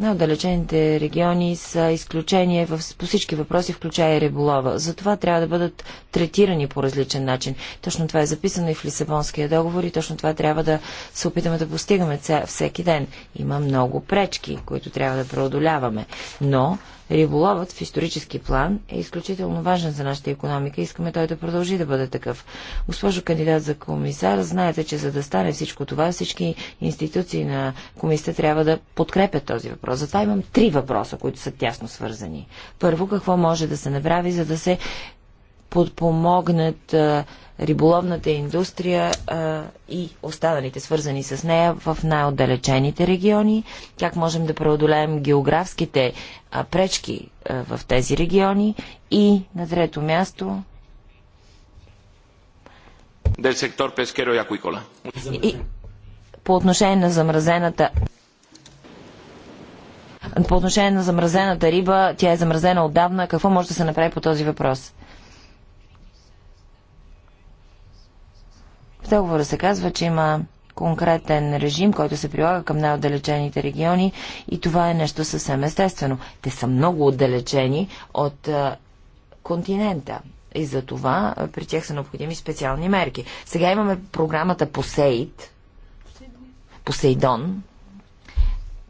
най-отдалечените региони са изключение в, по всички въпроси, включая и риболова. Затова трябва да бъдат третирани по различен начин. Точно това е записано и в Лисабонския договор и точно това трябва да се опитаме да постигаме всеки ден. Има много пречки, които трябва да преодоляваме. Но Риболовът в исторически план е изключително важен за нашата економика и искаме той да продължи да бъде такъв. Госпожо кандидат за комисар, знаете, че за да стане всичко това, всички институции на комисията трябва да подкрепят този въпрос. Затова имам три въпроса, които са тясно свързани. Първо, какво може да се направи, за да се подпомогнат риболовната индустрия а, и останалите свързани с нея в най-отдалечените региони, как можем да преодолеем географските а, пречки а, в тези региони и на трето място Дел сектор пескеро И, по отношение на замразената по отношение на замразената риба, тя е замразена отдавна. Какво може да се направи по този въпрос? договора се казва, че има конкретен режим, който се прилага към най-отдалечените региони и това е нещо съвсем естествено. Те са много отдалечени от а, континента и за това при тях са необходими специални мерки. Сега имаме програмата Посейд, Посейдон,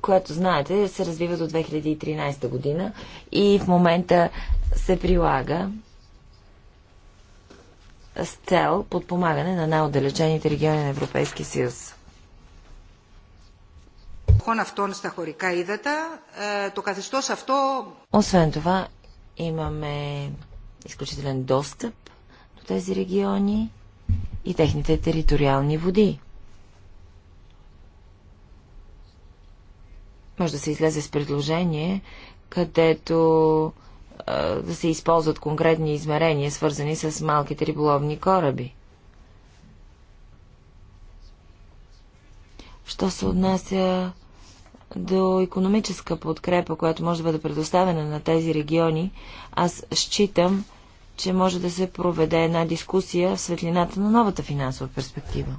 която знаете се развива до 2013 година и в момента се прилага с цел подпомагане на най-отдалечените региони на Европейския съюз. Е, Освен това, имаме изключителен достъп до тези региони и техните териториални води. Може да се излезе с предложение, където да се използват конкретни измерения, свързани с малките риболовни кораби. Що се отнася до економическа подкрепа, която може да бъде предоставена на тези региони, аз считам, че може да се проведе една дискусия в светлината на новата финансова перспектива.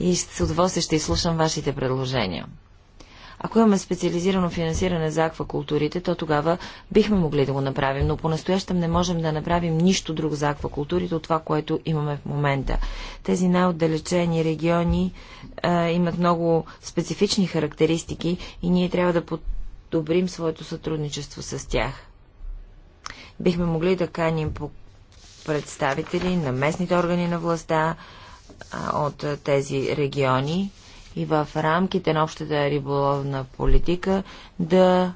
и с удоволствие ще изслушам вашите предложения. Ако имаме специализирано финансиране за аквакултурите, то тогава бихме могли да го направим, но по-настоящем не можем да направим нищо друго за аквакултурите от това, което имаме в момента. Тези най-отдалечени региони а, имат много специфични характеристики и ние трябва да подобрим своето сътрудничество с тях. Бихме могли да каним по представители на местните органи на властта, от тези региони и в рамките на общата риболовна политика да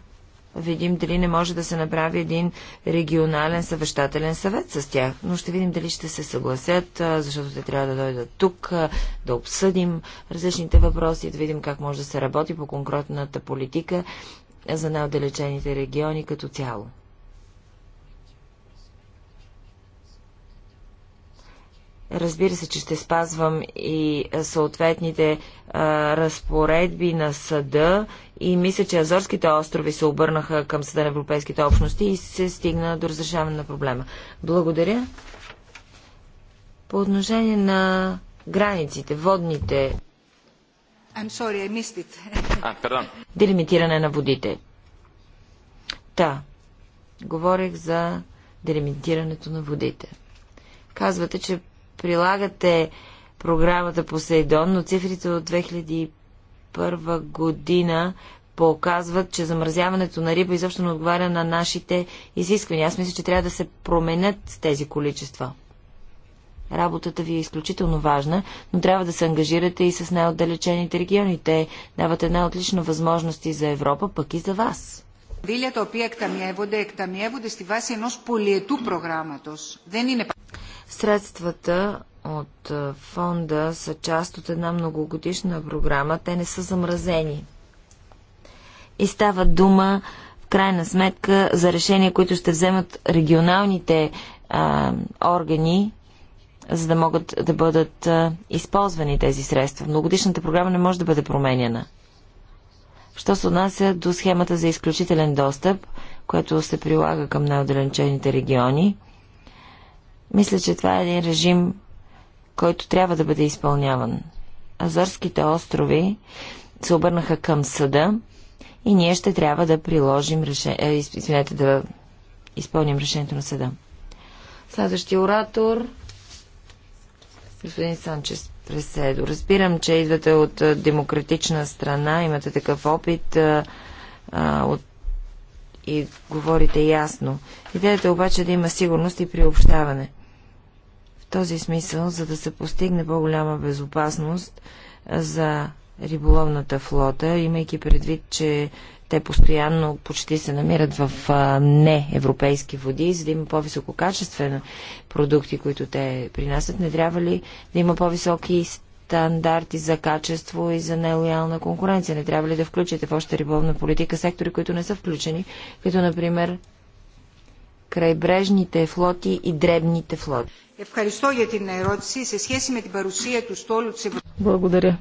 видим дали не може да се направи един регионален съвещателен съвет с тях. Но ще видим дали ще се съгласят, защото те трябва да дойдат тук, да обсъдим различните въпроси, да видим как може да се работи по конкретната политика за най-отдалечените региони като цяло. Разбира се, че ще спазвам и съответните а, разпоредби на съда и мисля, че Азорските острови се обърнаха към съда на европейските общности и се стигна до разрешаване на проблема. Благодаря. По отношение на границите, водните. I'm sorry, I missed it. а, Делимитиране на водите. Та, да. говорих за делимитирането на водите. Казвате, че прилагате програмата Посейдон, но цифрите от 2001 година показват, че замразяването на риба изобщо не отговаря на нашите изисквания. Аз мисля, че трябва да се променят тези количества. Работата ви е изключително важна, но трябва да се ангажирате и с най-отдалечените региони. Те дават една отлична възможност и за Европа, пък и за вас. Δίλια τα οποία εκταμιεύονται, στη βάση ενός πολιετού προγράμματος. Δεν είναι... Средствата от фонда са част от една многогодишна програма. Те не са замразени. И става дума, в крайна сметка, за решения, които ще вземат регионалните а, органи, за да могат да бъдат а, използвани тези средства. Многодишната програма не може да бъде променена. Що се отнася до схемата за изключителен достъп, което се прилага към най-отдалечените региони, мисля, че това е един режим, който трябва да бъде изпълняван. Азорските острови се обърнаха към съда и ние ще трябва да приложим решение, е, извинете, да изпълним решението на съда. Следващия оратор господин Санчес Преседо. Разбирам, че идвате от е, демократична страна, имате такъв опит а, е, е, от... и говорите ясно. Идеята обаче да има сигурност и приобщаване този смисъл, за да се постигне по-голяма безопасност за риболовната флота, имайки предвид, че те постоянно почти се намират в а, неевропейски води, за да има по-висококачествени продукти, които те принасят. Не трябва ли да има по-високи стандарти за качество и за нелоялна конкуренция? Не трябва ли да включите в още риболовна политика сектори, които не са включени, като например крайбрежните флоти и дребните флоти? Ευχαριστώ για την ερώτηση. Σε σχέση με την παρουσία του στόλου της Ευρωπαϊκής... Благодаря.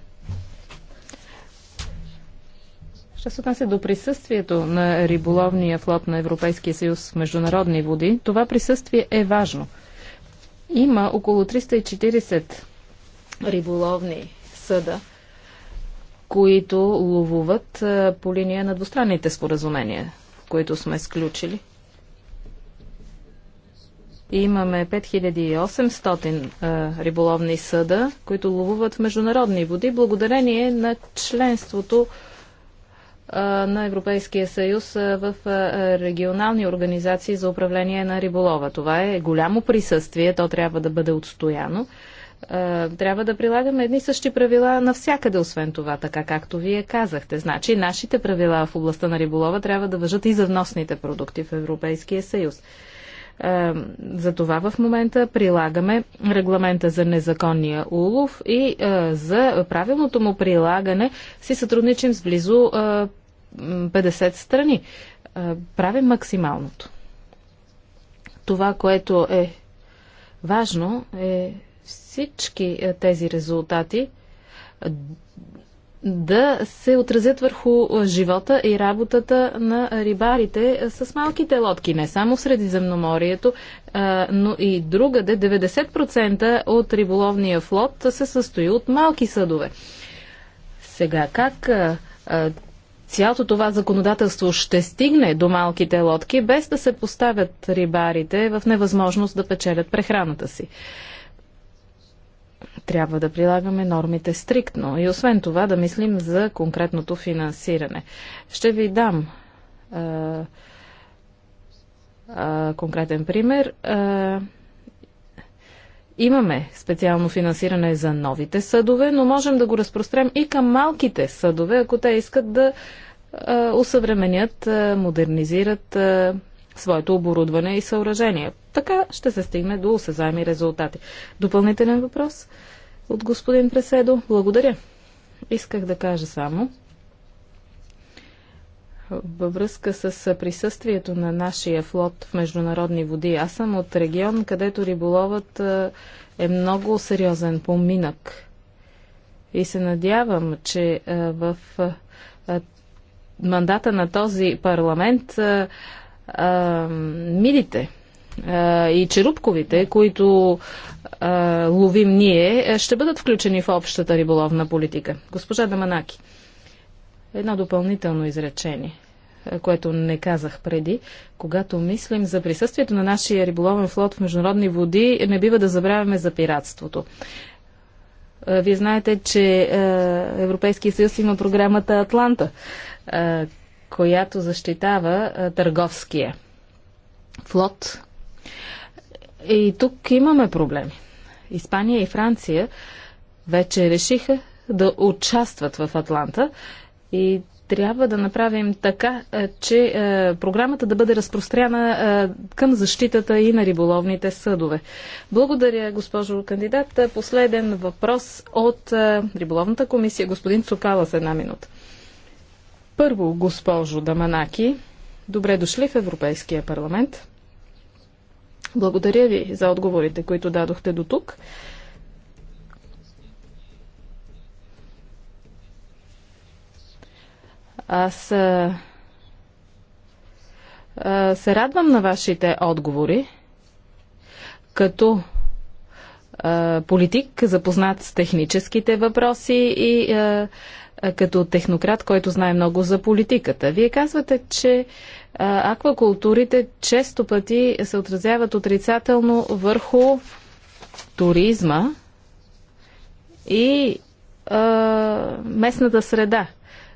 Що се отнася до присъствието на риболовния флот на Европейския съюз в международни води, това присъствие е важно. Има около 340 риболовни съда, които ловуват по линия на двустранните споразумения, които сме сключили – Имаме 5800 риболовни съда, които ловуват в международни води, благодарение на членството на Европейския съюз в регионални организации за управление на риболова. Това е голямо присъствие, то трябва да бъде отстояно. Трябва да прилагаме едни същи правила навсякъде, освен това, така както вие казахте. Значи, нашите правила в областта на риболова трябва да въжат и за вносните продукти в Европейския съюз. За това в момента прилагаме регламента за незаконния улов и е, за правилното му прилагане си сътрудничим с близо 50 е, страни. Е, правим максималното. Това, което е важно, е всички тези резултати да се отразят върху живота и работата на рибарите с малките лодки, не само в Средиземноморието, но и другаде. 90% от риболовния флот се състои от малки съдове. Сега, как цялото това законодателство ще стигне до малките лодки, без да се поставят рибарите в невъзможност да печелят прехраната си? Трябва да прилагаме нормите стриктно и освен това да мислим за конкретното финансиране. Ще ви дам а, а, конкретен пример. А, имаме специално финансиране за новите съдове, но можем да го разпрострем и към малките съдове, ако те искат да а, усъвременят, а, модернизират а, своето оборудване и съоръжение. Така ще се стигне до осезаеми резултати. Допълнителен въпрос? от господин Преседо. Благодаря. Исках да кажа само във връзка с присъствието на нашия флот в международни води. Аз съм от регион, където риболовът е много сериозен поминък. И се надявам, че в мандата на този парламент мидите и черупковите, които ловим ние, ще бъдат включени в общата риболовна политика. Госпожа Даманаки, едно допълнително изречение което не казах преди. Когато мислим за присъствието на нашия риболовен флот в международни води, не бива да забравяме за пиратството. Вие знаете, че Европейския съюз има програмата Атланта, която защитава търговския флот и тук имаме проблеми. Испания и Франция вече решиха да участват в Атланта и трябва да направим така, е, че е, програмата да бъде разпростряна е, към защитата и на риболовните съдове. Благодаря, госпожо кандидат. Последен въпрос от Риболовната комисия. Господин Цукала с една минута. Първо, госпожо Даманаки, добре дошли в Европейския парламент. Благодаря ви за отговорите, които дадохте до тук. Аз а, а, се радвам на вашите отговори. Като а, политик, запознат с техническите въпроси и а, като технократ, който знае много за политиката. Вие казвате, че аквакултурите често пъти се отразяват отрицателно върху туризма и а, местната среда.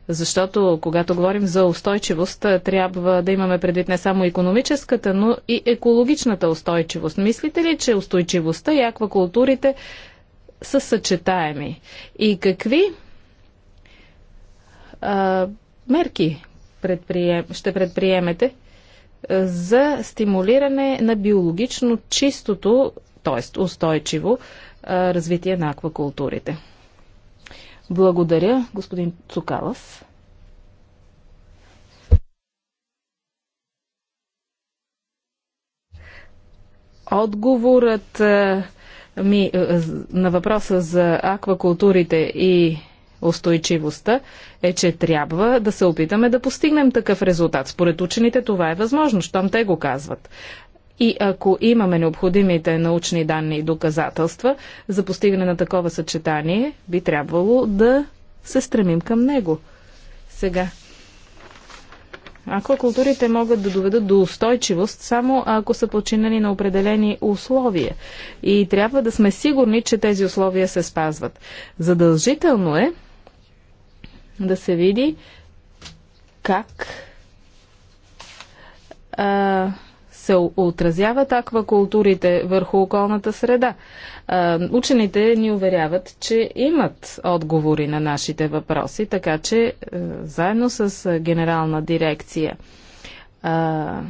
Защото, когато говорим за устойчивост, трябва да имаме предвид не само економическата, но и екологичната устойчивост. Мислите ли, че устойчивостта и аквакултурите са съчетаеми? И какви а, мерки предприем, ще предприемете за стимулиране на биологично чистото, т.е. устойчиво а, развитие на аквакултурите? Благодаря, господин Цукалов. Отговорът ми на въпроса за аквакултурите и устойчивостта е, че трябва да се опитаме да постигнем такъв резултат. Според учените това е възможно, щом те го казват. И ако имаме необходимите научни данни и доказателства за постигане на такова съчетание, би трябвало да се стремим към него. Сега, Ако културите могат да доведат до устойчивост само ако са починени на определени условия. И трябва да сме сигурни, че тези условия се спазват. Задължително е да се види как а, се отразяват аквакултурите върху околната среда. А, учените ни уверяват, че имат отговори на нашите въпроси, така че а, заедно с Генерална дирекция а,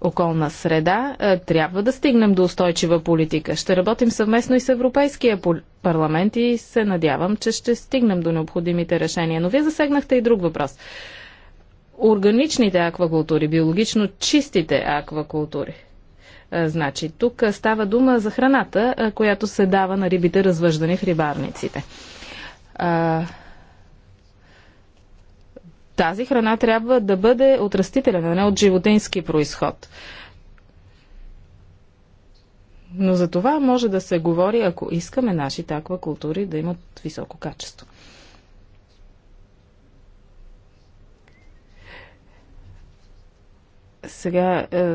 околна среда, е, трябва да стигнем до устойчива политика. Ще работим съвместно и с Европейския парламент и се надявам, че ще стигнем до необходимите решения. Но вие засегнахте и друг въпрос. Органичните аквакултури, биологично чистите аквакултури. Е, значи, тук става дума за храната, е, която се дава на рибите, развъждани в рибарниците тази храна трябва да бъде от растителен, а не от животински происход. Но за това може да се говори, ако искаме нашите аквакултури да имат високо качество. Сега, е,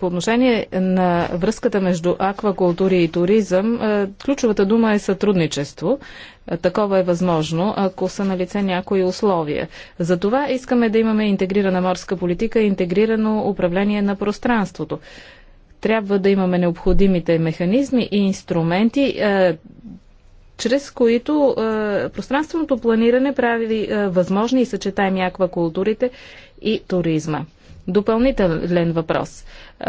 по отношение на връзката между аквакултури и туризъм, е, ключовата дума е сътрудничество. Е, такова е възможно, ако са на лице някои условия. За това искаме да имаме интегрирана морска политика и интегрирано управление на пространството. Трябва да имаме необходимите механизми и инструменти, чрез които пространственото планиране прави възможни и съчетаеми аквакултурите и туризма допълнителен въпрос.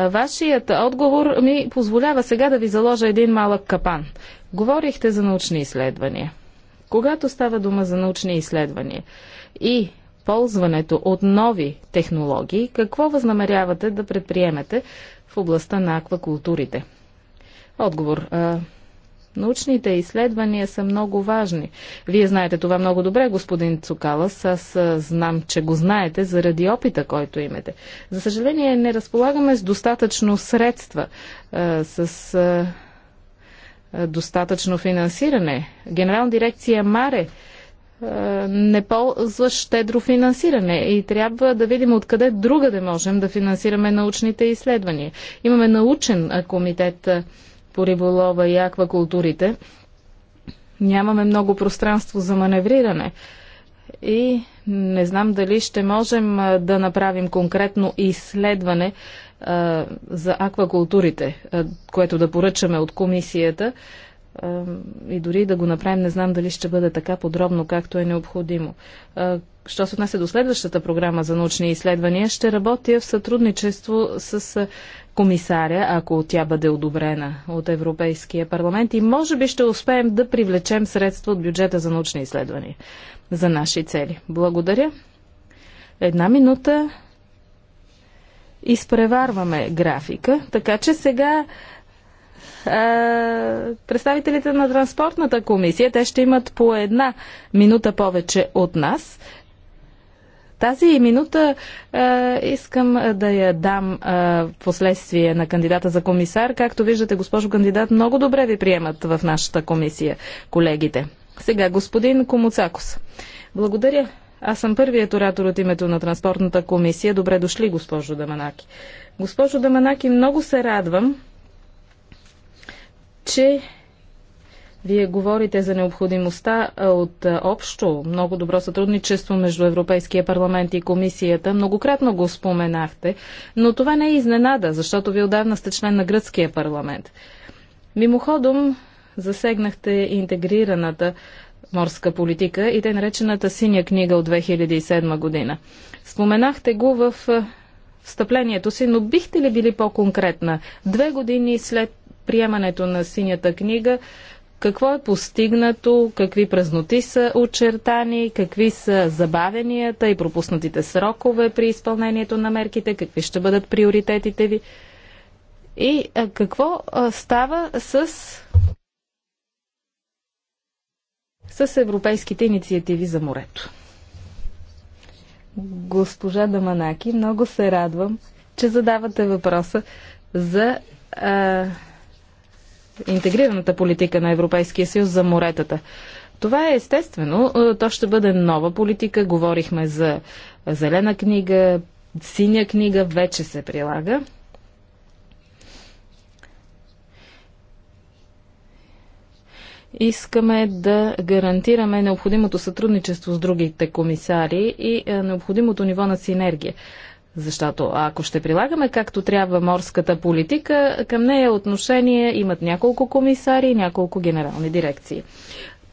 Вашият отговор ми позволява сега да ви заложа един малък капан. Говорихте за научни изследвания. Когато става дума за научни изследвания и ползването от нови технологии, какво възнамерявате да предприемете в областта на аквакултурите? Отговор. Научните изследвания са много важни. Вие знаете това много добре, господин Цукалас. Аз знам, че го знаете заради опита, който имате. За съжаление, не разполагаме с достатъчно средства, с достатъчно финансиране. Генерална дирекция Маре не ползва щедро финансиране и трябва да видим откъде друга да можем да финансираме научните изследвания. Имаме научен комитет по риболова и аквакултурите, нямаме много пространство за маневриране. И не знам дали ще можем да направим конкретно изследване а, за аквакултурите, а, което да поръчаме от комисията. А, и дори да го направим, не знам дали ще бъде така подробно, както е необходимо. Що се отнася до следващата програма за научни изследвания, ще работя в сътрудничество с комисаря, ако тя бъде одобрена от Европейския парламент и може би ще успеем да привлечем средства от бюджета за научни изследвания за наши цели. Благодаря. Една минута изпреварваме графика, така че сега представителите на транспортната комисия, те ще имат по една минута повече от нас. Тази минута а, е, искам е, да я дам а, е, последствие на кандидата за комисар. Както виждате, госпожо кандидат, много добре ви приемат в нашата комисия колегите. Сега, господин Комуцакос. Благодаря. Аз съм първият оратор от името на Транспортната комисия. Добре дошли, госпожо Даманаки. Госпожо Даманаки, много се радвам, че вие говорите за необходимостта от общо много добро сътрудничество между Европейския парламент и комисията. Многократно го споменахте, но това не е изненада, защото ви отдавна сте член на гръцкия парламент. Мимоходом засегнахте интегрираната морска политика и те наречената синя книга от 2007 година. Споменахте го в встъплението си, но бихте ли били по-конкретна? Две години след приемането на синята книга, какво е постигнато, какви празноти са очертани, какви са забавенията и пропуснатите срокове при изпълнението на мерките, какви ще бъдат приоритетите ви и какво става с с европейските инициативи за морето. Госпожа Даманаки, много се радвам, че задавате въпроса за интегрираната политика на Европейския съюз за моретата. Това е естествено. Е, то ще бъде нова политика. Говорихме за зелена книга, синя книга, вече се прилага. Искаме да гарантираме необходимото сътрудничество с другите комисари и е, необходимото ниво на синергия. Защото ако ще прилагаме както трябва морската политика, към нея отношение имат няколко комисари и няколко генерални дирекции.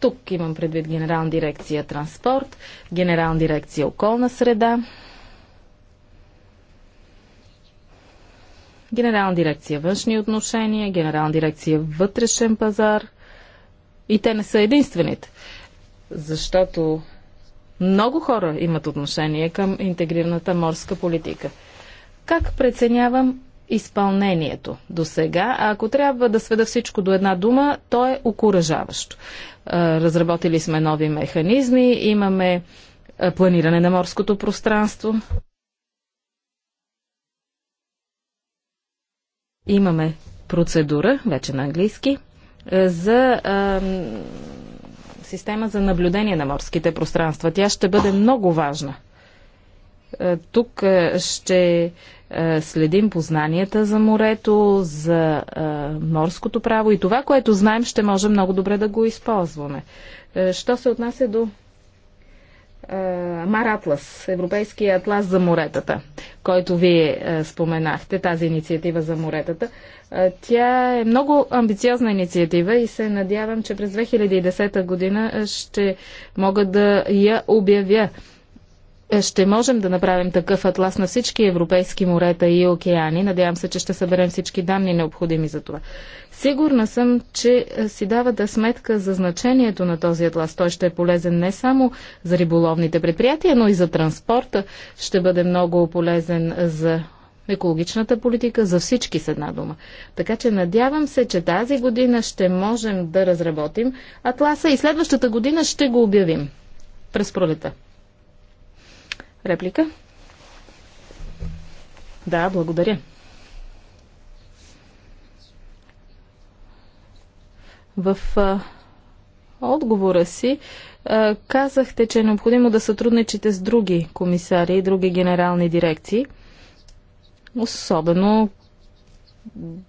Тук имам предвид генерална дирекция транспорт, генерална дирекция околна среда, генерална дирекция външни отношения, генерална дирекция вътрешен пазар. И те не са единствените. Защото много хора имат отношение към интегрираната морска политика. Как преценявам изпълнението до сега, а ако трябва да сведа всичко до една дума, то е окоръжаващо. Разработили сме нови механизми, имаме планиране на морското пространство. Имаме процедура, вече на английски, за система за наблюдение на морските пространства. Тя ще бъде много важна. Е, тук е, ще е, следим познанията за морето, за морското право и това, което знаем, ще може много добре да го използваме. Що се отнася до Мар Атлас, Европейския атлас за моретата, който вие споменахте, тази инициатива за моретата. Тя е много амбициозна инициатива и се надявам, че през 2010 година ще мога да я обявя. Ще можем да направим такъв атлас на всички европейски морета и океани. Надявам се, че ще съберем всички данни необходими за това. Сигурна съм, че си давате сметка за значението на този атлас. Той ще е полезен не само за риболовните предприятия, но и за транспорта. Ще бъде много полезен за екологичната политика за всички с една дума. Така че надявам се, че тази година ще можем да разработим атласа и следващата година ще го обявим през пролета. Реплика? Да, благодаря. В а, отговора си а, казахте, че е необходимо да сътрудничите с други комисари и други генерални дирекции – особено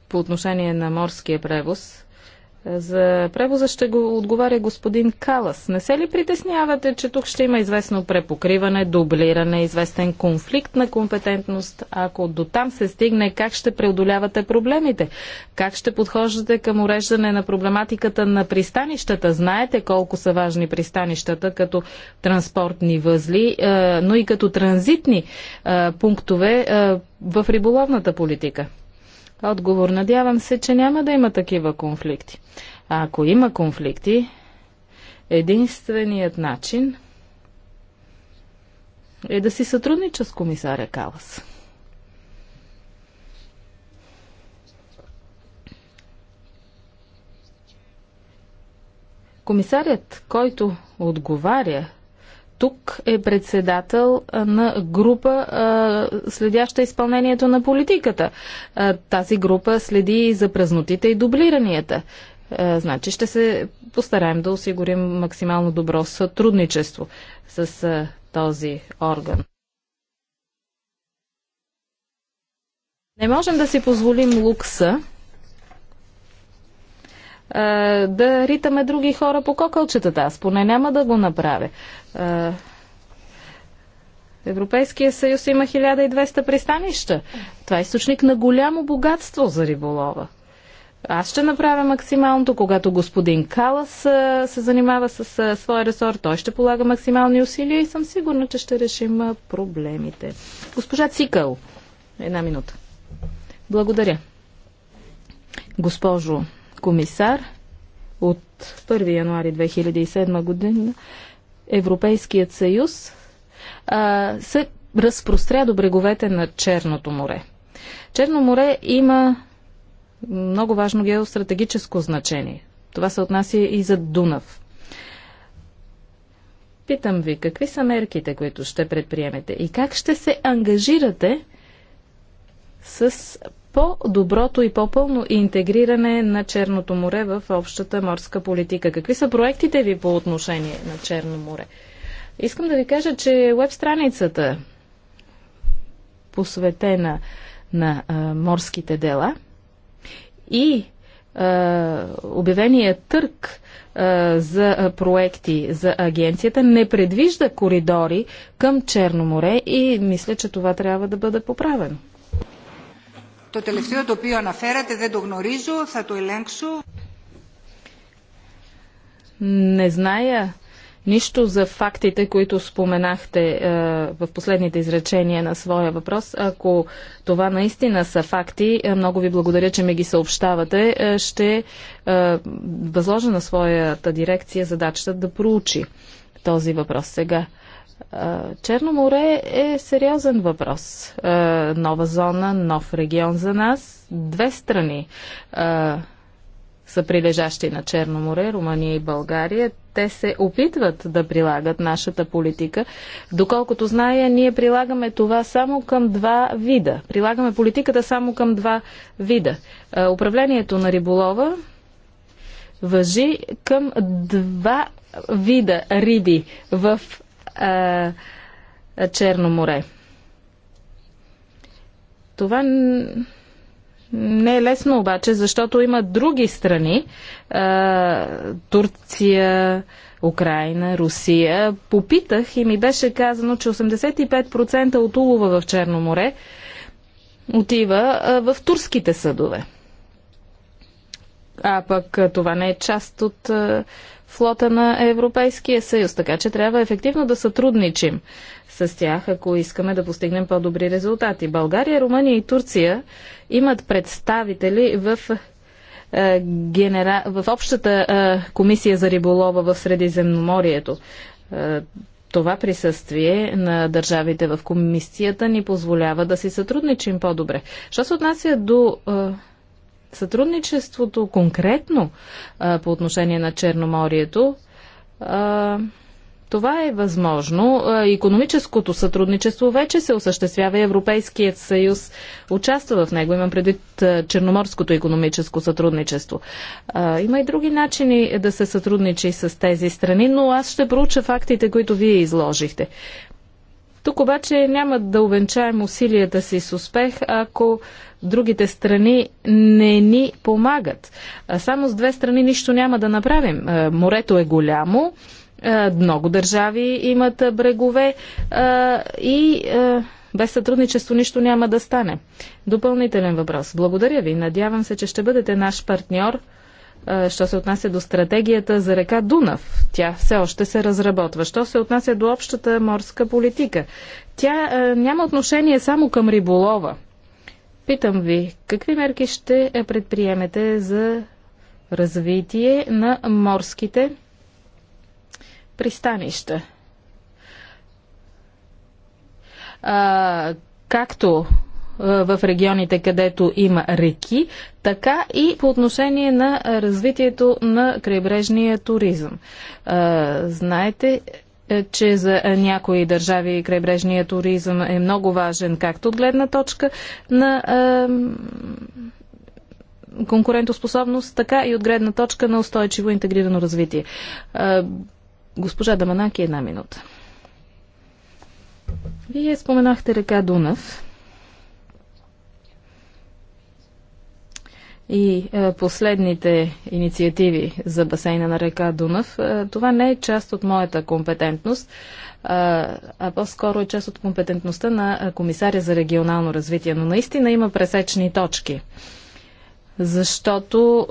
по отношение на морския превоз за превоза ще го отговаря господин Калас. Не се ли притеснявате, че тук ще има известно препокриване, дублиране, известен конфликт на компетентност? Ако до там се стигне, как ще преодолявате проблемите? Как ще подхождате към уреждане на проблематиката на пристанищата? Знаете колко са важни пристанищата като транспортни възли, е, но и като транзитни е, пунктове е, в риболовната политика? Отговор. Надявам се, че няма да има такива конфликти. А ако има конфликти, единственият начин е да си сътруднича с комисаря Калас. Комисарят, който отговаря тук е председател на група, следяща изпълнението на политиката. Тази група следи и за празнотите и дублиранията. Значи ще се постараем да осигурим максимално добро сътрудничество с този орган. Не можем да си позволим лукса да ритаме други хора по кокълчетата. Аз поне няма да го направя. Европейския съюз има 1200 пристанища. Това е източник на голямо богатство за риболова. Аз ще направя максималното, когато господин Калас се занимава с своя ресор, той ще полага максимални усилия и съм сигурна, че ще решим проблемите. Госпожа Цикъл, една минута. Благодаря. Госпожо комисар от 1 януари 2007 година Европейският съюз а, се разпростря до бреговете на Черното море. Черно море има много важно геостратегическо значение. Това се отнася и за Дунав. Питам ви, какви са мерките, които ще предприемете и как ще се ангажирате с по-доброто и по-пълно интегриране на Черното море в общата морска политика. Какви са проектите ви по отношение на Черно море? Искам да ви кажа, че веб страницата посветена на а, морските дела и а, обявения търк а, за а, проекти за агенцията не предвижда коридори към Черно море и мисля, че това трябва да бъде поправено. Το τελευταίο το οποίο αναφέρατε δεν το γνωρίζω, θα το ελέγξω. Не зная нищо за фактите, които споменахте е, в последните изречения на своя въпрос. Ако това наистина са факти, е, много ви благодаря, че ми ги съобщавате. Е, ще е, възложа на своята дирекция задачата да проучи този въпрос сега. Черно море е сериозен въпрос. Нова зона, нов регион за нас. Две страни са прилежащи на Черно море, Румъния и България. Те се опитват да прилагат нашата политика. Доколкото зная, ние прилагаме това само към два вида. Прилагаме политиката само към два вида. Управлението на риболова въжи към два вида риби в а, Черно море. Това не е лесно обаче, защото има други страни, а, Турция, Украина, Русия. Попитах и ми беше казано, че 85% от улова в Черно море отива а, в турските съдове. А пък това не е част от а, флота на Европейския съюз, така че трябва ефективно да сътрудничим с тях, ако искаме да постигнем по-добри резултати. България, Румъния и Турция имат представители в е, генера... в общата е, комисия за риболова в Средиземноморието. Е, това присъствие на държавите в комисията ни позволява да си сътрудничим по-добре. Що се отнася до Сътрудничеството конкретно а, по отношение на Черноморието, а, това е възможно. Економическото сътрудничество вече се осъществява и Европейският съюз участва в него. Имам предвид черноморското економическо сътрудничество. Има и други начини да се сътрудничи с тези страни, но аз ще проуча фактите, които вие изложихте. Тук обаче няма да увенчаем усилията си с успех, ако другите страни не ни помагат. Само с две страни нищо няма да направим. Морето е голямо, много държави имат брегове и без сътрудничество нищо няма да стане. Допълнителен въпрос. Благодаря ви. Надявам се, че ще бъдете наш партньор Що се отнася до стратегията за река Дунав, тя все още се разработва. Що се отнася до общата морска политика, тя е, няма отношение само към риболова. Питам ви, какви мерки ще предприемете за развитие на морските пристанища? А, както е, в регионите, където има реки, така и по отношение на развитието на крайбрежния туризъм. Е, знаете, е, че за някои държави крайбрежния туризъм е много важен, както от гледна точка на конкурентоспособност, така и от гледна точка на устойчиво интегрирано развитие. Госпожа Даманаки, една минута. Вие споменахте река Дунав. и е, последните инициативи за басейна на река Дунав. Е, това не е част от моята компетентност, а по-скоро е част от компетентността на е, комисаря за регионално развитие. Но наистина има пресечни точки, защото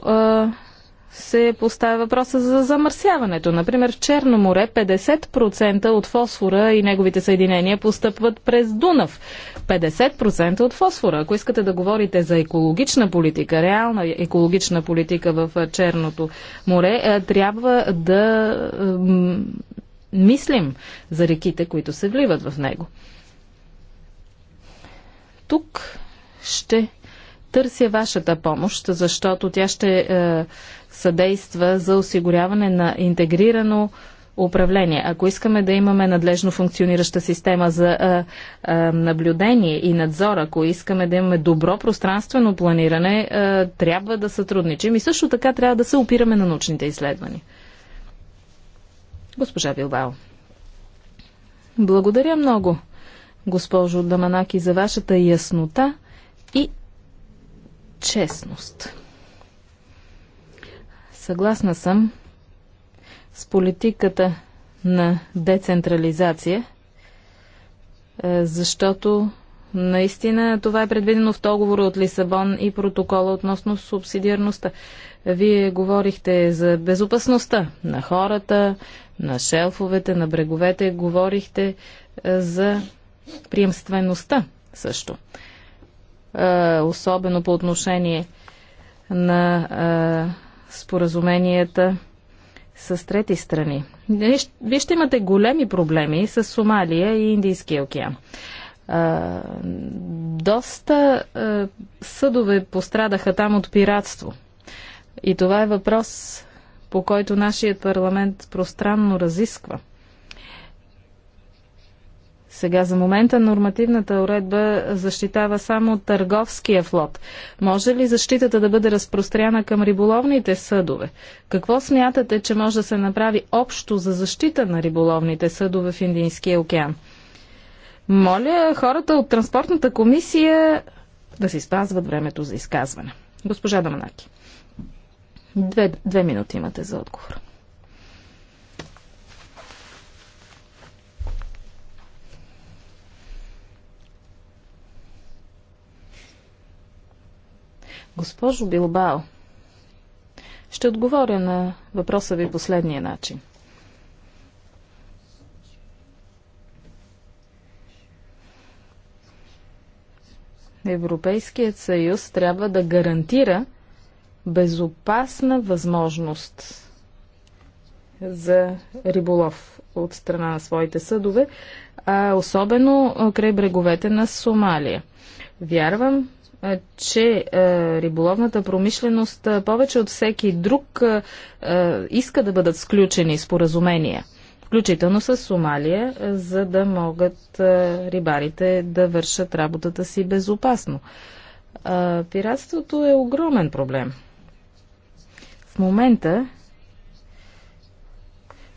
се поставя въпроса за замърсяването. Например, в Черно море 50% от фосфора и неговите съединения постъпват през Дунав. 50% от фосфора. Ако искате да говорите за екологична политика, реална екологична политика в Черното море, трябва да мислим за реките, които се вливат в него. Тук ще търся вашата помощ, защото тя ще е, съдейства за осигуряване на интегрирано управление. Ако искаме да имаме надлежно функционираща система за а, а, наблюдение и надзор, ако искаме да имаме добро пространствено планиране, а, трябва да сътрудничим и също така трябва да се опираме на научните изследвания. Госпожа Билбао. Благодаря много, госпожо Даманаки, за вашата яснота и честност. Съгласна съм с политиката на децентрализация, е, защото наистина това е предвидено в договора от Лисабон и протокола относно субсидиарността. Вие говорихте за безопасността на хората, на шелфовете, на бреговете, говорихте е, за приемствеността също. Е, особено по отношение на споразуменията с трети страни. Вие ще имате големи проблеми с Сомалия и Индийския океан. А, доста а, съдове пострадаха там от пиратство. И това е въпрос, по който нашият парламент пространно разисква – сега за момента нормативната уредба защитава само търговския флот. Може ли защитата да бъде разпростряна към риболовните съдове? Какво смятате, че може да се направи общо за защита на риболовните съдове в Индийския океан? Моля хората от Транспортната комисия да си спазват времето за изказване. Госпожа Даманаки, две, две минути имате за отговор. Госпожо Билбао, ще отговоря на въпроса ви последния начин. Европейският съюз трябва да гарантира безопасна възможност за риболов от страна на своите съдове, а особено край бреговете на Сомалия. Вярвам, че риболовната промишленост повече от всеки друг иска да бъдат сключени споразумения, включително с Сомалия, за да могат рибарите да вършат работата си безопасно. Пиратството е огромен проблем. В момента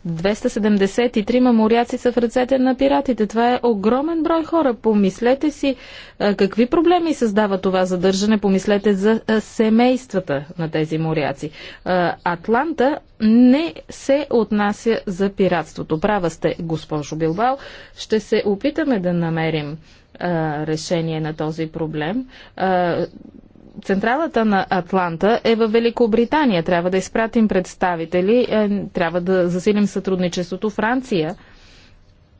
273 моряци са в ръцете на пиратите. Това е огромен брой хора. Помислете си какви проблеми създава това задържане. Помислете за семействата на тези моряци. Атланта не се отнася за пиратството. Права сте, госпожо Билбао. Ще се опитаме да намерим решение на този проблем. Централата на Атланта е в Великобритания. Трябва да изпратим представители, е, трябва да засилим сътрудничеството. Франция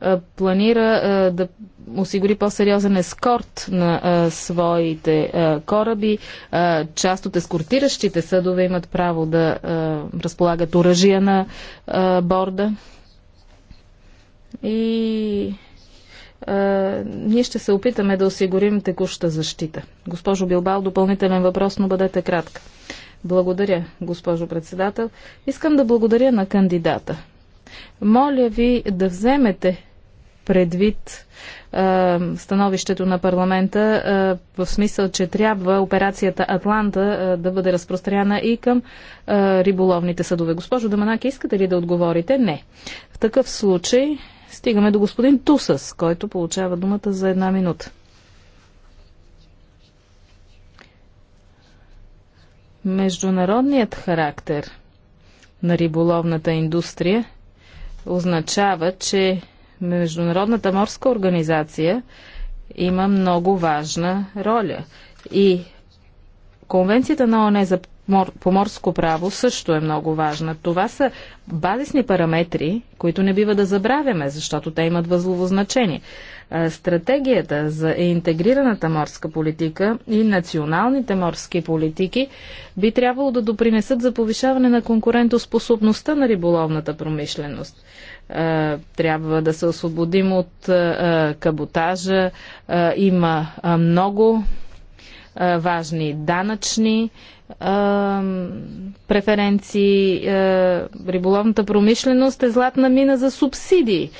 е, планира е, да осигури по-сериозен ескорт на своите кораби. Част от ескортиращите съдове имат право да разполагат оръжия на борда. И ние ще се опитаме да осигурим текуща защита. Госпожо Билбал, допълнителен въпрос, но бъдете кратка. Благодаря, госпожо председател. Искам да благодаря на кандидата. Моля ви да вземете предвид е, становището на парламента е, в смисъл, че трябва операцията Атланта е, да бъде разпространена и към риболовните съдове. Госпожо Даманаки, искате ли да отговорите? Не. В такъв случай Стигаме до господин Тусас, който получава думата за една минута. Международният характер на риболовната индустрия означава, че Международната морска организация има много важна роля. И Конвенцията на ОНЕ за по морско право също е много важна. Това са базисни параметри, които не бива да забравяме, защото те имат възлово значение. Стратегията за интегрираната морска политика и националните морски политики би трябвало да допринесат за повишаване на конкурентоспособността на риболовната промишленост трябва да се освободим от каботажа. Има много важни данъчни преференции. Риболовната промишленост е златна мина за субсидии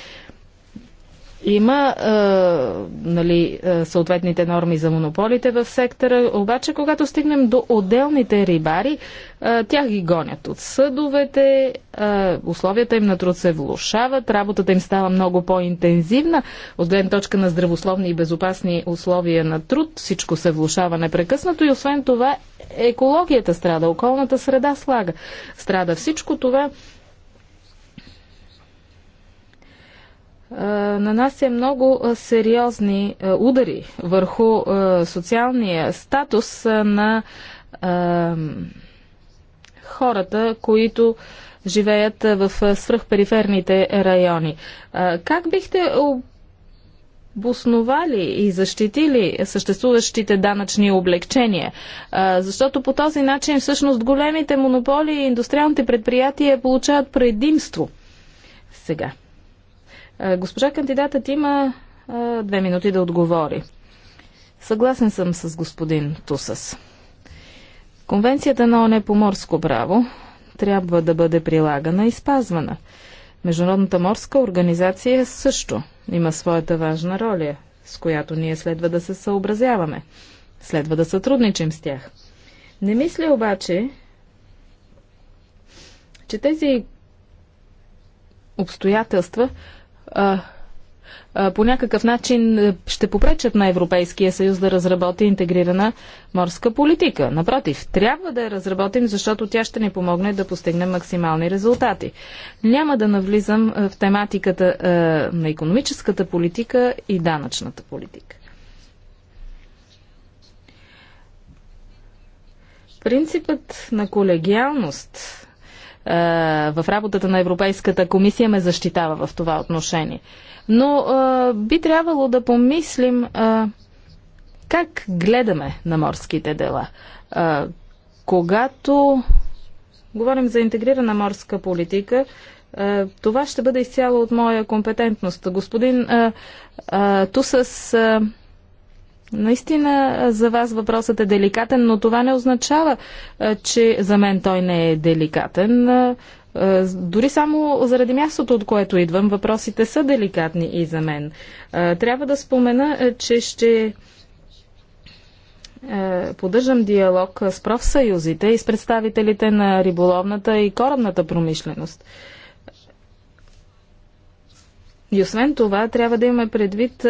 има а, нали, съответните норми за монополите в сектора, обаче когато стигнем до отделните рибари, а, тях ги гонят от съдовете, а, условията им на труд се влушават, работата им става много по-интензивна. От гледна точка на здравословни и безопасни условия на труд, всичко се влушава непрекъснато и освен това екологията страда, околната среда слага. Страда всичко това Е, нанася е много е, сериозни е, удари върху социалния статус на хората, които живеят в свръхпериферните райони. Как бихте обосновали и защитили съществуващите данъчни облегчения? Защото по този начин всъщност големите монополи и индустриалните предприятия получават предимство сега. Е, госпожа кандидатът има е, две минути да отговори. Съгласен съм с господин Тусас. Конвенцията на ОНЕ по морско право трябва да бъде прилагана и спазвана. Международната морска организация също има своята важна роля, с която ние следва да се съобразяваме. Следва да сътрудничим с тях. Не мисля обаче, че тези обстоятелства по някакъв начин е, ще попречат на Европейския съюз да разработи интегрирана морска политика. Напротив, трябва да я разработим, защото тя ще ни помогне да постигнем максимални резултати. Няма да навлизам е, в тематиката е, на економическата политика и данъчната политика. Принципът на колегиалност е, в работата на Европейската комисия ме защитава в това отношение. Но е, би трябвало да помислим е, как гледаме на морските дела. Когато говорим за интегрирана морска политика, това ще бъде изцяло от моя компетентност. Господин Тусас Наистина за вас въпросът е деликатен, но това не означава, че за мен той не е деликатен. Дори само заради мястото, от което идвам, въпросите са деликатни и за мен. Трябва да спомена, че ще поддържам диалог с профсъюзите и с представителите на риболовната и корабната промишленост. И освен това, трябва да имаме предвид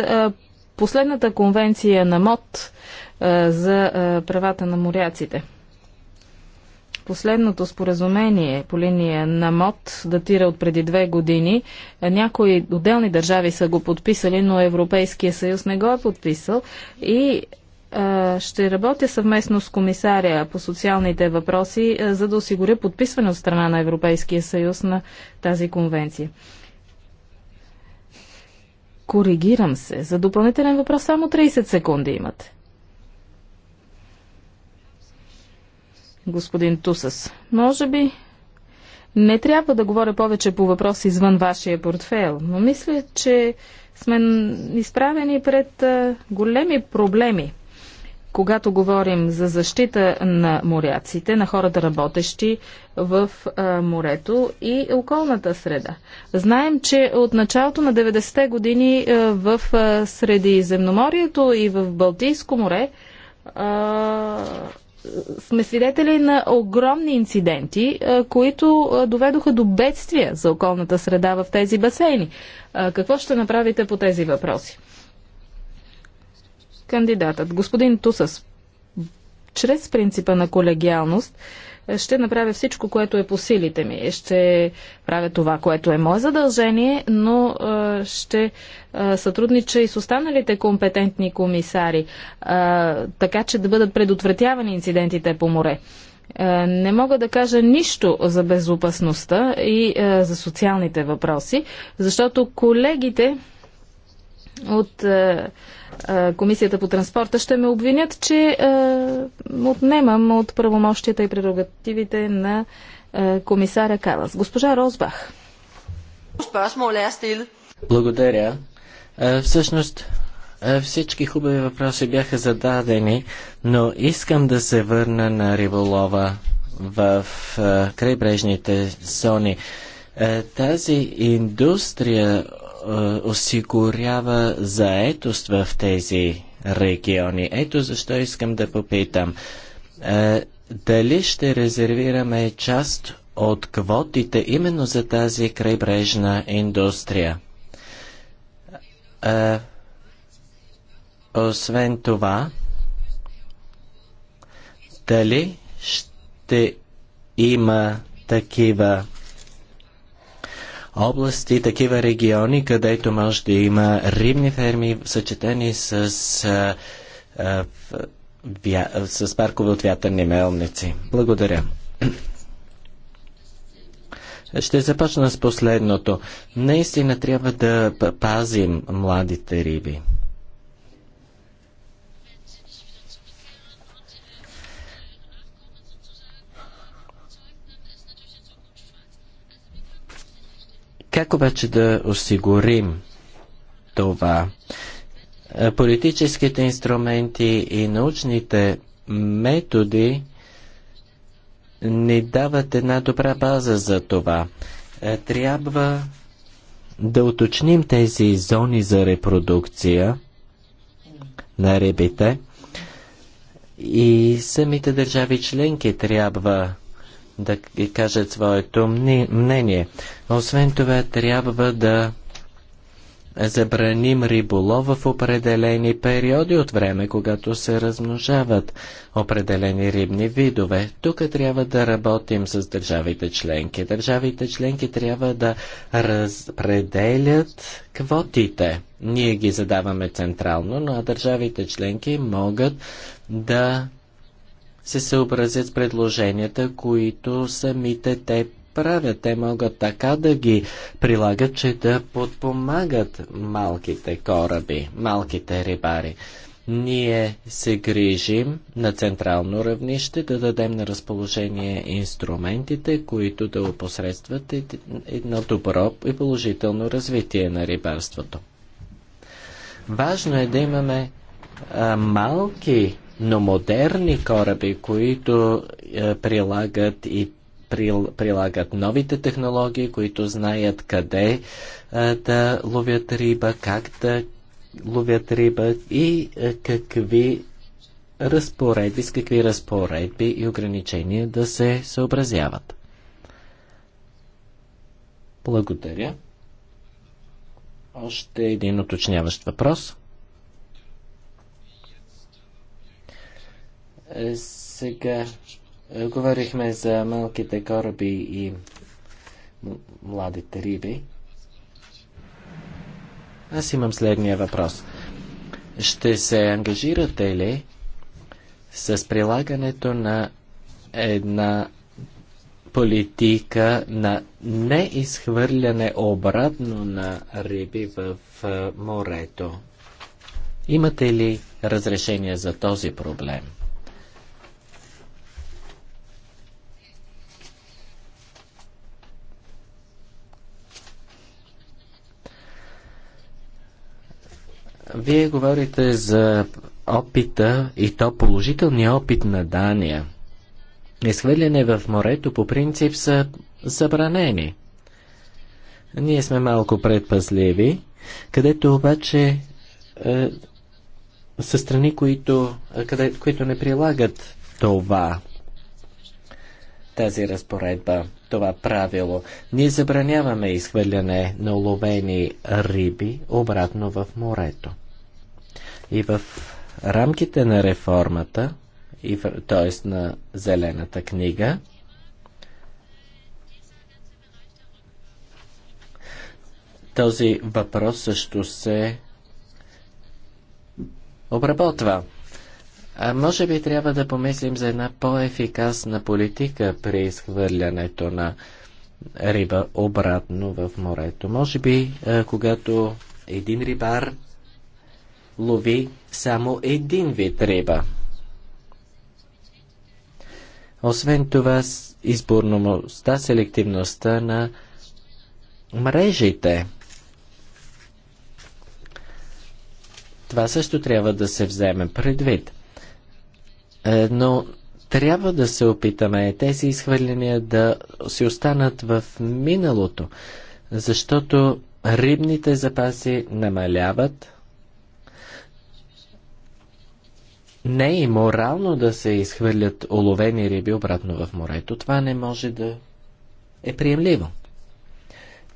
последната конвенция на МОД е, за е, правата на моряците. Последното споразумение по линия на МОД датира от преди две години. Е, някои отделни държави са го подписали, но Европейския съюз не го е подписал и ще работя съвместно с комисаря по социалните въпроси, за да осигуря подписване от страна на Европейския съюз на тази конвенция. Коригирам се. За допълнителен въпрос само 30 секунди имате. Господин Тусас, може би не трябва да говоря повече по въпроси извън вашия портфел, но мисля, че сме изправени пред големи проблеми когато говорим за защита на моряците, на хората работещи в морето и околната среда. Знаем, че от началото на 90-те години в Средиземноморието и в Балтийско море сме свидетели на огромни инциденти, които доведоха до бедствия за околната среда в тези басейни. Какво ще направите по тези въпроси? Кандидатът, господин Тусас, чрез принципа на колегиалност, е, ще направя всичко, което е по силите ми. Ще правя това, което е мое задължение, но е, ще е, сътруднича и с останалите компетентни комисари, така че да бъдат предотвратявани инцидентите по море. Не мога да кажа нищо за безопасността и за социалните въпроси, защото колегите от е, е, Комисията по транспорта ще ме обвинят, че е, отнемам от правомощията и прерогативите на комисаря Калас. Госпожа Розбах. Er Благодаря. Всъщност, всички хубави въпроси бяха зададени, но искам да се върна на риболова в крайбрежните зони. Тази индустрия е, осигурява заетост в тези региони. Ето защо искам да попитам. Е, дали ще резервираме част от квотите именно за тази крайбрежна индустрия? Е, освен това, дали ще има такива области, такива региони, където може да има рибни ферми, съчетени с, а, а, вя, с паркове от вятърни мелници. Благодаря. Ще започна с последното. Наистина трябва да пазим младите риби. Как обаче да осигурим това? Е, политическите инструменти и научните методи ни дават една добра база за това. Е, трябва да уточним тези зони за репродукция на рибите и самите държави членки трябва да кажат своето мнение. Освен това, трябва да забраним риболов в определени периоди от време, когато се размножават определени рибни видове. Тук трябва да работим с държавите членки. Държавите членки трябва да разпределят квотите. Ние ги задаваме централно, но а държавите членки могат да се съобразят с предложенията, които самите те правят. Те могат така да ги прилагат, че да подпомагат малките кораби, малките рибари. Ние се грижим на централно равнище да дадем на разположение инструментите, които да опосредстват едно добро и положително развитие на рибарството. Важно е да имаме а, малки но модерни кораби, които е, прилагат и прил, прилагат новите технологии, които знаят къде е, да ловят риба, как да ловят риба и е, какви разпоредби, с какви разпоредби и ограничения да се съобразяват. Благодаря. Още един уточняващ въпрос. Е, сега е, говорихме за малките кораби и младите риби. Аз имам следния въпрос. Ще се ангажирате ли с прилагането на една политика на неизхвърляне обратно на риби в е, морето? Имате ли разрешение за този проблем? Вие говорите за опита и то положителния опит на Дания. Изхвърляне в морето по принцип са забранени. Ние сме малко предпазливи, където обаче е, са страни, които, къде, които не прилагат това тази разпоредба, това правило. Ние забраняваме изхвърляне на уловени риби обратно в морето. И в рамките на реформата, т.е. на Зелената книга, този въпрос също се обработва. А може би трябва да помислим за една по-ефикасна политика при изхвърлянето на риба обратно в морето. Може би, когато един рибар лови само един вид риба. Освен това, изборността, селективността на мрежите. Това също трябва да се вземе предвид. Е, но трябва да се опитаме тези изхвърления да си останат в миналото, защото рибните запаси намаляват. Не е морално да се изхвърлят оловени риби обратно в морето. Това не може да е приемливо.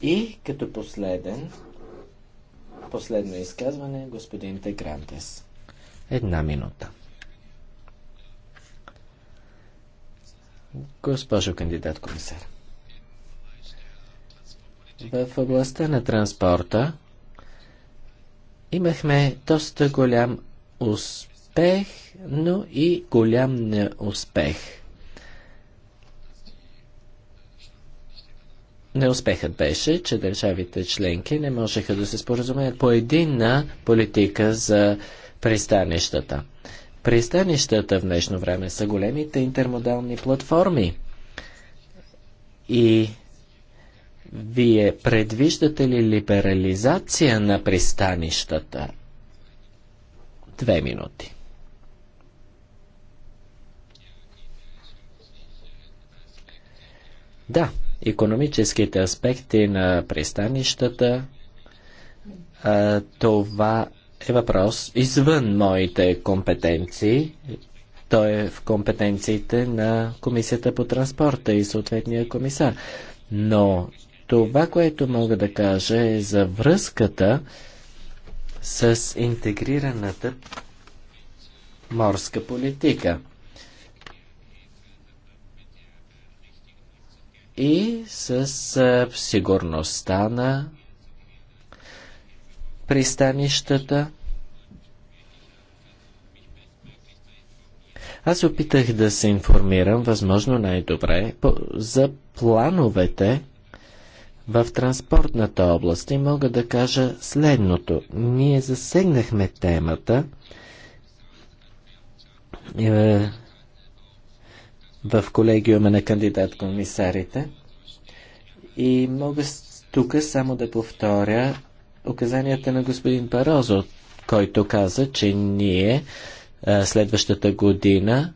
И като последен, последно изказване, господин Тегрантес. Една минута. Госпожо кандидат комисар, в областта на транспорта имахме доста голям успех, но и голям неуспех. Неуспехът беше, че държавите членки не можеха да се споразумеят по единна политика за пристанищата. Пристанищата в днешно време са големите интермодални платформи. И вие предвиждате ли либерализация на пристанищата? Две минути. Да, економическите аспекти на пристанищата, това е въпрос извън моите компетенции. Той е в компетенциите на Комисията по транспорта и съответния комисар. Но това, което мога да кажа е за връзката с интегрираната морска политика. И с сигурността на пристанищата. Аз опитах да се информирам, възможно най-добре, за плановете в транспортната област и мога да кажа следното. Ние засегнахме темата е, в колегиума на кандидат-комисарите и мога тук само да повторя указанията на господин Парозо, който каза, че ние е, следващата година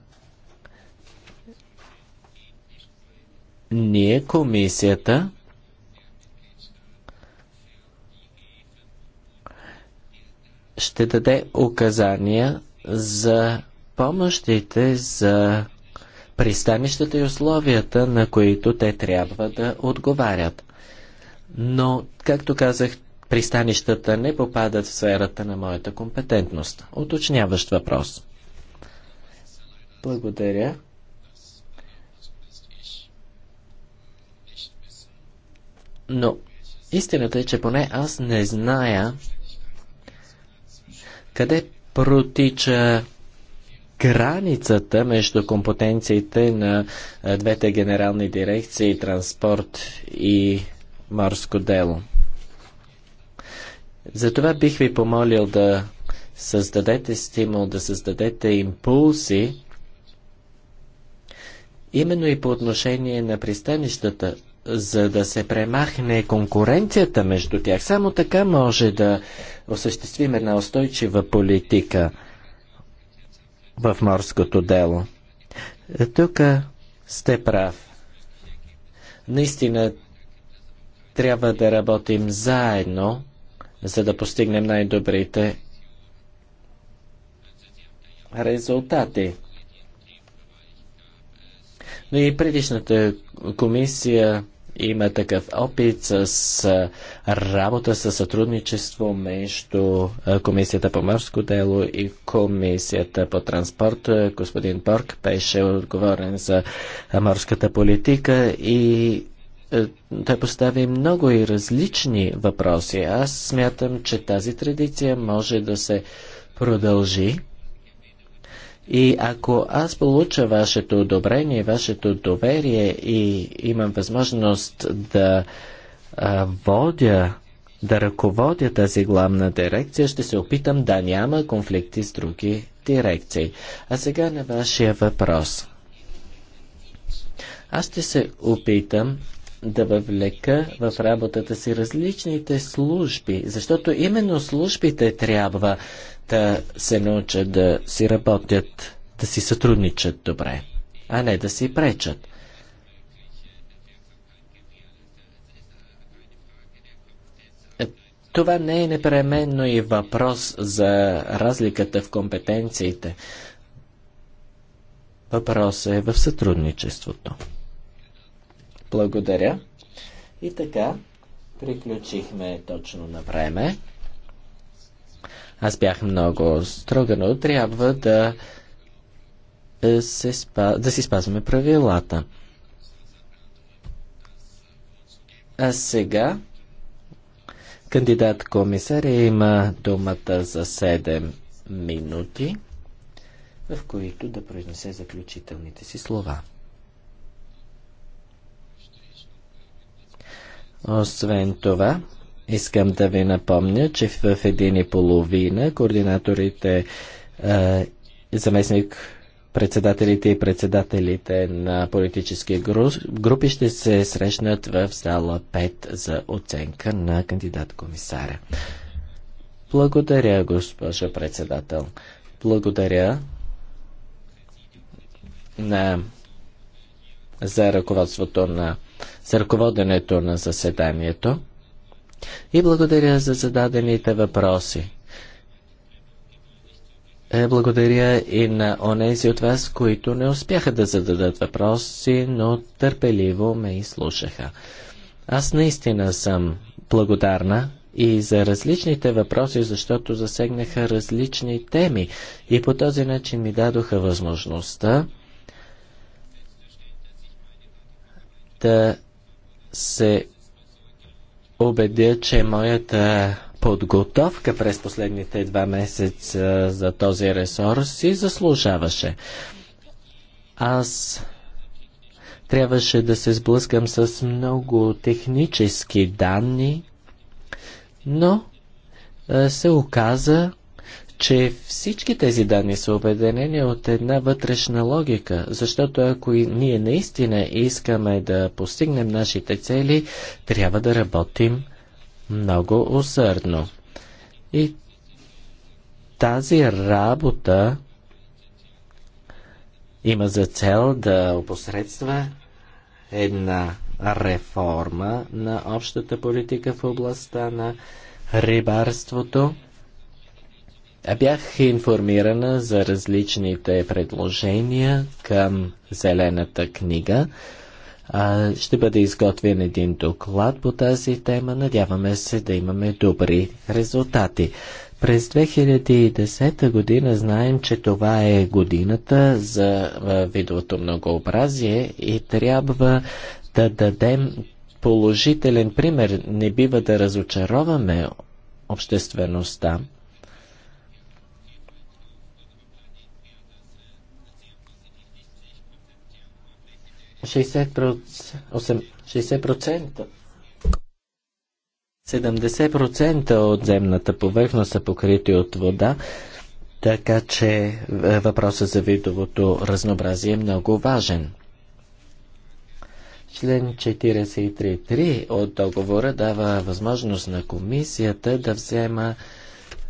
ние комисията ще даде указания за помощите за пристанищата и условията, на които те трябва да отговарят. Но, както казах, пристанищата не попадат в сферата на моята компетентност. Уточняващ въпрос. Благодаря. Но истината е, че поне аз не зная къде протича границата между компетенциите на двете генерални дирекции транспорт и морско дело. Затова бих ви помолил да създадете стимул, да създадете импулси, именно и по отношение на пристанищата, за да се премахне конкуренцията между тях. Само така може да осъществим една устойчива политика в морското дело. Тук сте прав. Наистина трябва да работим заедно за да постигнем най-добрите резултати. Но и предишната комисия има такъв опит с работа, с сътрудничество между Комисията по морско дело и Комисията по транспорт. Господин Борг беше отговорен за морската политика и е, той постави много и различни въпроси. Аз смятам, че тази традиция може да се продължи. И ако аз получа вашето одобрение, вашето доверие и имам възможност да а, водя, да ръководя тази главна дирекция, ще се опитам да няма конфликти с други дирекции. А сега на вашия въпрос. Аз ще се опитам да въвлека в работата си различните служби, защото именно службите трябва да се научат да си работят, да си сътрудничат добре, а не да си пречат. Това не е непременно и въпрос за разликата в компетенциите. Въпросът е в сътрудничеството. Благодаря. И така, приключихме точно на време. Аз бях много строга, но трябва да, е, се спа... да си спазваме правилата. А сега кандидат комисаря има думата за 7 минути, в които да произнесе заключителните си слова. Освен това, искам да ви напомня, че в един и половина координаторите, е, заместник председателите и председателите на политически групи ще се срещнат в зала 5 за оценка на кандидат-комисаря. Благодаря, госпожо председател. Благодаря на, за ръководството на за ръководенето на заседанието и благодаря за зададените въпроси. Е, благодаря и на онези от вас, които не успяха да зададат въпроси, но търпеливо ме изслушаха. Аз наистина съм благодарна и за различните въпроси, защото засегнаха различни теми и по този начин ми дадоха възможността да се убедя, че моята подготовка през последните два месеца за този ресурс си заслужаваше. Аз трябваше да се сблъскам с много технически данни, но се оказа, че всички тези данни са обединени от една вътрешна логика, защото ако и ние наистина искаме да постигнем нашите цели, трябва да работим много усърдно. И тази работа има за цел да опосредства една реформа на общата политика в областта на рибарството е, бях информирана за различните предложения към Зелената книга. Ще бъде изготвен един доклад по тази тема. Надяваме се да имаме добри резултати. През 2010 година знаем, че това е годината за видовото многообразие и трябва да дадем положителен пример. Не бива да разочароваме обществеността. 60%, 60%, 70% от земната повърхност са покрити от вода, така че е, въпросът за видовото разнообразие е много важен. Член 43.3 от договора дава възможност на комисията да взема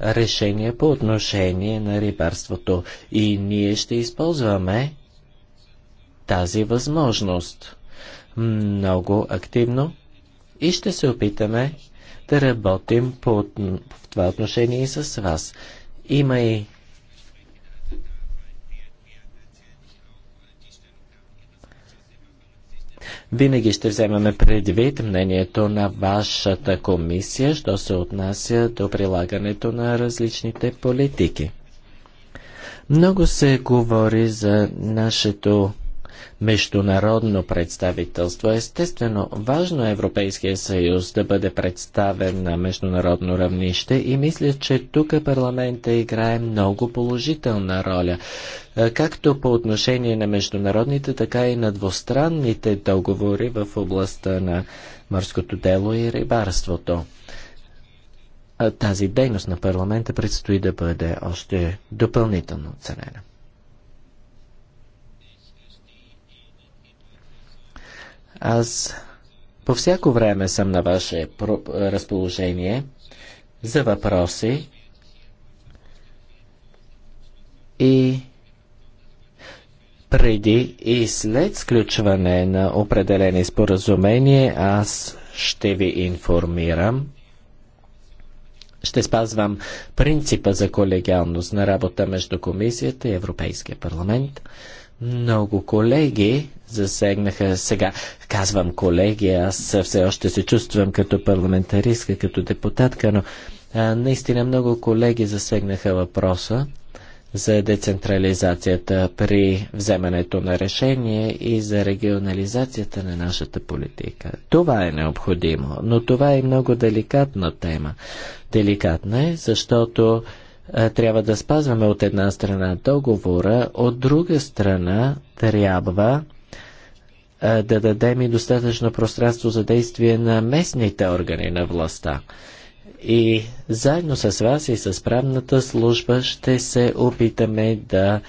решение по отношение на рибарството и ние ще използваме тази възможност много активно и ще се опитаме да работим по, в това отношение и с вас. Има и Винаги ще вземаме предвид мнението на вашата комисия, що се отнася до прилагането на различните политики. Много се говори за нашето международно представителство. Естествено, важно е Европейския съюз да бъде представен на международно равнище и мисля, че тук парламента играе много положителна роля, е, както по отношение на международните, така и на двустранните договори в областта на морското дело и рибарството. Е, тази дейност на парламента предстои да бъде още допълнително оценена. Аз по всяко време съм на ваше разположение за въпроси и преди и след сключване на определени споразумения аз ще ви информирам. Ще спазвам принципа за колегиалност на работа между комисията и Европейския парламент. Много колеги засегнаха сега. Казвам колеги, аз все още се чувствам като парламентаристка, като депутатка, но а, наистина много колеги засегнаха въпроса за децентрализацията при вземането на решение и за регионализацията на нашата политика. Това е необходимо, но това е много деликатна тема. Деликатна е, защото е, трябва да спазваме от една страна договора, от друга страна трябва е, да дадем и достатъчно пространство за действие на местните органи на властта. И заедно с вас и с правната служба ще се опитаме да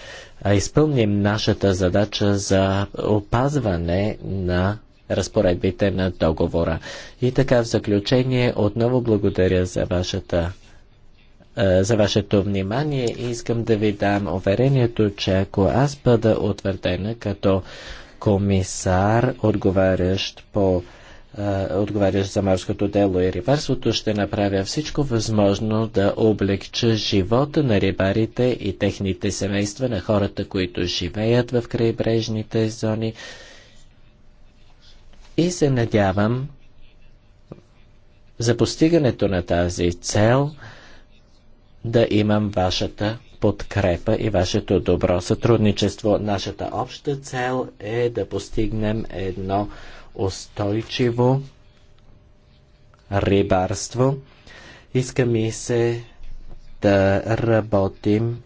е, изпълним нашата задача за опазване на разпоредбите на договора. И така в заключение отново благодаря за вашата е, за вашето внимание и искам да ви дам уверението, че ако аз бъда утвърдена като комисар, отговарящ по е, отговарящ за морското дело и рибарството, ще направя всичко възможно да облегча живота на рибарите и техните семейства, на хората, които живеят в крайбрежните зони. И се надявам за постигането на тази цел – да имам вашата подкрепа и вашето добро сътрудничество. Нашата обща цел е да постигнем едно устойчиво рибарство. Иска ми се да работим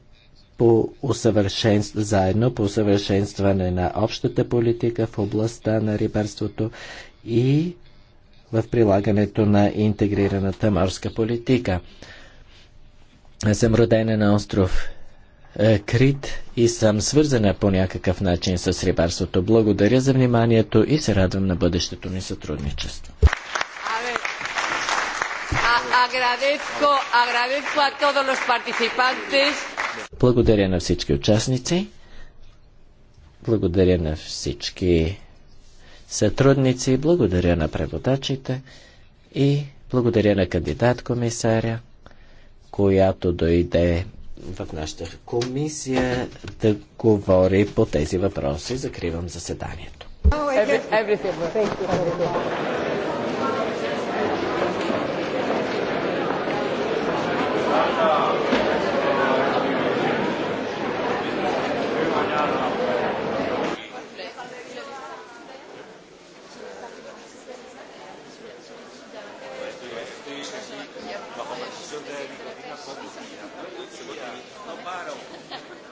по усъвършенств... заедно по усъвършенстване на общата политика в областта на рибарството и в прилагането на интегрираната морска политика. Аз съм родена на остров е, Крит и съм свързана по някакъв начин с рибарството. Благодаря за вниманието и се радвам на бъдещето ни сътрудничество. Благодаря на всички участници. Благодаря на всички сътрудници. Благодаря на преводачите. И благодаря на кандидат комисаря която дойде в нашата комисия да говори по тези въпроси. Закривам заседанието.